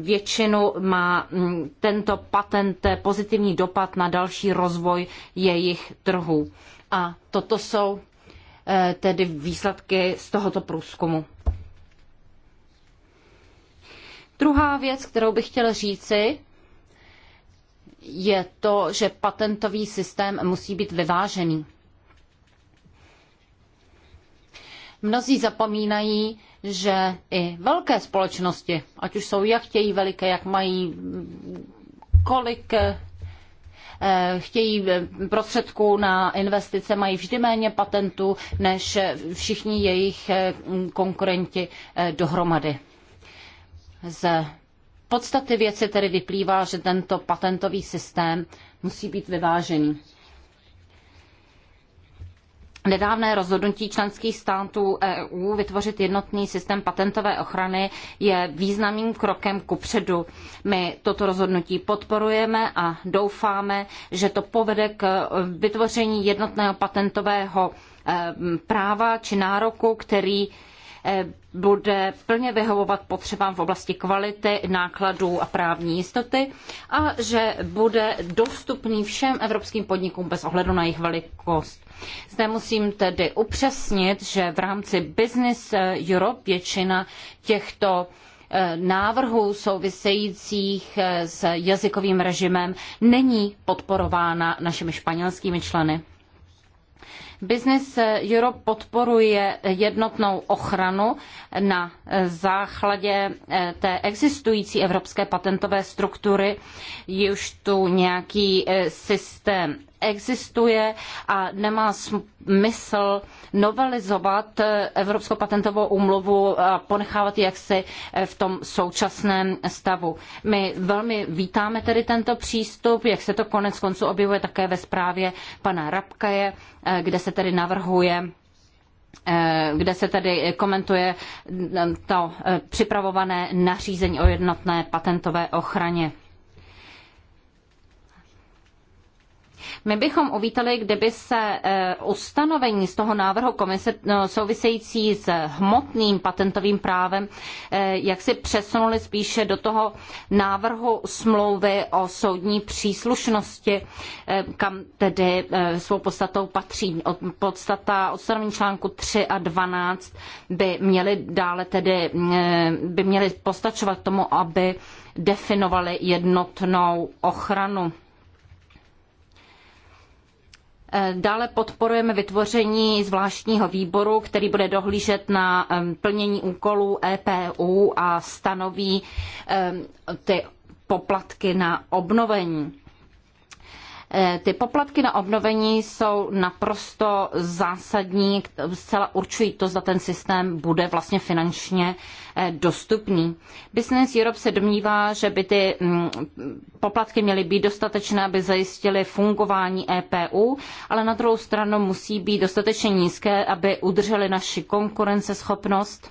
většinu má mm, tento patent pozitivní dopad na další rozvoj jejich trhů. A toto jsou Eh, tedy výsledky z tohoto průzkumu. Druhá věc, kterou bych chtěl říci, je to, že patentový systém musí být vyvážený. Mnozí zapomínají, že i velké společnosti, ať už jsou jak chtějí veliké, jak mají kolik Eh, chtějí eh, prostředků na investice, mají vždy méně patentů než všichni jejich eh, konkurenti dohromady. Z podstaty věci tedy vyplývá, že tento patentový systém musí být vyvážený. Nedávné rozhodnutí členských států EU vytvořit jednotný systém patentové ochrany je významným krokem kupředu. My toto rozhodnutí podporujeme a doufáme, že to povede k vytvoření jednotného patentového eh, práva či nároku, který eh, bude plně vyhovovat potřebám v oblasti kvality, nákladů a právní jistoty a že bude dostupný všem evropským podnikům bez ohledu na jejich velikost. Zde musím tedy upřesnit, že v rámci Business Europe většina těchto eh, návrhů souvisejících eh, s jazykovým režimem není podporována našimi španělskými členy. Business Europe podporuje jednotnou ochranu na eh, základě té existující evropské patentové struktury. Je tu nějaký systém existuje a nemá smysl novelizovat Evropskou patentovou úmluvu a ponechávat ji jaksi v tom současném stavu. My velmi vítáme tedy tento přístup, jak se to konec konců objevuje také ve zprávě pana Rabkaje, kde se tedy navrhuje kde se tedy komentuje to připravované nařízení o jednotné patentové ochraně. My bychom uvítali, kdyby se eh, ustanovení z toho návrhu komise no, související s hmotným patentovým právem, eh, jak si přesunuli spíše do toho návrhu smlouvy o soudní příslušnosti, eh, kam tedy svou podstatou patří. Podstata odstanovení článku 3 a 12 by měly dále tedy, by měly postačovat tomu, aby definovali jednotnou ochranu. Dále podporujeme vytvoření zvláštního výboru, který bude dohlížet na plnění úkolů EPU a stanoví ty poplatky na obnovení. Eh, ty poplatky na obnovení jsou naprosto zásadní, zcela určují to, zda ten systém bude vlastně finančně eh, dostupný. Business Europe se domnívá, že by ty mm, poplatky měly být dostatečné, aby zajistily fungování EPU, ale na druhou stranu musí být dostatečně nízké, aby udržely naši konkurenceschopnost.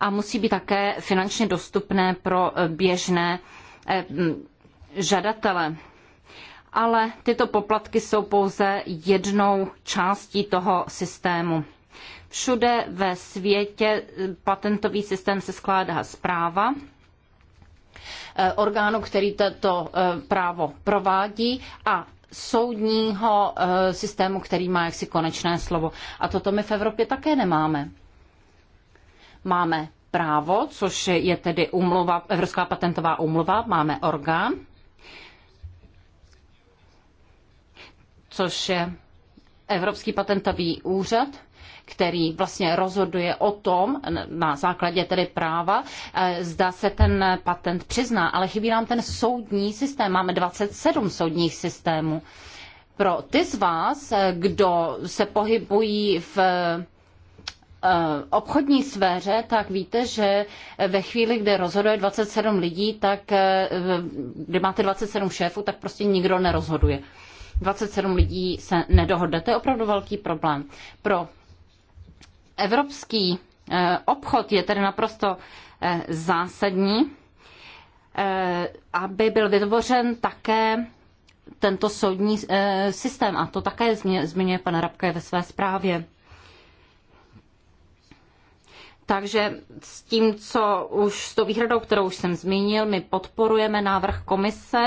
a musí být také finančně dostupné pro eh, běžné Eh, žadatele. Ale tyto poplatky jsou pouze jednou částí toho systému. Všude ve světě patentový systém se skládá z práva, eh, orgánu, který toto eh, právo provádí a soudního systému, který má jaksi konečné slovo. A toto my v Evropě také nemáme. Máme právo, což je tedy umluva, Evropská patentová umluva, máme orgán, což je Evropský patentový úřad, který vlastně rozhoduje o tom, na základě tedy práva, eh, zda se ten patent přizná, ale chybí nám ten soudní systém. Máme 27 soudních systémů. Pro ty z vás, eh, kdo se pohybují v Eh, obchodní sféře, tak víte, že ve chvíli, kdy rozhoduje 27 lidí, tak eh, kdy máte 27 šéfů, tak prostě nikdo nerozhoduje. 27 lidí se nedohodne. To je opravdu velký problém. Pro evropský eh, obchod je tedy naprosto zásadní, aby byl vytvořen také tento soudní systém. A to také zmiňuje pan Rabka ve své zprávě. Takže s tím, co už s tou výhradou, kterou už jsem zmínil, my podporujeme návrh komise.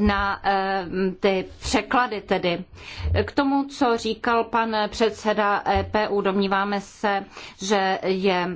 na eh, ty překlady tedy. K tomu, co říkal pan předseda EPU, domníváme se, že je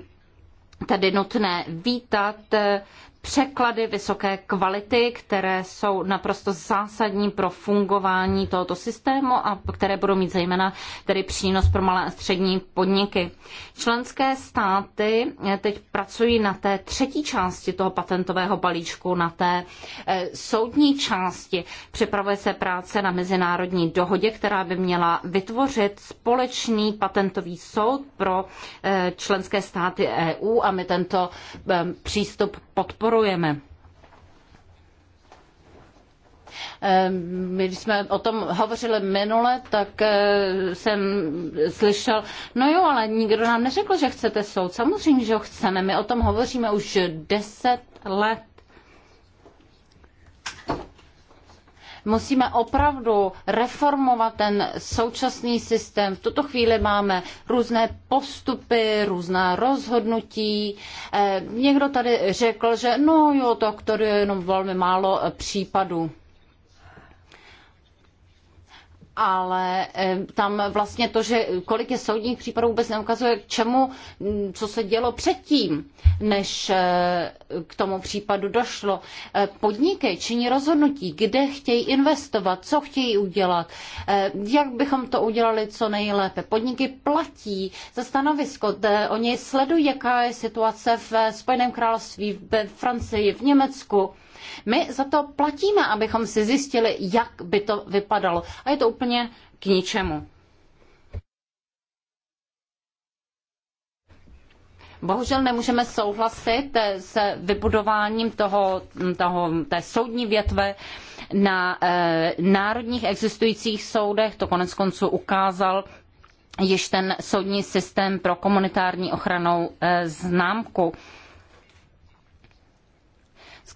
tedy nutné vítat eh, překlady vysoké kvality, které jsou naprosto zásadní pro fungování tohoto systému a které budou mít zejména tedy přínos pro malé a střední podniky. Členské státy eh, teď pracují na té třetí části toho patentového balíčku, na té eh, soudní části. Připravuje se práce na mezinárodní dohodě, která by měla vytvořit společný patentový soud pro eh, členské státy EU a my tento přístup podporujeme podporujeme. Ehm, my jsme o tom hovořili minule, tak eh, jsem slyšel, no jo, ale nikdo nám neřekl, že chcete soud. Samozřejmě, že ho chceme. My o tom hovoříme už deset let. Musíme opravdu reformovat ten současný systém. V tuto chvíli máme různé postupy, různá rozhodnutí. Eh, někdo tady řekl, že no jo, tak tady je jenom velmi málo případů ale eh, tam vlastně to, že kolik je soudních případů, vůbec neukazuje k čemu, mm, co se dělo předtím, než eh, k tomu případu došlo. Eh, podniky činí rozhodnutí, kde chtějí investovat, co chtějí udělat, jak bychom to udělali co nejlépe. Podniky platí za stanovisko, oni sledují, jaká je situace v Spojeném království, ve Francii, v Německu my za to platíme, abychom si zjistili, jak by to vypadalo. A je to úplně k ničemu. Bohužel nemůžeme souhlasit s vybudováním toho, toho, té soudní větve na e, národních existujících soudech. To konec konců ukázal již ten soudní systém pro komunitární ochranou e, známku. E,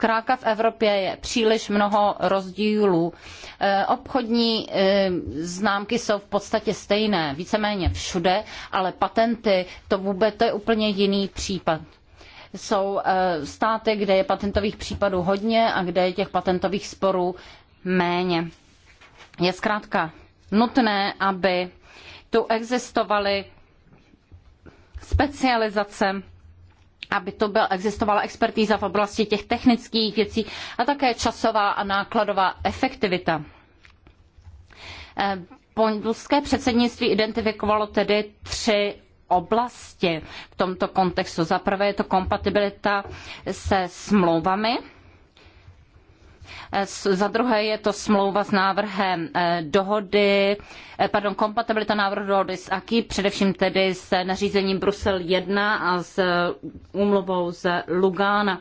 Zkrátka v Evropě je příliš mnoho rozdílů. Eh, obchodní eh, známky jsou v podstatě stejné, víceméně všude, ale patenty to vůbec to je úplně jiný případ jsou eh, státy, kde je patentových případů hodně a kde je těch patentových sporů méně. Je zkrátka nutné, aby tu existovaly specializace aby to byl, existovala expertíza v oblasti těch technických věcí a také časová a nákladová efektivita. Polské eh, předsednictví identifikovalo tedy tři oblasti v tomto kontextu. Za prvé je to kompatibilita se smlouvami, za druhé je to smlouva s návrhem eh, dohody, eh, pardon, kompatibilita návrhu dohody s AKI, především tedy s nařízením Brusel 1 a s eh, úmluvou z Lugána.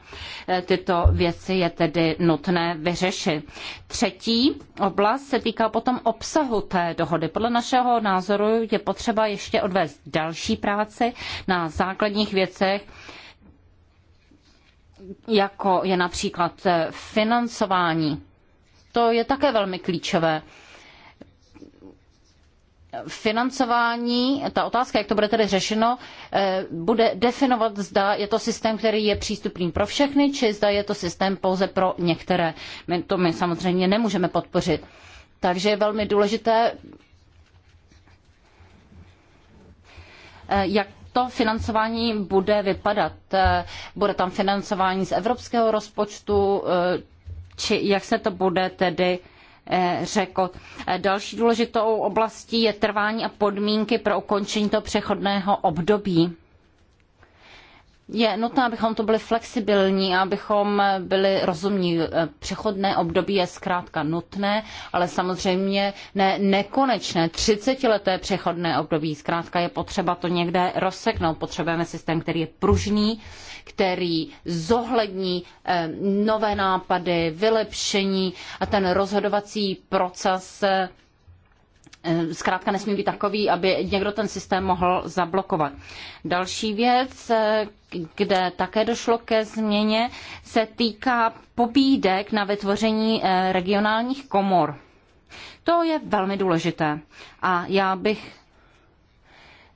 Tyto věci je tedy nutné vyřešit. Třetí oblast se týká potom obsahu té dohody. Podle našeho názoru je potřeba ještě odvést další práci na základních věcech, jako je například eh, financování. To je také velmi klíčové. Financování, ta otázka, jak to bude tedy řešeno, eh, bude definovat, zda je to systém, který je přístupný pro všechny, či zda je to systém pouze pro některé. My to my samozřejmě nemůžeme podpořit. Takže je velmi důležité eh, jak to financování bude vypadat? Eh, bude tam financování z evropského rozpočtu, eh, či jak se to bude tedy eh, řekl. Další důležitou oblastí je trvání a podmínky pro ukončení toho přechodného období je nutné, abychom to byli flexibilní, abychom byli rozumní. E, přechodné období je zkrátka nutné, ale samozřejmě ne nekonečné 30-leté přechodné období. Zkrátka je potřeba to někde rozseknout. Potřebujeme systém, který je pružný, který zohlední e, nové nápady, vylepšení a ten rozhodovací proces e, Eh, zkrátka nesmí být takový, aby někdo ten systém mohl zablokovat. Další věc, eh, kde také došlo ke změně, se týká pobídek na vytvoření eh, regionálních komor. To je velmi důležité. A já bych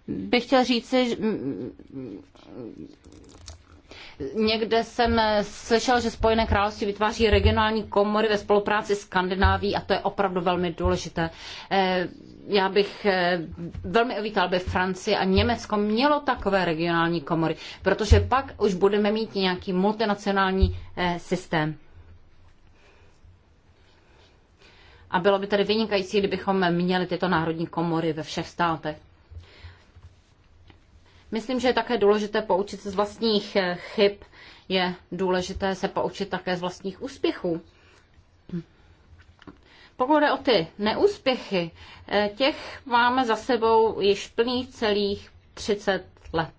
bych chtěl říci, Někde jsem eh, slyšel, že Spojené království vytváří regionální komory ve spolupráci s Skandinávií a to je opravdu velmi důležité. Eh, já bych eh, velmi uvítal, aby Francie a Německo mělo takové regionální komory, protože pak už budeme mít nějaký multinacionální systém. A bylo by tedy vynikající, kdybychom měli tyto národní komory ve všech státech. Myslím, že je také důležité poučit z vlastních eh, chyb. Je důležité se poučit také z vlastních úspěchů. Pokud jde o ty neúspěchy, eh, těch máme za sebou již plných celých 30 let.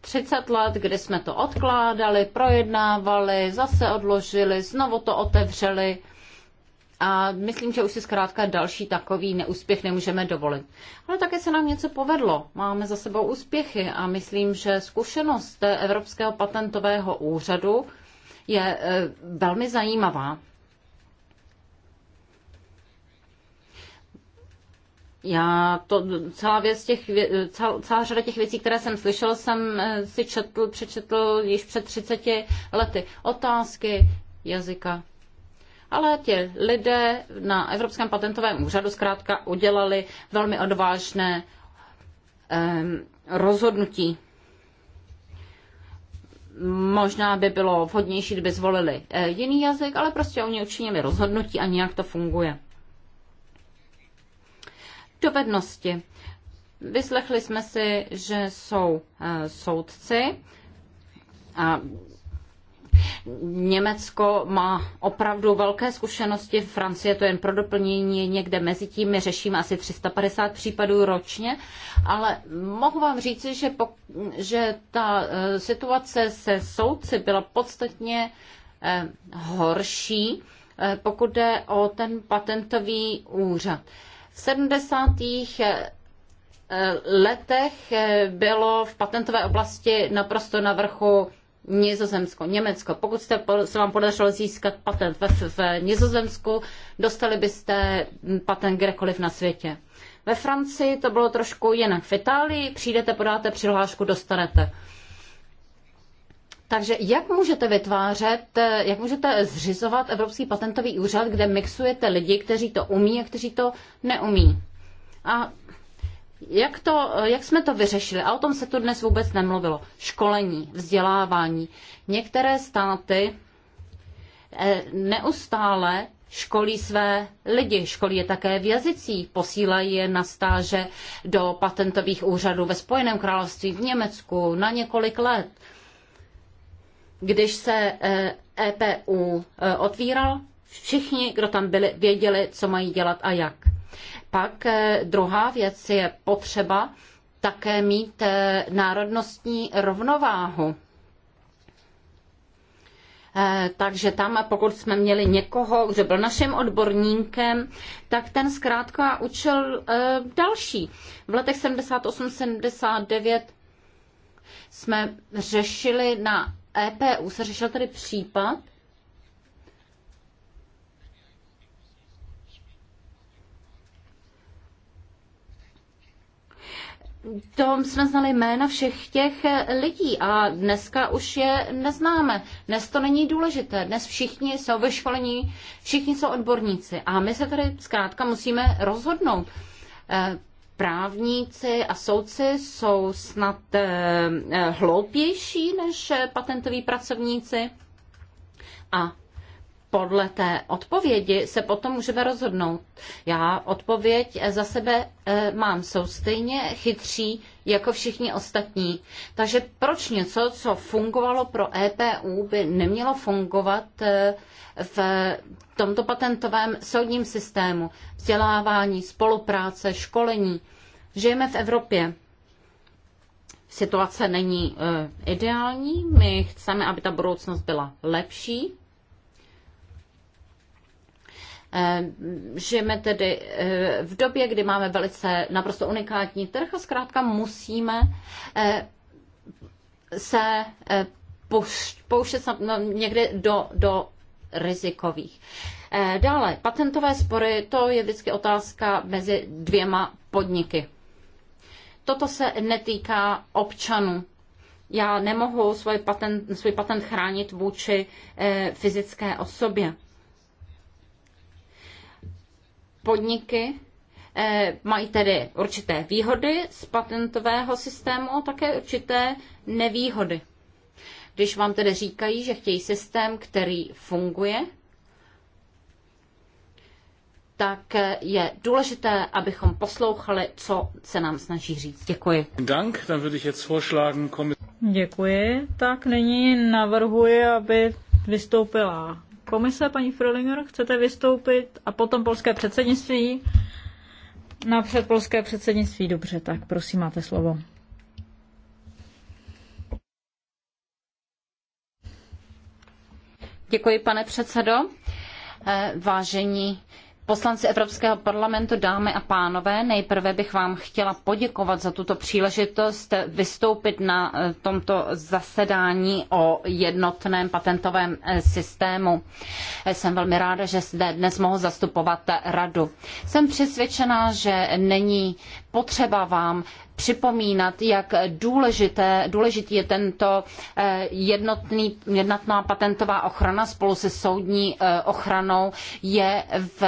30 let, kdy jsme to odkládali, projednávali, zase odložili, znovu to otevřeli. A myslím, že už si zkrátka další takový neúspěch nemůžeme dovolit. Ale také se nám něco povedlo. Máme za sebou úspěchy a myslím, že zkušenost Evropského patentového úřadu je e, velmi zajímavá. Já to, celá věc těch, cel, celá řada těch věcí, které jsem slyšel, jsem e, si četl, přečetl již před 30 lety. Otázky jazyka ale ti lidé na Evropském patentovém úřadu zkrátka udělali velmi odvážné rozhodnutí. Možná by bylo vhodnější, kdyby zvolili eh, jiný jazyk, ale prostě oni učinili rozhodnutí a nějak to funguje. Dovednosti. Vyslechli jsme si, že jsou eh, soudci a Německo má opravdu velké zkušenosti, v Francie to jen pro doplnění někde mezi tím, my řešíme asi 350 případů ročně, ale mohu vám říci, že, po, že ta eh, situace se soudci byla podstatně eh, horší, eh, pokud jde o ten patentový úřad. V 70 letech bylo v patentové oblasti naprosto na vrchu Nizozemsko, Německo. Pokud jste, se vám podařilo získat patent ve, v Nizozemsku, dostali byste patent kdekoliv na světě. Ve Francii to bylo trošku jinak. V Itálii přijdete, podáte přihlášku, dostanete. Takže jak můžete vytvářet, jak můžete zřizovat Evropský patentový úřad, kde mixujete lidi, kteří to umí a kteří to neumí? A jak, to, jak jsme to vyřešili? A o tom se tu dnes vůbec nemluvilo. Školení, vzdělávání. Některé státy eh, neustále školí své lidi, školí je také v jazycích, posílají je na stáže do patentových úřadů ve Spojeném království, v Německu na několik let. Když se EPU eh, e eh, otvíral, všichni, kdo tam byli, věděli, co mají dělat a jak. Pak eh, druhá věc je potřeba také mít eh, národnostní rovnováhu. Eh, takže tam, pokud jsme měli někoho, kdo byl naším odborníkem, tak ten zkrátka učil další. V letech 78-79 jsme řešili na EPU, se řešil tady případ, To jsme znali jména všech těch eh, lidí a dneska už je neznáme. Dnes to není důležité. Dnes všichni jsou vyškolení, všichni jsou odborníci a my se tady zkrátka musíme rozhodnout. Eh, právníci a soudci jsou snad eh, hloupější než patentoví pracovníci a podle té odpovědi se potom můžeme rozhodnout. Já odpověď eh, za sebe eh, mám. Jsou stejně chytří jako všichni ostatní. Takže proč něco, co fungovalo pro EPU, by nemělo fungovat eh, v tomto patentovém soudním systému? Vzdělávání, spolupráce, školení. Žijeme v Evropě. Situace není ideální. My chceme, aby ta budoucnost byla lepší, Eh, žijeme tedy eh, v době, kdy máme velice naprosto unikátní trh a zkrátka musíme eh, se pouštět no, někde do, do rizikových. Dále, patentové spory, to je vždycky otázka mezi dvěma podniky. Toto se netýká občanů. Já nemohu svůj patent, svůj patent chránit vůči fyzické osobě podniky eh, mají tedy určité výhody z patentového systému a také určité nevýhody. Když vám tedy říkají, že chtějí systém, který funguje, tak eh, je důležité, abychom poslouchali, co se nám snaží říct. Děkuji. Dank, dann würde ich jetzt vorschlagen, Děkuji. Tak nyní navrhuji, aby vystoupila Komise, paní Frölinger, chcete vystoupit a potom polské předsednictví? Napřed polské předsednictví, dobře, tak prosím, máte slovo. Děkuji, pane předsedo. Eh, vážení Poslanci Evropského parlamentu, dámy a pánové, nejprve bych vám chtěla poděkovat za tuto příležitost vystoupit na eh, tomto zasedání o jednotném patentovém eh, systému. Eh, jsem velmi ráda, že zde dnes mohu zastupovat radu. Jsem přesvědčena, že není potřeba vám připomínat, jak důležité, důležitý je tento eh, jednotný, jednotná patentová ochrana spolu se soudní eh, ochranou je v,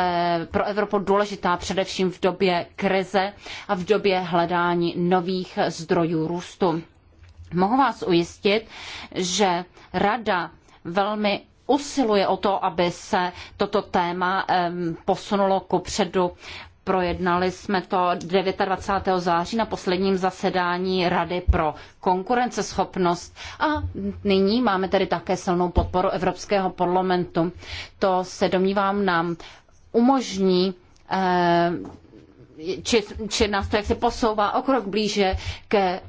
pro Evropu důležitá především v době krize a v době hledání nových zdrojů růstu. Mohu vás ujistit, že Rada velmi usiluje o to, aby se toto téma posunulo ku předu Projednali jsme to 29. září na posledním zasedání Rady pro konkurenceschopnost a nyní máme tedy také silnou podporu Evropského parlamentu. To se domnívám nám umožní eh, či, či nás to jak se posouvá o krok blíže ke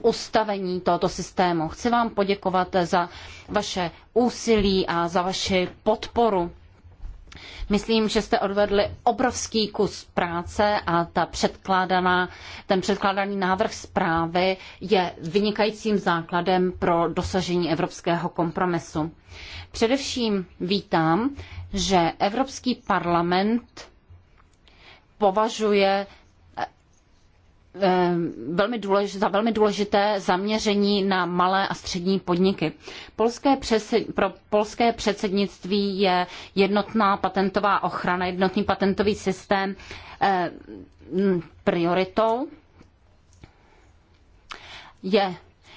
ustavení tohoto systému. Chci vám poděkovat za vaše úsilí a za vaši podporu. Myslím, že jste odvedli obrovský kus práce a ta předkládaná, ten předkládaný návrh zprávy je vynikajícím základem pro dosažení evropského kompromisu. Především vítám, že Evropský parlament považuje Eh, velmi důležité, za velmi důležité zaměření na malé a střední podniky. Polské pro polské předsednictví je jednotná patentová ochrana, jednotný patentový systém eh, prioritou. Je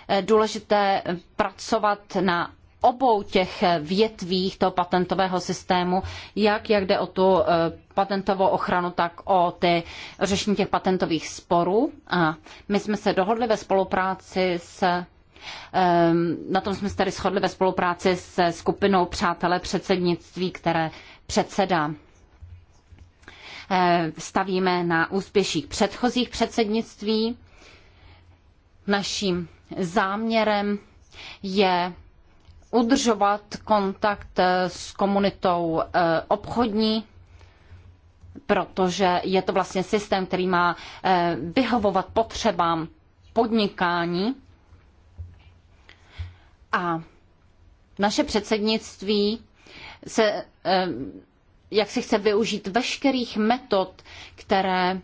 eh, důležité pracovat na obou těch větvích toho patentového systému, jak, jak jde o tu eh, patentovou ochranu, tak o ty řešení těch patentových sporů. A my jsme se dohodli ve spolupráci s ehm, na tom jsme se tady shodli ve spolupráci se skupinou Přátelé předsednictví, které předsedá. Eh, stavíme na úspěších předchozích předsednictví. Naším záměrem je udržovat kontakt eh, s komunitou eh, obchodní, protože je to vlastně systém, který má eh, vyhovovat potřebám podnikání. A naše předsednictví se jak si chce využít veškerých metod, které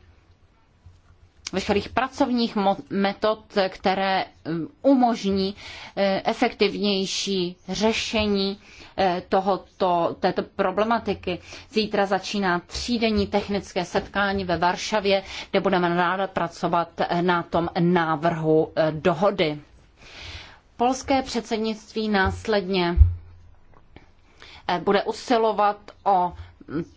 veškerých pracovních metod, které eh, umožní eh, efektivnější řešení eh, tohoto, této problematiky. Zítra začíná třídenní technické setkání ve Varšavě, kde budeme ráda pracovat na tom návrhu dohody. Polské předsednictví následně bude usilovat o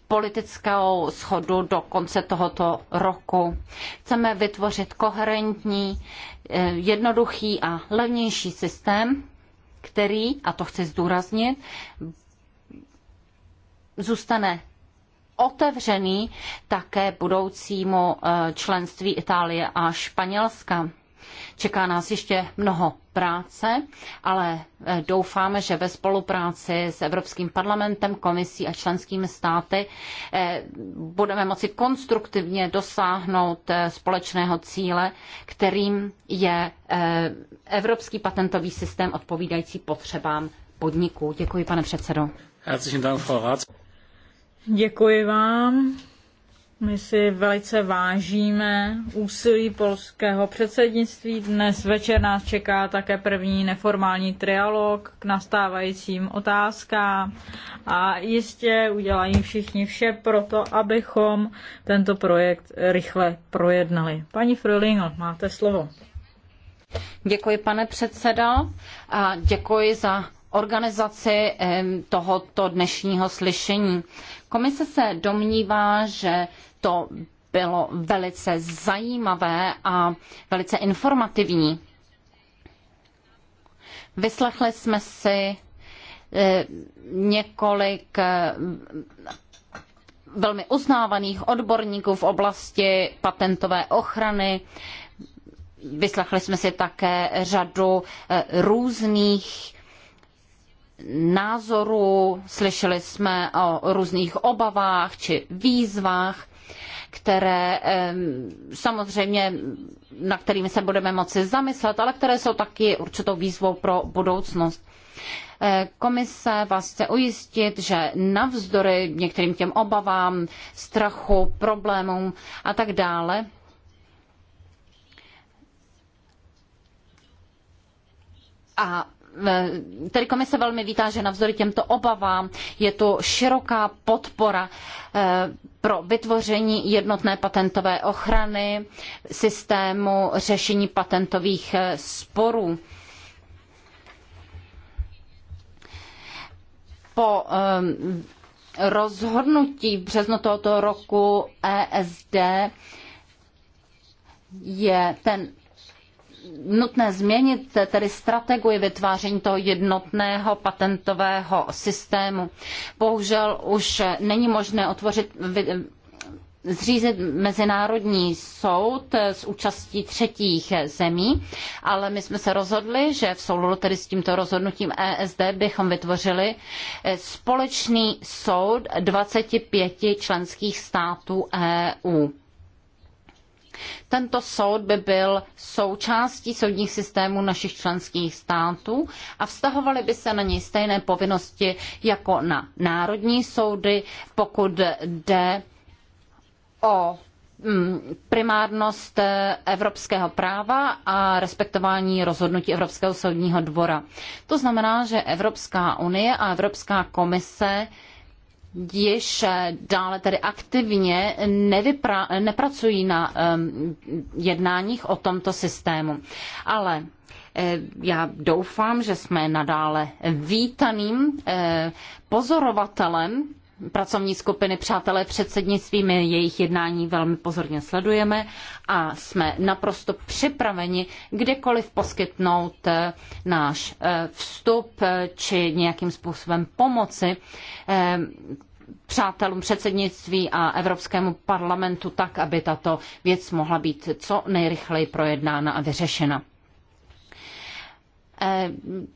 politickou schodu do konce tohoto roku. Chceme vytvořit koherentní, eh, jednoduchý a levnější systém, který, a to chci zdůraznit, zůstane otevřený také budoucímu eh, členství Itálie a Španělska. Čeká nás ještě mnoho práce, ale eh, doufáme, že ve spolupráci s Evropským parlamentem, komisí a členskými státy eh, budeme moci konstruktivně dosáhnout eh, společného cíle, kterým je evropský patentový systém odpovídající potřebám podniků. Děkuji, pane předsedo. Děkuji vám. My si velice vážíme úsilí polského předsednictví. Dnes večer nás čeká také první neformální trialog k nastávajícím otázkám a jistě udělají všichni vše pro to, abychom tento projekt rychle projednali. Paní Fröling, máte slovo. Děkuji, pane předseda, a děkuji za organizaci tohoto dnešního slyšení. Komise se domnívá, že to bylo velice zajímavé a velice informativní. Vyslechli jsme si eh, několik eh, velmi uznávaných odborníků v oblasti patentové ochrany. Vyslechli jsme si také řadu eh, různých názorů, slyšeli jsme o různých obavách či výzvách které samozřejmě, na kterými se budeme moci zamyslet, ale které jsou taky určitou výzvou pro budoucnost. Eh, komise vás chce ujistit, že navzdory některým těm obavám, strachu, problémům a tak dále, a Eh, tedy komise velmi vítá, že navzdory těmto obavám je tu široká podpora eh, pro vytvoření jednotné patentové ochrany, systému řešení patentových eh, sporů. Po rozhodnutí v březnu tohoto roku ESD je ten nutné změnit tedy strategii vytváření toho jednotného patentového systému. Bohužel už není možné otvořit zřídit mezinárodní soud s účastí třetích zemí, ale my jsme se rozhodli, že v souladu tedy s tímto rozhodnutím ESD bychom vytvořili eh, společný soud 25 členských států EU. Tento soud by byl součástí soudních systémů našich členských států a vztahovaly by se na něj stejné povinnosti jako na národní soudy, pokud jde o mm, primárnost eh, evropského práva a respektování rozhodnutí Evropského soudního dvora. To znamená, že Evropská unie a Evropská komise již eh, dále tedy aktivně nevypra- nepracují na um, jednáních o tomto systému. Ale eh, já doufám, že jsme nadále vítaným eh, pozorovatelem pracovní skupiny Přátelé předsednictví. My jejich jednání velmi pozorně sledujeme a jsme naprosto připraveni kdykoliv poskytnout eh, náš eh, vstup eh, či nějakým způsobem pomoci přátelům předsednictví a Evropskému parlamentu tak, aby tato věc mohla být co nejrychleji projednána a vyřešena.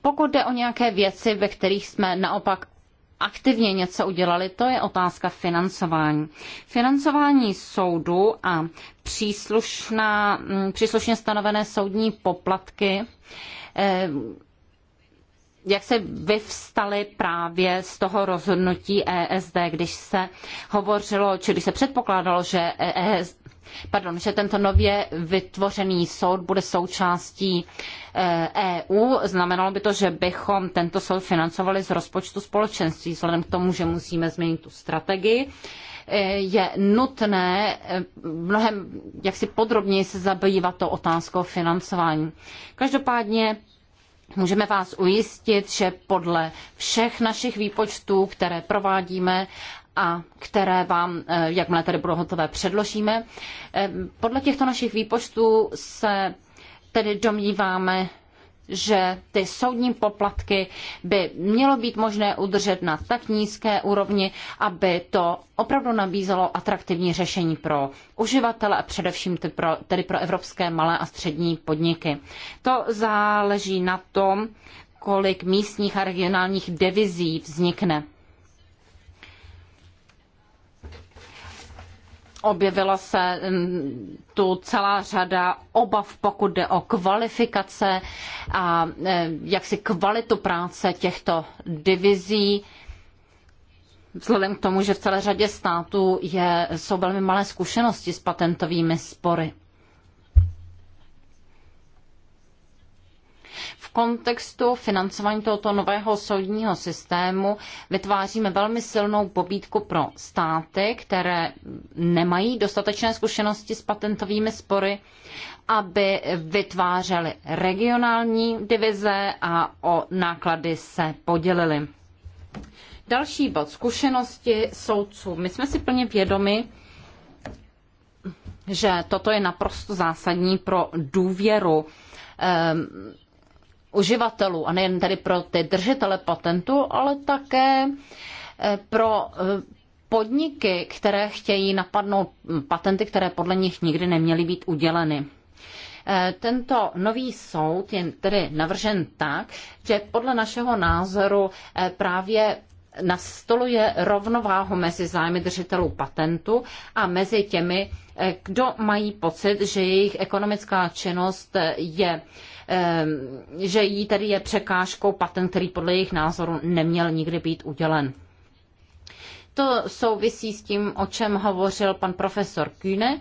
Pokud jde o nějaké věci, ve kterých jsme naopak aktivně něco udělali, to je otázka financování. Financování soudu a příslušná, mm, příslušně stanovené soudní poplatky eh, jak se vyvstaly právě z toho rozhodnutí ESD, když se hovořilo, či když se předpokládalo, že ES, pardon, že tento nově vytvořený soud bude součástí EU. Eh, e Znamenalo by to, že bychom tento soud financovali z rozpočtu společenství, vzhledem k tomu, že musíme změnit tu strategii eh, je nutné eh, mnohem jaksi podrobněji se zabývat to otázkou financování. Každopádně Můžeme vás ujistit, že podle všech našich výpočtů, které provádíme a které vám, eh, jakmile tady budou hotové, předložíme. Eh, podle těchto našich výpočtů se tedy domníváme, že ty soudní poplatky by mělo být možné udržet na tak nízké úrovni, aby to opravdu nabízelo atraktivní řešení pro uživatele a především ty pro, tedy pro evropské malé a střední podniky. To záleží na tom, kolik místních a regionálních divizí vznikne. objevila se mm, tu celá řada obav, pokud jde o kvalifikace a e, jaksi kvalitu práce těchto divizí. Vzhledem k tomu, že v celé řadě států je, jsou velmi malé zkušenosti s patentovými spory. V kontextu financování tohoto nového soudního systému vytváříme velmi silnou pobídku pro státy, které nemají dostatečné zkušenosti s patentovými spory, aby vytvářely regionální divize a o náklady se podělily. Další bod, zkušenosti soudců. My jsme si plně vědomi, že toto je naprosto zásadní pro důvěru ehm, uživatelů a nejen tedy pro ty držitele patentu, ale také eh, pro eh, podniky, které chtějí napadnout hm, patenty, které podle nich nikdy neměly být uděleny. Eh, tento nový soud je tedy navržen tak, že podle našeho názoru právě nastoluje rovnováhu mezi zájmy držitelů patentu a mezi těmi, eh, kdo mají pocit, že jejich ekonomická činnost eh, je eh, že jí tedy je překážkou patent, který podle jejich názoru neměl nikdy být udělen. To souvisí s tím, o čem hovořil pan profesor Kühne,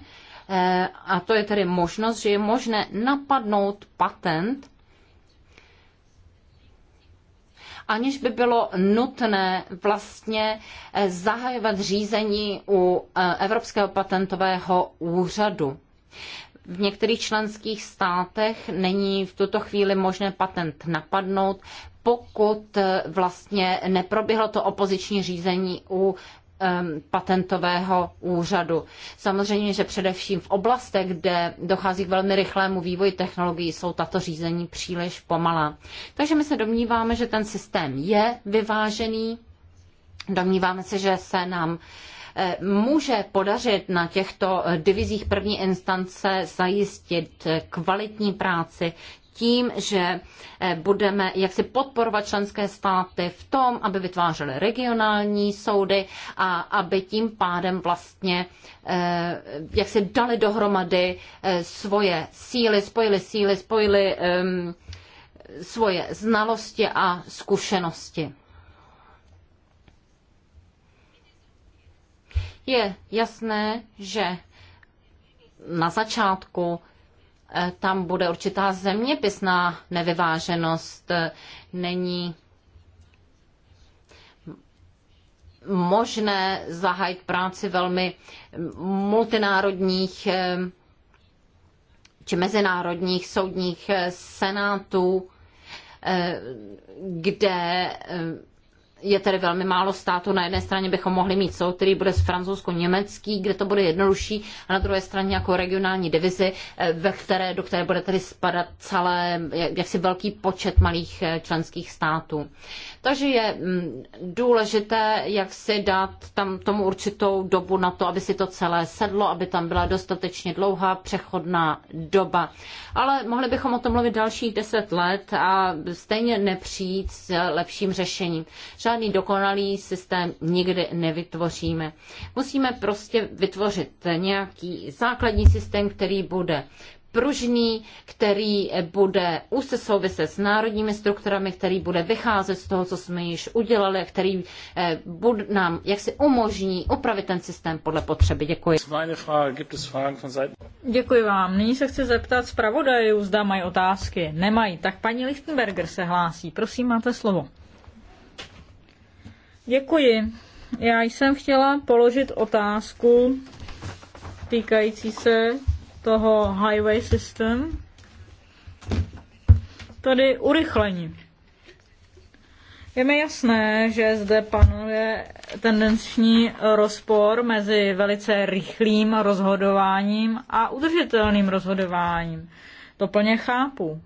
a to je tedy možnost, že je možné napadnout patent, aniž by bylo nutné vlastně eh, zahajovat řízení u eh, Evropského patentového úřadu. V některých členských státech není v tuto chvíli možné patent napadnout, pokud eh, vlastně neproběhlo to opoziční řízení u Um, patentového úřadu. Samozřejmě, že především v oblastech, kde dochází k velmi rychlému vývoji technologií, jsou tato řízení příliš pomalá. Takže my se domníváme, že ten systém je vyvážený. Domníváme se, že se nám eh, může podařit na těchto divizích první instance zajistit kvalitní práci tím, že eh, budeme jaksi podporovat členské státy v tom, aby vytvářely regionální soudy a aby tím pádem vlastně eh, jak se dali dohromady eh, svoje síly, spojili síly, spojili um, svoje znalosti a zkušenosti. Je jasné, že na začátku Eh, tam bude určitá zeměpisná nevyváženost. Eh, není možné zahájit práci velmi multinárodních eh, či mezinárodních soudních senátů, kde je tedy velmi málo států. Na jedné straně bychom mohli mít soud, který bude z francouzsko-německý, kde to bude jednodušší, a na druhé straně jako regionální divizi, eh, ve které, do které bude tedy spadat celé, jaksi velký počet malých eh, členských států. Takže je mm, důležité, jak si dát tam tomu určitou dobu na to, aby si to celé sedlo, aby tam byla dostatečně dlouhá přechodná doba. Ale mohli bychom o tom mluvit dalších deset let a stejně nepřijít s lepším řešením. Žádný žádný dokonalý systém nikdy nevytvoříme. Musíme prostě vytvořit nějaký základní systém, který bude pružný, který bude úzce souviset s národními strukturami, který bude vycházet z toho, co jsme již udělali, který eh, bude nám jak si umožní upravit ten systém podle potřeby. Děkuji. Děkuji vám. Nyní se chci zeptat zpravodajů, zda mají otázky. Nemají. Tak paní Lichtenberger se hlásí. Prosím, máte slovo. Děkuji. Já jsem chtěla položit otázku týkající se toho highway system, Tady urychlení. Je mi jasné, že zde panuje tendenční rozpor mezi velice rychlým rozhodováním a udržitelným rozhodováním. To plně chápu.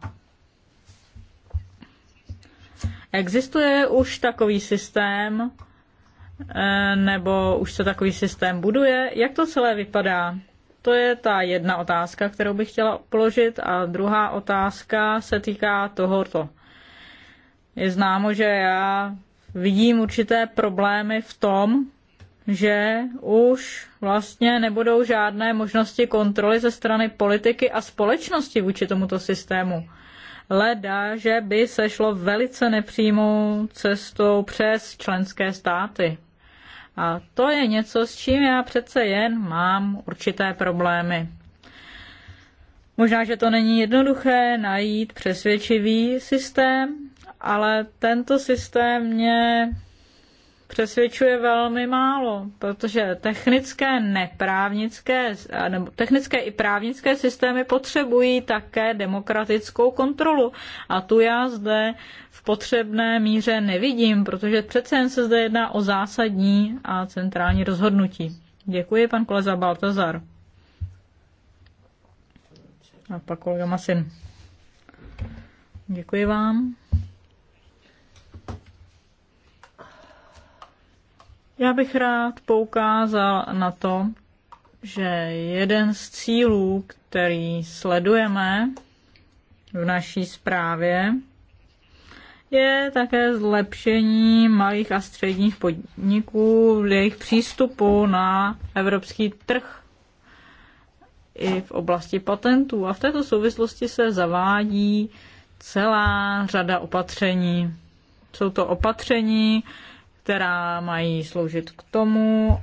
Existuje už takový systém, eh, nebo už se takový systém buduje? Jak to celé vypadá? To je ta jedna otázka, kterou bych chtěla položit. A druhá otázka se týká tohoto. Je známo, že já vidím určité problémy v tom, že už vlastně nebudou žádné možnosti kontroly ze strany politiky a společnosti vůči tomuto systému leda, že by se šlo velice nepřímou cestou přes členské státy. A to je něco, s čím já přece jen mám určité problémy. Možná, že to není jednoduché najít přesvědčivý systém, ale tento systém mě přesvědčuje velmi málo, protože technické neprávnické, nebo technické i právnické systémy potřebují také demokratickou kontrolu. A tu já zde v potřebné míře nevidím, protože přece jen se zde jedná o zásadní a centrální rozhodnutí. Děkuji, pan kolega Baltazar. A pak kolega Masin. Děkuji vám. Já bych rád poukázal na to, že jeden z cílů, který sledujeme v naší zprávě, je také zlepšení malých a středních podniků v jejich přístupu na evropský trh i v oblasti patentů. A v této souvislosti se zavádí celá řada opatření. Jsou to opatření, která mají sloužit k tomu,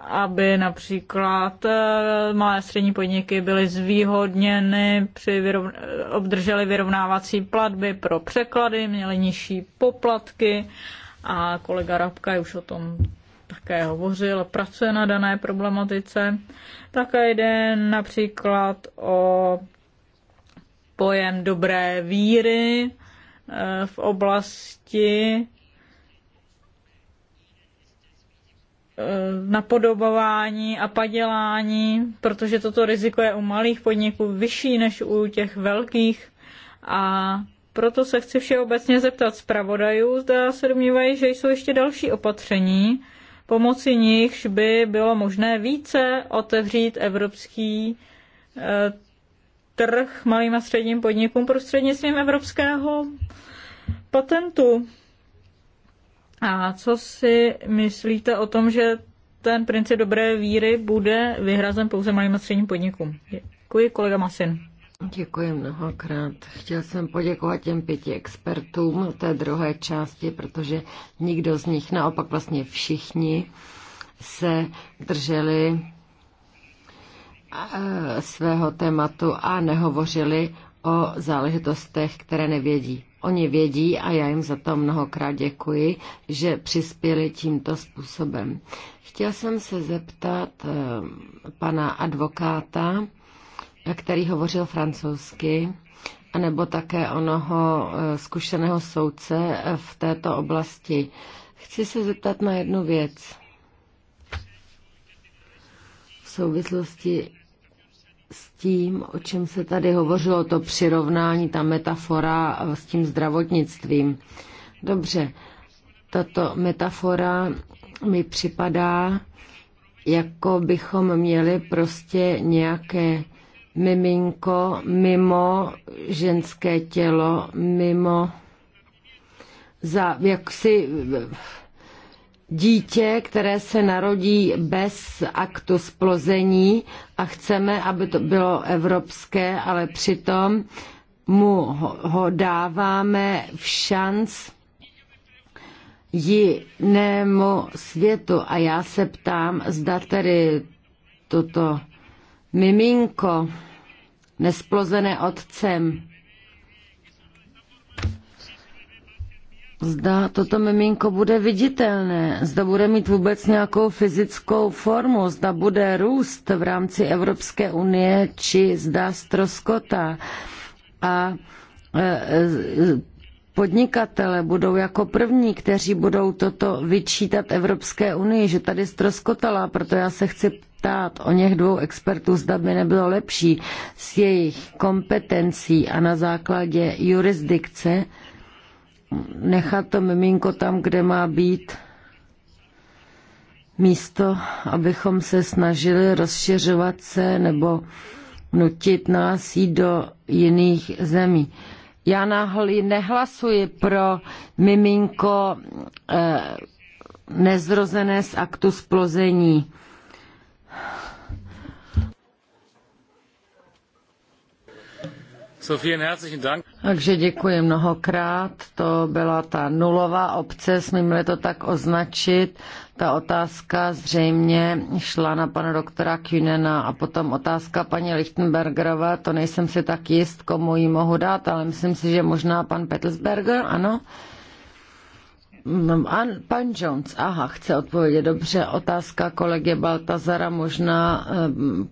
aby například eh, malé střední podniky byly zvýhodněny, při vyrovn- obdržely vyrovnávací platby pro překlady, měly nižší poplatky a kolega Rabka už o tom také hovořil, pracuje na dané problematice. Také jde například o pojem dobré víry eh, v oblasti Eh, napodobování a padělání, protože toto riziko je u malých podniků vyšší než u těch velkých. A proto se chci všeobecně zeptat zpravodajů, zda se domnívají, že jsou ještě další opatření, pomocí nichž by bylo možné více otevřít evropský eh, trh malým a středním podnikům prostřednictvím evropského patentu a co si myslíte o tom, že ten princip dobré víry bude vyhrazen pouze malým a středním podnikům? Děkuji, kolega Masin. Děkuji mnohokrát. Chtěl jsem poděkovat těm pěti expertům té druhé části, protože nikdo z nich, naopak vlastně všichni, se drželi eh, svého tématu a nehovořili o záležitostech, které nevědí. Oni vědí, a já jim za to mnohokrát děkuji, že přispěli tímto způsobem. Chtěl jsem se zeptat eh, pana advokáta, který hovořil francouzsky, anebo také onoho eh, zkušeného soudce eh, v této oblasti. Chci se zeptat na jednu věc. V souvislosti s tím, o čem se tady hovořilo, to přirovnání, ta metafora s tím zdravotnictvím. Dobře, tato metafora mi připadá, jako bychom měli prostě nějaké miminko mimo ženské tělo, mimo za jaksi dítě, které se narodí bez aktu splození a chceme, aby to bylo evropské, ale přitom mu ho dáváme v šanc jinému světu. A já se ptám, zda tedy toto miminko nesplozené otcem Zda toto miminko bude viditelné, zda bude mít vůbec nějakou fyzickou formu, zda bude růst v rámci Evropské unie, či zda stroskota. A e, e, podnikatele budou jako první, kteří budou toto vyčítat Evropské unii, že tady stroskotala, proto já se chci ptát o něch dvou expertů, zda by nebylo lepší s jejich kompetencí a na základě jurisdikce nechat to miminko tam, kde má být, místo, abychom se snažili rozšiřovat se nebo nutit nás jít do jiných zemí. Já náhle nehlasuji pro miminko eh, nezrozené z aktu splození. Takže děkuji mnohokrát. To byla ta nulová obce, smíme to tak označit. Ta otázka zřejmě šla na pana doktora Kunena a potom otázka paní Lichtenbergerova, to nejsem si tak jist, komu ji mohu dát, ale myslím si, že možná pan Petlsberger, ano? Pan Jones, aha, chce odpovědět dobře. Otázka kolegy Baltazara možná eh,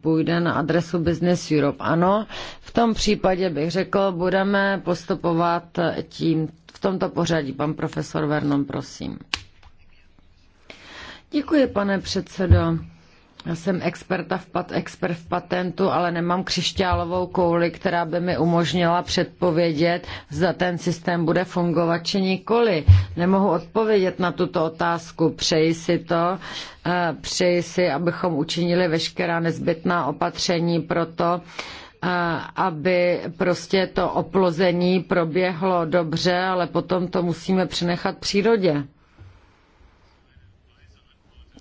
půjde na adresu Business Europe. Ano, v tom případě bych řekl, budeme postupovat tím v tomto pořadí. Pan profesor Vernon, prosím. Děkuji, pane předsedo. Já jsem experta v pat, expert v patentu, ale nemám křišťálovou kouli, která by mi umožnila předpovědět, zda ten systém bude fungovat či nikoli. Nemohu odpovědět na tuto otázku. Přeji si to, eh, přeji si, abychom učinili veškerá nezbytná opatření pro to, eh, aby prostě to oplození proběhlo dobře, ale potom to musíme přenechat přírodě.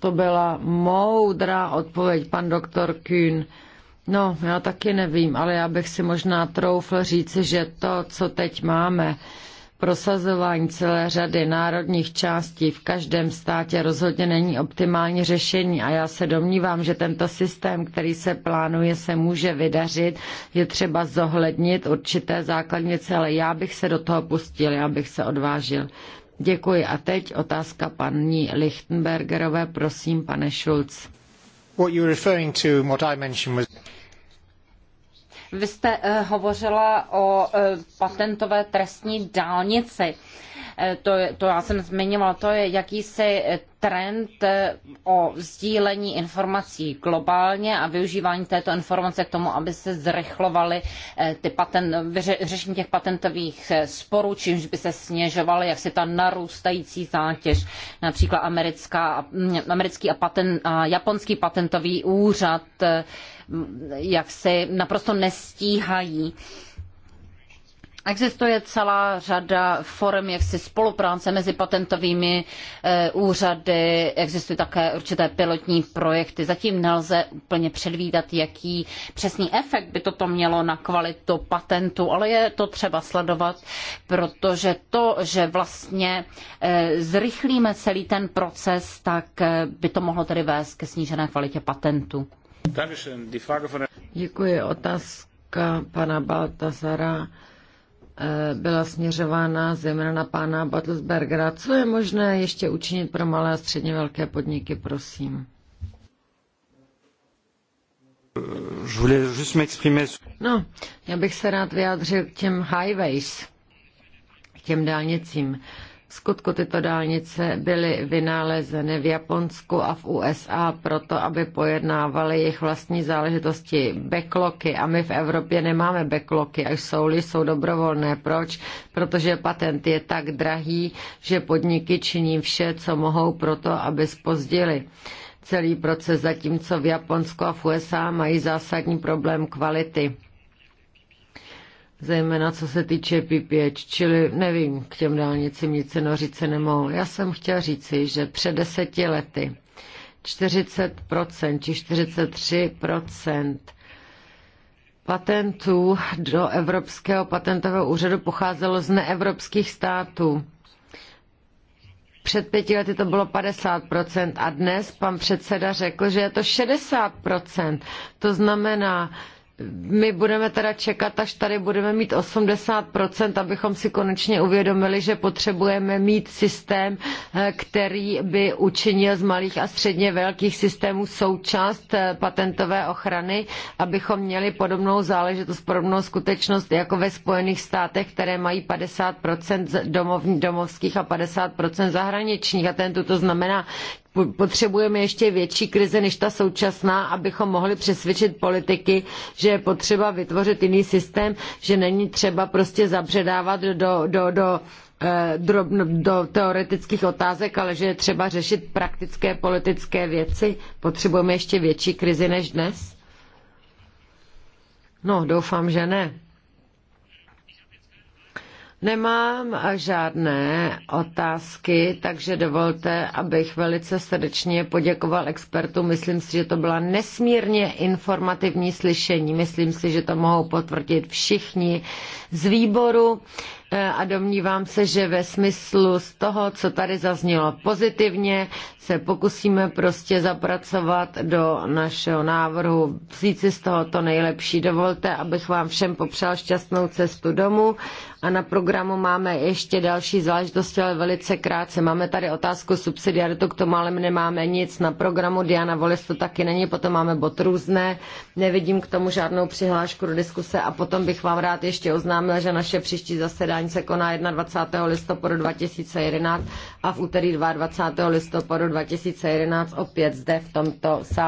To byla moudrá odpověď, pan doktor Kühn. No, já taky nevím, ale já bych si možná troufl říci, že to, co teď máme, prosazování celé řady národních částí v každém státě rozhodně není optimální řešení a já se domnívám, že tento systém, který se plánuje, se může vydařit, je třeba zohlednit určité základnice, ale já bych se do toho pustil, já bych se odvážil. Děkuji. A teď otázka paní Lichtenbergerové. Prosím, pane Schulz. What you're referring to, what I mentioned was... Vy jste uh, hovořila o uh, patentové trestní dálnici. Uh, Eh, to, to já jsem zmiňovala, to je jakýsi eh, trend eh, o sdílení informací globálně a využívání této informace k tomu, aby se zrychlovaly ty patent, řešení těch patentových sporů, čímž by se snižovaly jaksi ta narůstající zátěž. Například americká, mm, americký a, patent, a japonský patentový úřad jak se naprosto nestíhají Existuje celá řada forem jaksi spolupráce mezi patentovými eh, úřady, existují také určité pilotní projekty. Zatím nelze úplně předvídat, jaký přesný efekt by toto mělo na kvalitu patentu, ale je to třeba sledovat, protože to, že vlastně eh, zrychlíme celý ten proces, tak eh, by to mohlo tedy vést ke snížené kvalitě patentu. Děkuji. Otázka pana Baltazara Eh, byla směřována zejména na pána Battlesbergera. Co je možné ještě učinit pro malé a středně velké podniky, prosím? No, já bych se rád vyjádřil k těm highways, k těm dálnicím. Uh, skutku tyto dálnice byly vynálezeny v Japonsku a v USA proto, aby pojednávaly jejich vlastní záležitosti backlocky a my v Evropě nemáme backlocky, až jsou-li jsou dobrovolné. Proč? Protože patent je tak drahý, že podniky činí vše, co mohou proto, aby spozdili celý proces, zatímco v Japonsku a v USA mají zásadní problém kvality zejména co se týče P5, čili nevím, k těm dálnicím nic no říci nemohl. Já jsem chtěla říci, že před deseti lety 40% či 43% patentů do Evropského patentového úřadu pocházelo z neevropských států. Před pěti lety to bylo 50% a dnes pan předseda řekl, že je to 60%. To znamená, my budeme teda čekat, až tady budeme mít 80%, abychom si konečně uvědomili, že potřebujeme mít systém, eh, který by učinil z malých a středně velkých systémů součást eh, patentové ochrany, abychom měli podobnou záležitost, podobnou skutečnost jako ve Spojených státech, které mají 50% domov, domovských a 50% zahraničních. A ten to znamená potřebujeme ještě větší krize než ta současná, abychom mohli přesvědčit politiky, že je potřeba vytvořit jiný systém, že není třeba prostě zabředávat do, do, do eh, no, do teoretických otázek, ale že je třeba řešit praktické politické věci. Potřebujeme ještě větší krizi než dnes? No, doufám, že ne. Nemám žádné otázky, takže dovolte, abych velice srdečně poděkoval expertu. Myslím si, že to byla nesmírně informativní slyšení. Myslím si, že to mohou potvrdit všichni z výboru E, a domnívám se, že ve smyslu z toho, co tady zaznělo pozitivně, se pokusíme prostě zapracovat do našeho návrhu, vzít si z toho to nejlepší. Dovolte, abych vám všem popřál šťastnou cestu domů a na programu máme ještě další záležitosti, ale velice krátce. Máme tady otázku subsidiaritu, k tomu ale my nemáme nic na programu. Diana Volis to taky není, potom máme bod různé. Nevidím k tomu žádnou přihlášku do diskuse a potom bych vám rád ještě oznámil, že naše příští zasedání zasedání se koná 21. listopadu 2011 a v úterý 22. listopadu 2011 opět zde v tomto sále.